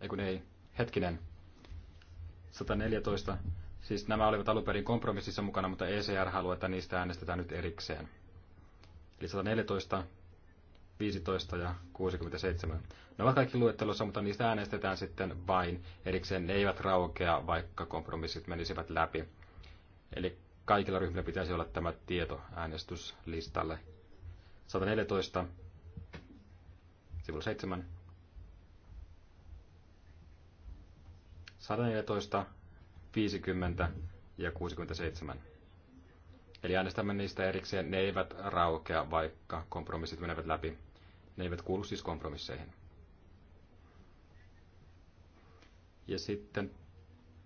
Ei kun ei. Hetkinen. 114. Siis nämä olivat alun perin kompromississa mukana, mutta ECR haluaa, että niistä äänestetään nyt erikseen. Eli 114, 15 ja 67. Ne ovat kaikki luettelossa, mutta niistä äänestetään sitten vain erikseen. Ne eivät raukea, vaikka kompromissit menisivät läpi. Eli kaikilla ryhmillä pitäisi olla tämä tieto äänestyslistalle. 114, sivulla 7. 114, 50 ja 67. Eli äänestämme niistä erikseen. Ne eivät raukea, vaikka kompromissit menevät läpi. Ne eivät kuulu siis kompromisseihin. Ja sitten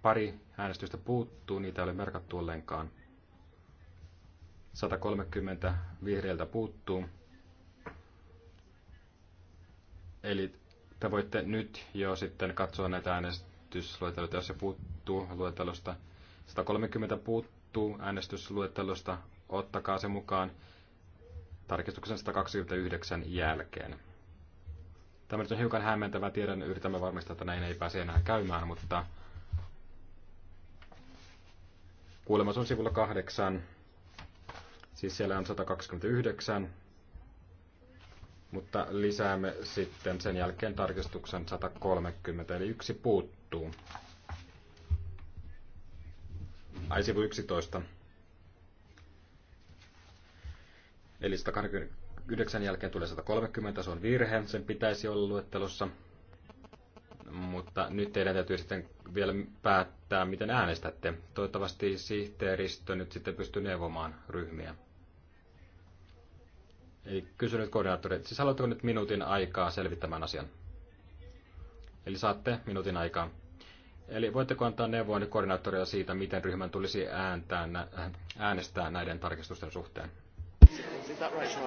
pari äänestystä puuttuu, niitä ei ole merkattu ollenkaan. 130 vihreältä puuttuu. Eli te voitte nyt jo sitten katsoa näitä äänestysluetteloita, jos se puuttuu luettelosta. 130 puuttuu äänestysluettelosta, ottakaa se mukaan tarkistuksen 129 jälkeen. Tämä nyt on hiukan hämmentävä, tiedän, yritämme varmistaa, että näin ei pääse enää käymään, mutta kuulemas on sivulla 8, siis siellä on 129, mutta lisäämme sitten sen jälkeen tarkistuksen 130, eli yksi puuttuu. Ai sivu 11. Eli 129 jälkeen tulee 130, se on virhe, sen pitäisi olla luettelossa. Mutta nyt teidän täytyy sitten vielä päättää, miten äänestätte. Toivottavasti sihteeristö nyt sitten pystyy neuvomaan ryhmiä. Eli kysyn nyt koordinaattori, siis haluatteko nyt minuutin aikaa selvittämään asian? Eli saatte minuutin aikaa. Eli voitteko antaa neuvoa nyt koordinaattoria siitä, miten ryhmän tulisi ääntää, äänestää näiden tarkistusten suhteen? Right,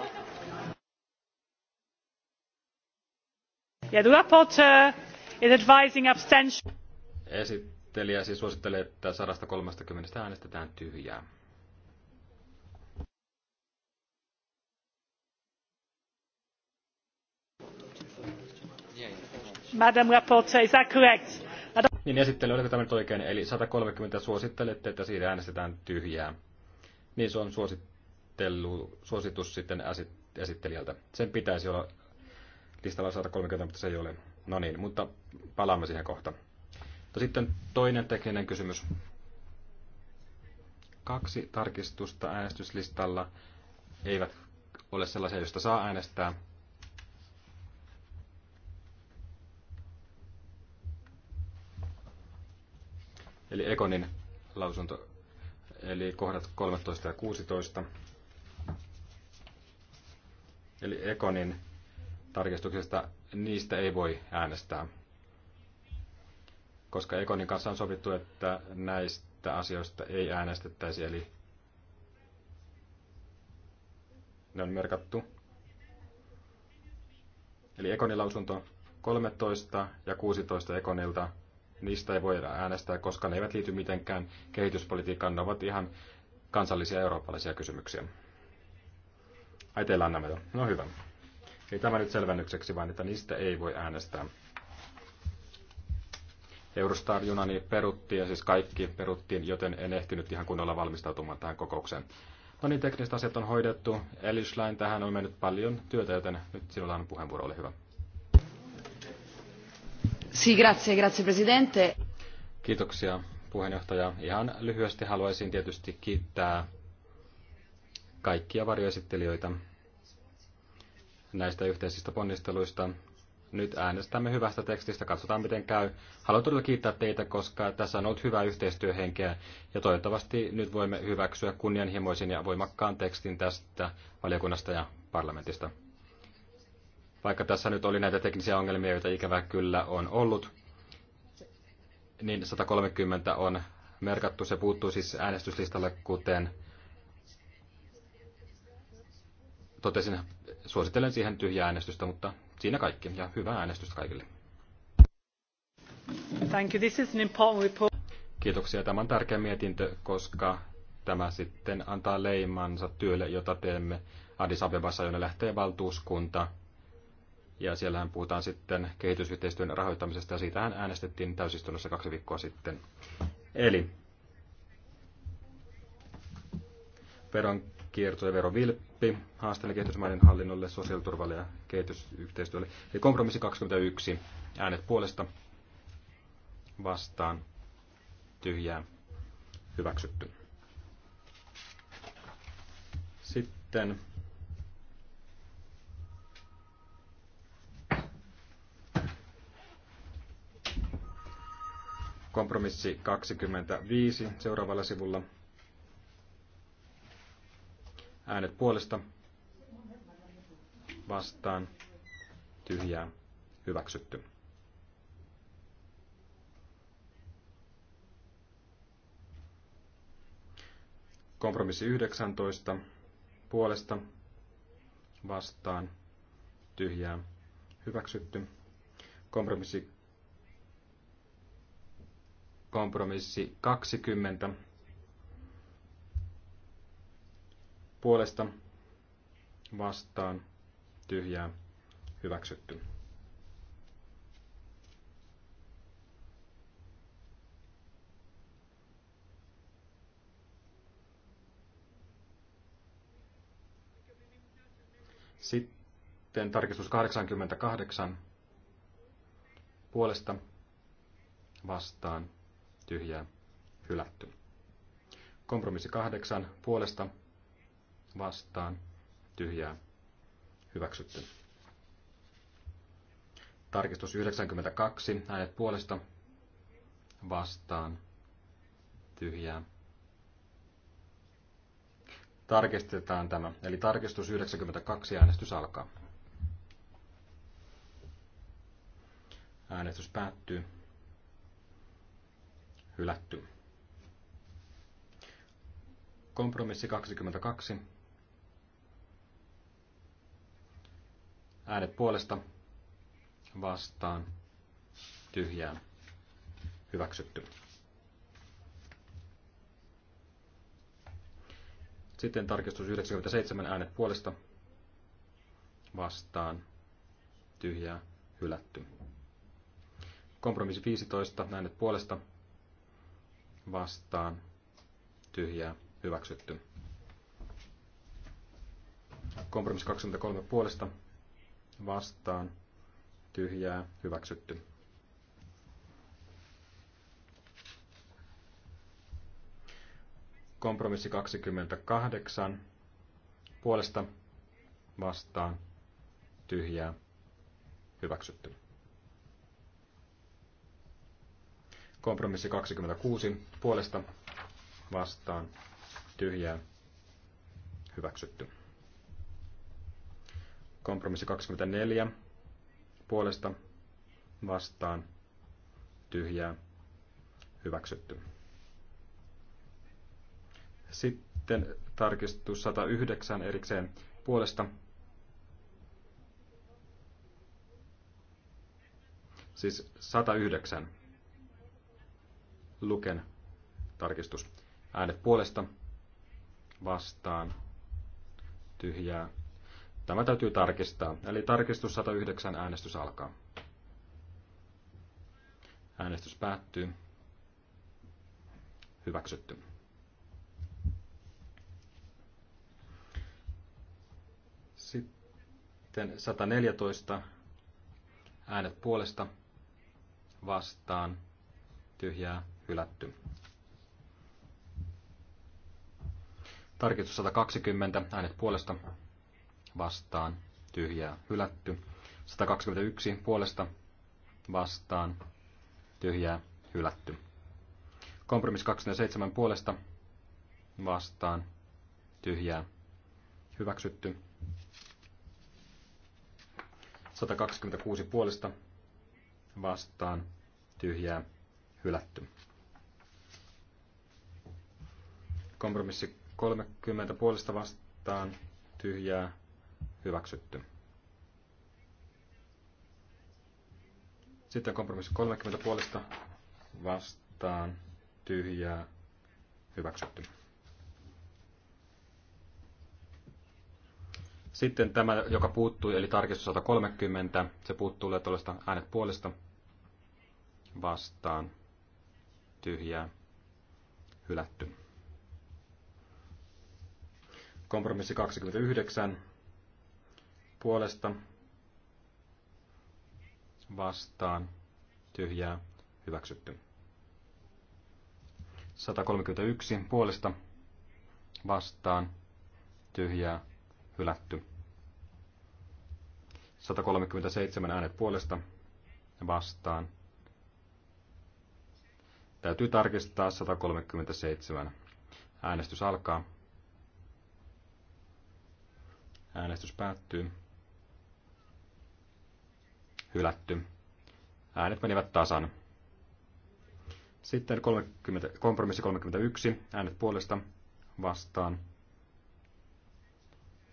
yeah, the rapporteur is advising abstention. Esittelijä siis suosittelee, että 130 äänestetään tyhjää. Madam Rapporteur, is that correct? Niin esittely, oliko tämä nyt oikein? Eli 130 suosittelette, että siitä äänestetään tyhjää. Niin se on suosittu suosittelu, suositus sitten esittelijältä. Sen pitäisi olla listalla 130, mutta se ei ole. No niin, mutta palaamme siihen kohta. Mutta no sitten toinen tekninen kysymys. Kaksi tarkistusta äänestyslistalla eivät ole sellaisia, joista saa äänestää. Eli Ekonin lausunto, eli kohdat 13 ja 16. Eli Ekonin tarkistuksesta niistä ei voi äänestää, koska Ekonin kanssa on sovittu, että näistä asioista ei äänestettäisi, eli ne on merkattu. Eli Ekonin lausunto 13 ja 16 Ekonilta, niistä ei voida äänestää, koska ne eivät liity mitenkään kehityspolitiikkaan, ne ovat ihan kansallisia eurooppalaisia kysymyksiä. Ai teillä on nämä No hyvä. Ei tämä nyt selvennykseksi, vaan että niistä ei voi äänestää. Eurostar-junani peruttiin, ja siis kaikki peruttiin, joten en ehtinyt ihan kunnolla valmistautumaan tähän kokoukseen. No niin, tekniset asiat on hoidettu. Elishline, tähän on mennyt paljon työtä, joten nyt sinulla on puheenvuoro, ole hyvä. Sì, grazie, grazie presidente. Kiitoksia puheenjohtaja. Ihan lyhyesti haluaisin tietysti kiittää kaikkia varjoesittelijöitä näistä yhteisistä ponnisteluista. Nyt äänestämme hyvästä tekstistä, katsotaan miten käy. Haluan todella kiittää teitä, koska tässä on ollut hyvää yhteistyöhenkeä ja toivottavasti nyt voimme hyväksyä kunnianhimoisin ja voimakkaan tekstin tästä valiokunnasta ja parlamentista. Vaikka tässä nyt oli näitä teknisiä ongelmia, joita ikävä kyllä on ollut, niin 130 on merkattu. Se puuttuu siis äänestyslistalle, kuten totesin, suosittelen siihen tyhjää äänestystä, mutta siinä kaikki ja hyvää äänestystä kaikille. Thank you. This is an important report. Kiitoksia. Tämä on tärkeä mietintö, koska tämä sitten antaa leimansa työlle, jota teemme Addis Abebassa, jonne lähtee valtuuskunta. Ja siellähän puhutaan sitten kehitysyhteistyön rahoittamisesta, ja siitähän äänestettiin täysistunnossa kaksi viikkoa sitten. Eli veron kierto- ja verovilppi, haasteelle kehitysmaiden hallinnolle, sosiaaliturvalle ja kehitysyhteistyölle. Eli kompromissi 21, äänet puolesta vastaan, tyhjää, hyväksytty. Sitten kompromissi 25 seuraavalla sivulla. Äänet puolesta vastaan tyhjää hyväksytty. Kompromissi 19 puolesta vastaan tyhjää hyväksytty. Kompromissi, kompromissi 20 puolesta vastaan tyhjää hyväksytty. Sitten tarkistus 88 puolesta vastaan tyhjää hylätty. Kompromissi 8 puolesta vastaan, tyhjää, hyväksytty. Tarkistus 92, äänet puolesta, vastaan, tyhjää. Tarkistetaan tämä, eli tarkistus 92, äänestys alkaa. Äänestys päättyy. Hylätty. Kompromissi 22 Äänet puolesta vastaan tyhjää hyväksytty. Sitten tarkistus 97 äänet puolesta vastaan tyhjää hylätty. Kompromissi 15 äänet puolesta vastaan tyhjää hyväksytty. Kompromissi 23 puolesta vastaan tyhjää hyväksytty. Kompromissi 28 puolesta vastaan tyhjää hyväksytty. Kompromissi 26 puolesta vastaan tyhjää hyväksytty. Kompromissi 24 puolesta vastaan tyhjää hyväksytty. Sitten tarkistus 109 erikseen puolesta. Siis 109 luken tarkistus. Äänet puolesta vastaan tyhjää Tämä täytyy tarkistaa. Eli tarkistus 109 äänestys alkaa. Äänestys päättyy. Hyväksytty. Sitten 114 äänet puolesta vastaan tyhjää hylätty. Tarkistus 120 äänet puolesta vastaan, tyhjää hylätty. 121 puolesta vastaan, tyhjää hylätty. Kompromiss 27 puolesta vastaan, tyhjää hyväksytty. 126 puolesta vastaan, tyhjää hylätty. Kompromissi 30 puolesta vastaan, tyhjää hyväksytty. Sitten kompromissi 30 puolesta vastaan tyhjää hyväksytty. Sitten tämä, joka puuttui, eli tarkistus 130, se puuttuu tuollaista äänet puolesta vastaan tyhjää hylätty. Kompromissi 29 puolesta vastaan tyhjää hyväksytty. 131 puolesta vastaan tyhjää hylätty. 137 äänet puolesta vastaan. Täytyy tarkistaa 137. Äänestys alkaa. Äänestys päättyy hylätty. Äänet menivät tasan. Sitten 30, kompromissi 31, äänet puolesta vastaan,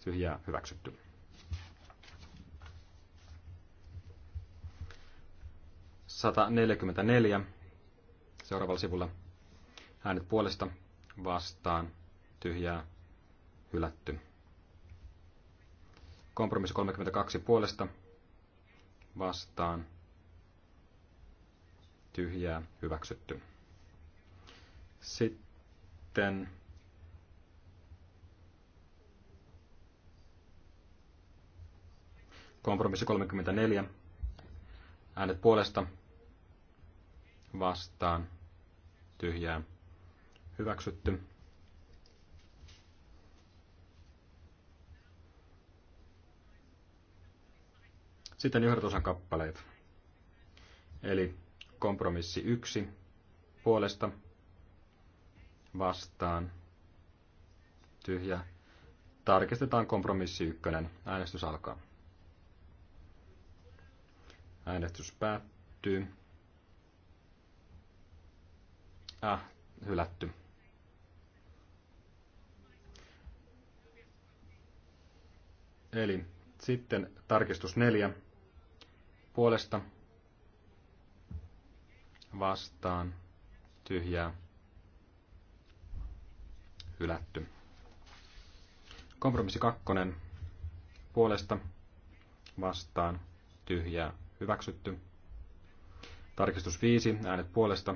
tyhjää hyväksytty. Sata seuraavalla sivulla äänet puolesta vastaan, tyhjää hylätty. Kompromissi 32 puolesta vastaan tyhjää hyväksytty. Sitten kompromissi 34. Äänet puolesta vastaan tyhjää hyväksytty. Sitten johdotusan kappaleet. Eli kompromissi yksi puolesta vastaan tyhjä. Tarkistetaan kompromissi ykkönen. Äänestys alkaa. Äänestys päättyy. Äh, hylätty. Eli sitten tarkistus neljä puolesta vastaan tyhjää hylätty. Kompromissi kakkonen puolesta vastaan tyhjää hyväksytty. Tarkistus 5 äänet puolesta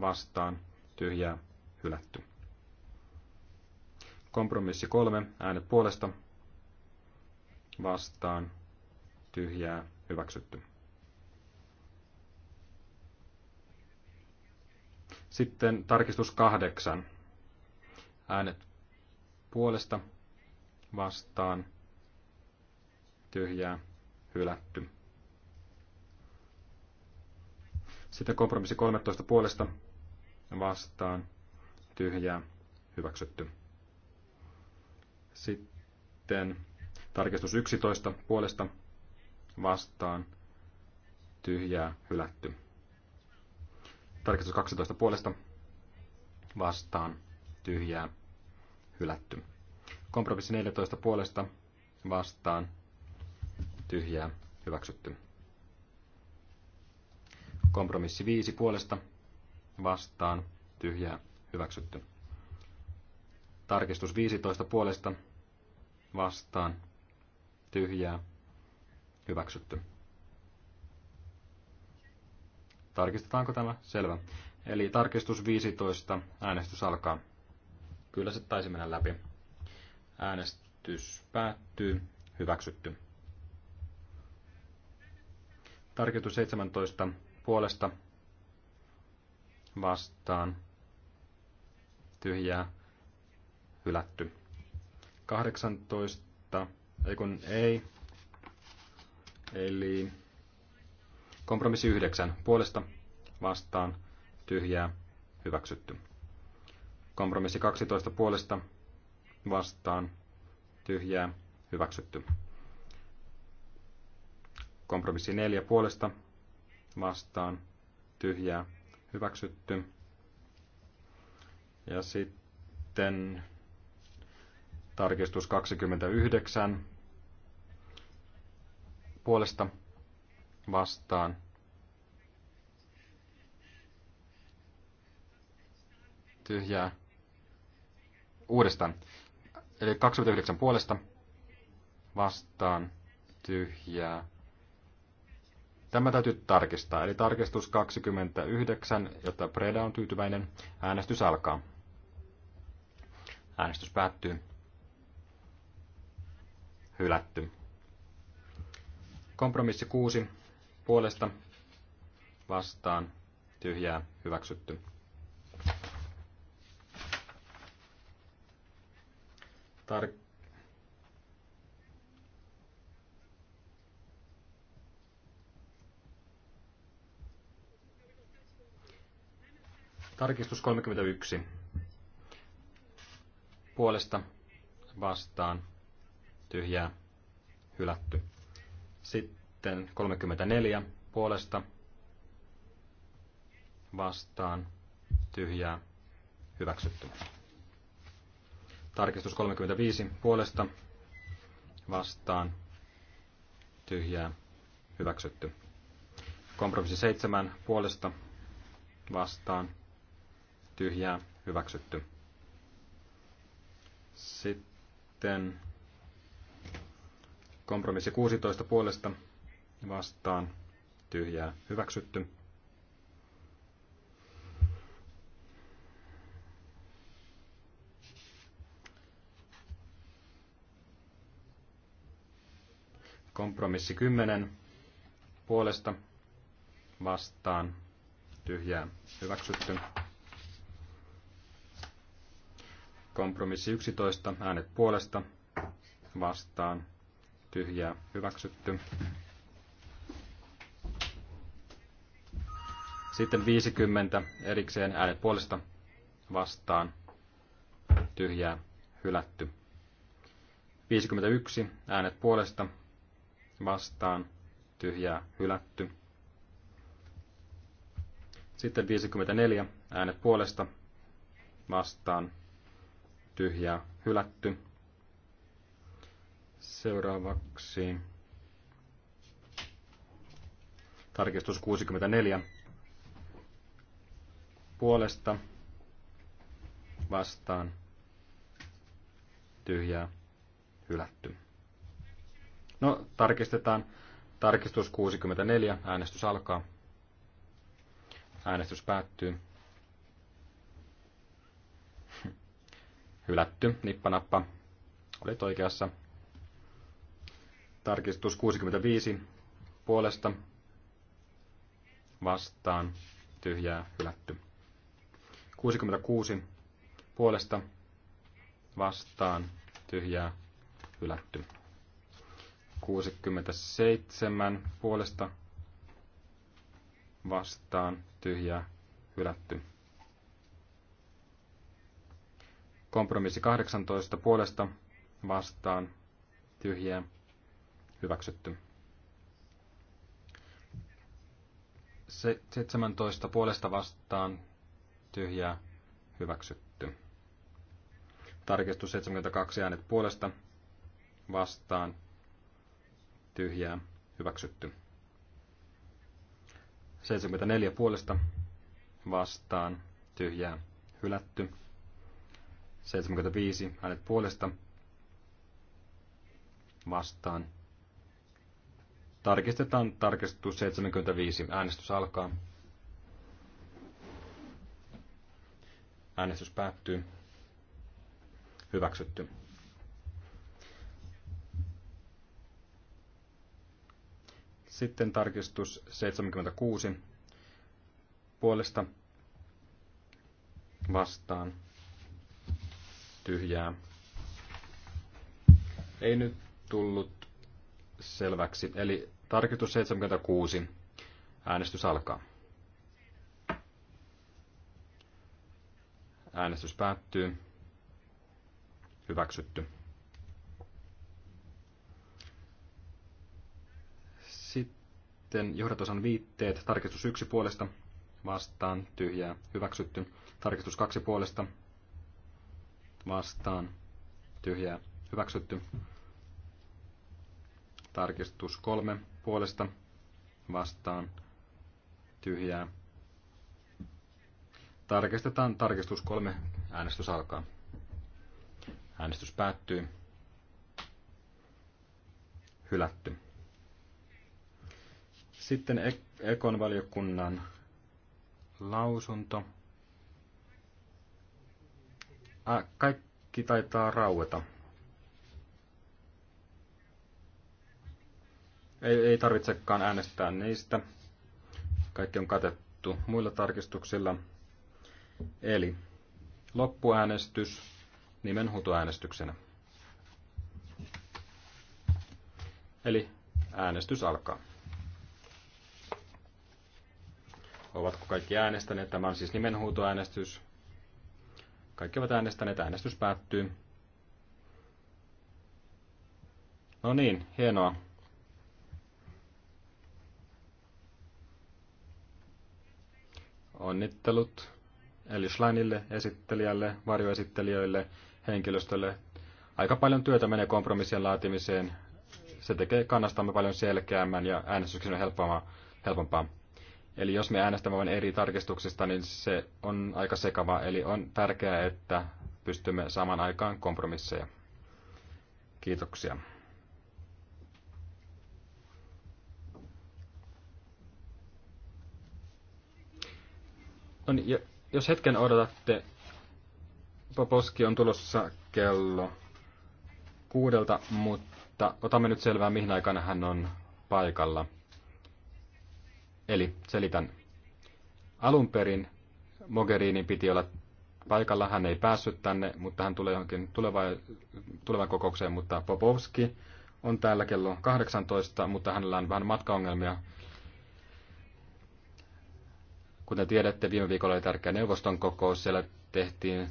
vastaan tyhjää hylätty. Kompromissi 3 äänet puolesta vastaan tyhjää hyväksytty. Sitten tarkistus kahdeksan. Äänet puolesta vastaan tyhjää hylätty. Sitten kompromissi 13 puolesta vastaan tyhjää hyväksytty. Sitten tarkistus 11 puolesta vastaan, tyhjää, hylätty. Tarkistus 12 puolesta, vastaan, tyhjää, hylätty. Kompromissi 14 puolesta, vastaan, tyhjää, hyväksytty. Kompromissi 5 puolesta, vastaan, tyhjää, hyväksytty. Tarkistus 15 puolesta, vastaan, tyhjää, Hyväksytty. Tarkistetaanko tämä? Selvä. Eli tarkistus 15. Äänestys alkaa. Kyllä se taisi mennä läpi. Äänestys päättyy. Hyväksytty. Tarkistus 17. Puolesta vastaan. Tyhjää. Hylätty. 18. Ei kun ei. Eli kompromissi yhdeksän puolesta vastaan tyhjää hyväksytty. Kompromissi 12 puolesta vastaan tyhjää hyväksytty. Kompromissi 4 puolesta vastaan tyhjää hyväksytty. Ja sitten tarkistus 29 puolesta vastaan tyhjää uudestaan. Eli 29 puolesta vastaan tyhjää. Tämä täytyy tarkistaa. Eli tarkistus 29, jotta Preda on tyytyväinen. Äänestys alkaa. Äänestys päättyy. Hylätty. Kompromissi kuusi puolesta vastaan tyhjää hyväksytty. Tar- Tarkistus 31. Puolesta vastaan tyhjää hylätty. Sitten 34 puolesta vastaan tyhjää hyväksytty. Tarkistus 35 puolesta vastaan tyhjää hyväksytty. Kompromissi 7 puolesta vastaan tyhjää hyväksytty. Sitten Kompromissi 16 puolesta vastaan tyhjää hyväksytty. Kompromissi 10 puolesta vastaan tyhjää hyväksytty. Kompromissi 11 äänet puolesta vastaan tyhjää hyväksytty. Sitten 50 erikseen äänet puolesta vastaan tyhjää hylätty. 51 äänet puolesta vastaan tyhjää hylätty. Sitten 54 äänet puolesta vastaan tyhjää hylätty. Seuraavaksi tarkistus 64 puolesta vastaan tyhjää hylätty. No, tarkistetaan. Tarkistus 64. Äänestys alkaa. Äänestys päättyy. Hylätty. Nippanappa. olet oikeassa. Tarkistus 65 puolesta vastaan tyhjää hylätty. 66 puolesta vastaan tyhjää hylätty. 67 puolesta vastaan tyhjää hylätty. Kompromissi 18 puolesta vastaan tyhjää hyväksytty. 17 puolesta vastaan tyhjää hyväksytty. Tarkistus 72 äänet puolesta vastaan tyhjää hyväksytty. 74 puolesta vastaan tyhjää hylätty. 75 äänet puolesta vastaan Tarkistetaan tarkistus 75. Äänestys alkaa. Äänestys päättyy. Hyväksytty. Sitten tarkistus 76 puolesta vastaan tyhjää. Ei nyt tullut selväksi. Eli Tarkistus 76. Äänestys alkaa. Äänestys päättyy. Hyväksytty. Sitten johdatosan viitteet. Tarkistus 1 puolesta. Vastaan. Tyhjää. Hyväksytty. Tarkistus 2 puolesta. Vastaan. Tyhjää. Hyväksytty. Tarkistus 3 puolesta vastaan tyhjää. Tarkistetaan tarkistus kolme. Äänestys alkaa. Äänestys päättyy. Hylätty. Sitten e- Ekon valiokunnan lausunto. Ä, kaikki taitaa raueta. Ei, ei tarvitsekaan äänestää niistä. Kaikki on katettu muilla tarkistuksilla. Eli loppuäänestys nimenhuutoäänestyksenä. Eli äänestys alkaa. Ovatko kaikki äänestäneet? Tämä on siis nimenhuutoäänestys. Kaikki ovat äänestäneet. Äänestys päättyy. No niin, hienoa. onnittelut eli esittelijälle, varjoesittelijöille, henkilöstölle. Aika paljon työtä menee kompromissien laatimiseen. Se tekee kannastamme paljon selkeämmän ja äänestyksen on helpompaa. Eli jos me äänestämme vain eri tarkistuksista, niin se on aika sekava. Eli on tärkeää, että pystymme saman aikaan kompromisseja. Kiitoksia. No niin, jos hetken odotatte, Poposki on tulossa kello kuudelta, mutta otamme nyt selvää, mihin aikana hän on paikalla. Eli selitän. Alun perin Mogherini piti olla paikalla, hän ei päässyt tänne, mutta hän tulee johonkin tulevaan, tulevaan kokoukseen, mutta Popovski on täällä kello 18, mutta hänellä on vähän matkaongelmia, Kuten tiedätte, viime viikolla oli tärkeä neuvoston kokous. Siellä tehtiin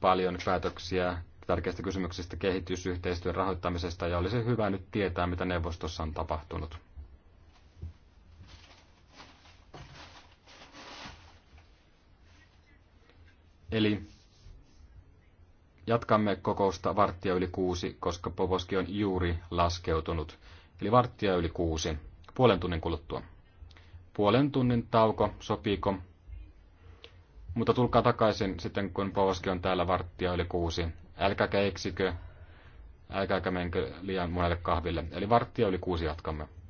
paljon päätöksiä tärkeistä kysymyksistä kehitysyhteistyön rahoittamisesta ja olisi hyvä nyt tietää, mitä neuvostossa on tapahtunut. Eli jatkamme kokousta varttia yli kuusi, koska Povoski on juuri laskeutunut. Eli varttia yli kuusi, puolen tunnin kuluttua puolen tunnin tauko, sopiiko? Mutta tulkaa takaisin sitten, kun Povoski on täällä varttia yli kuusi. Älkääkä eksikö, älkääkä menkö liian monelle kahville. Eli varttia yli kuusi jatkamme.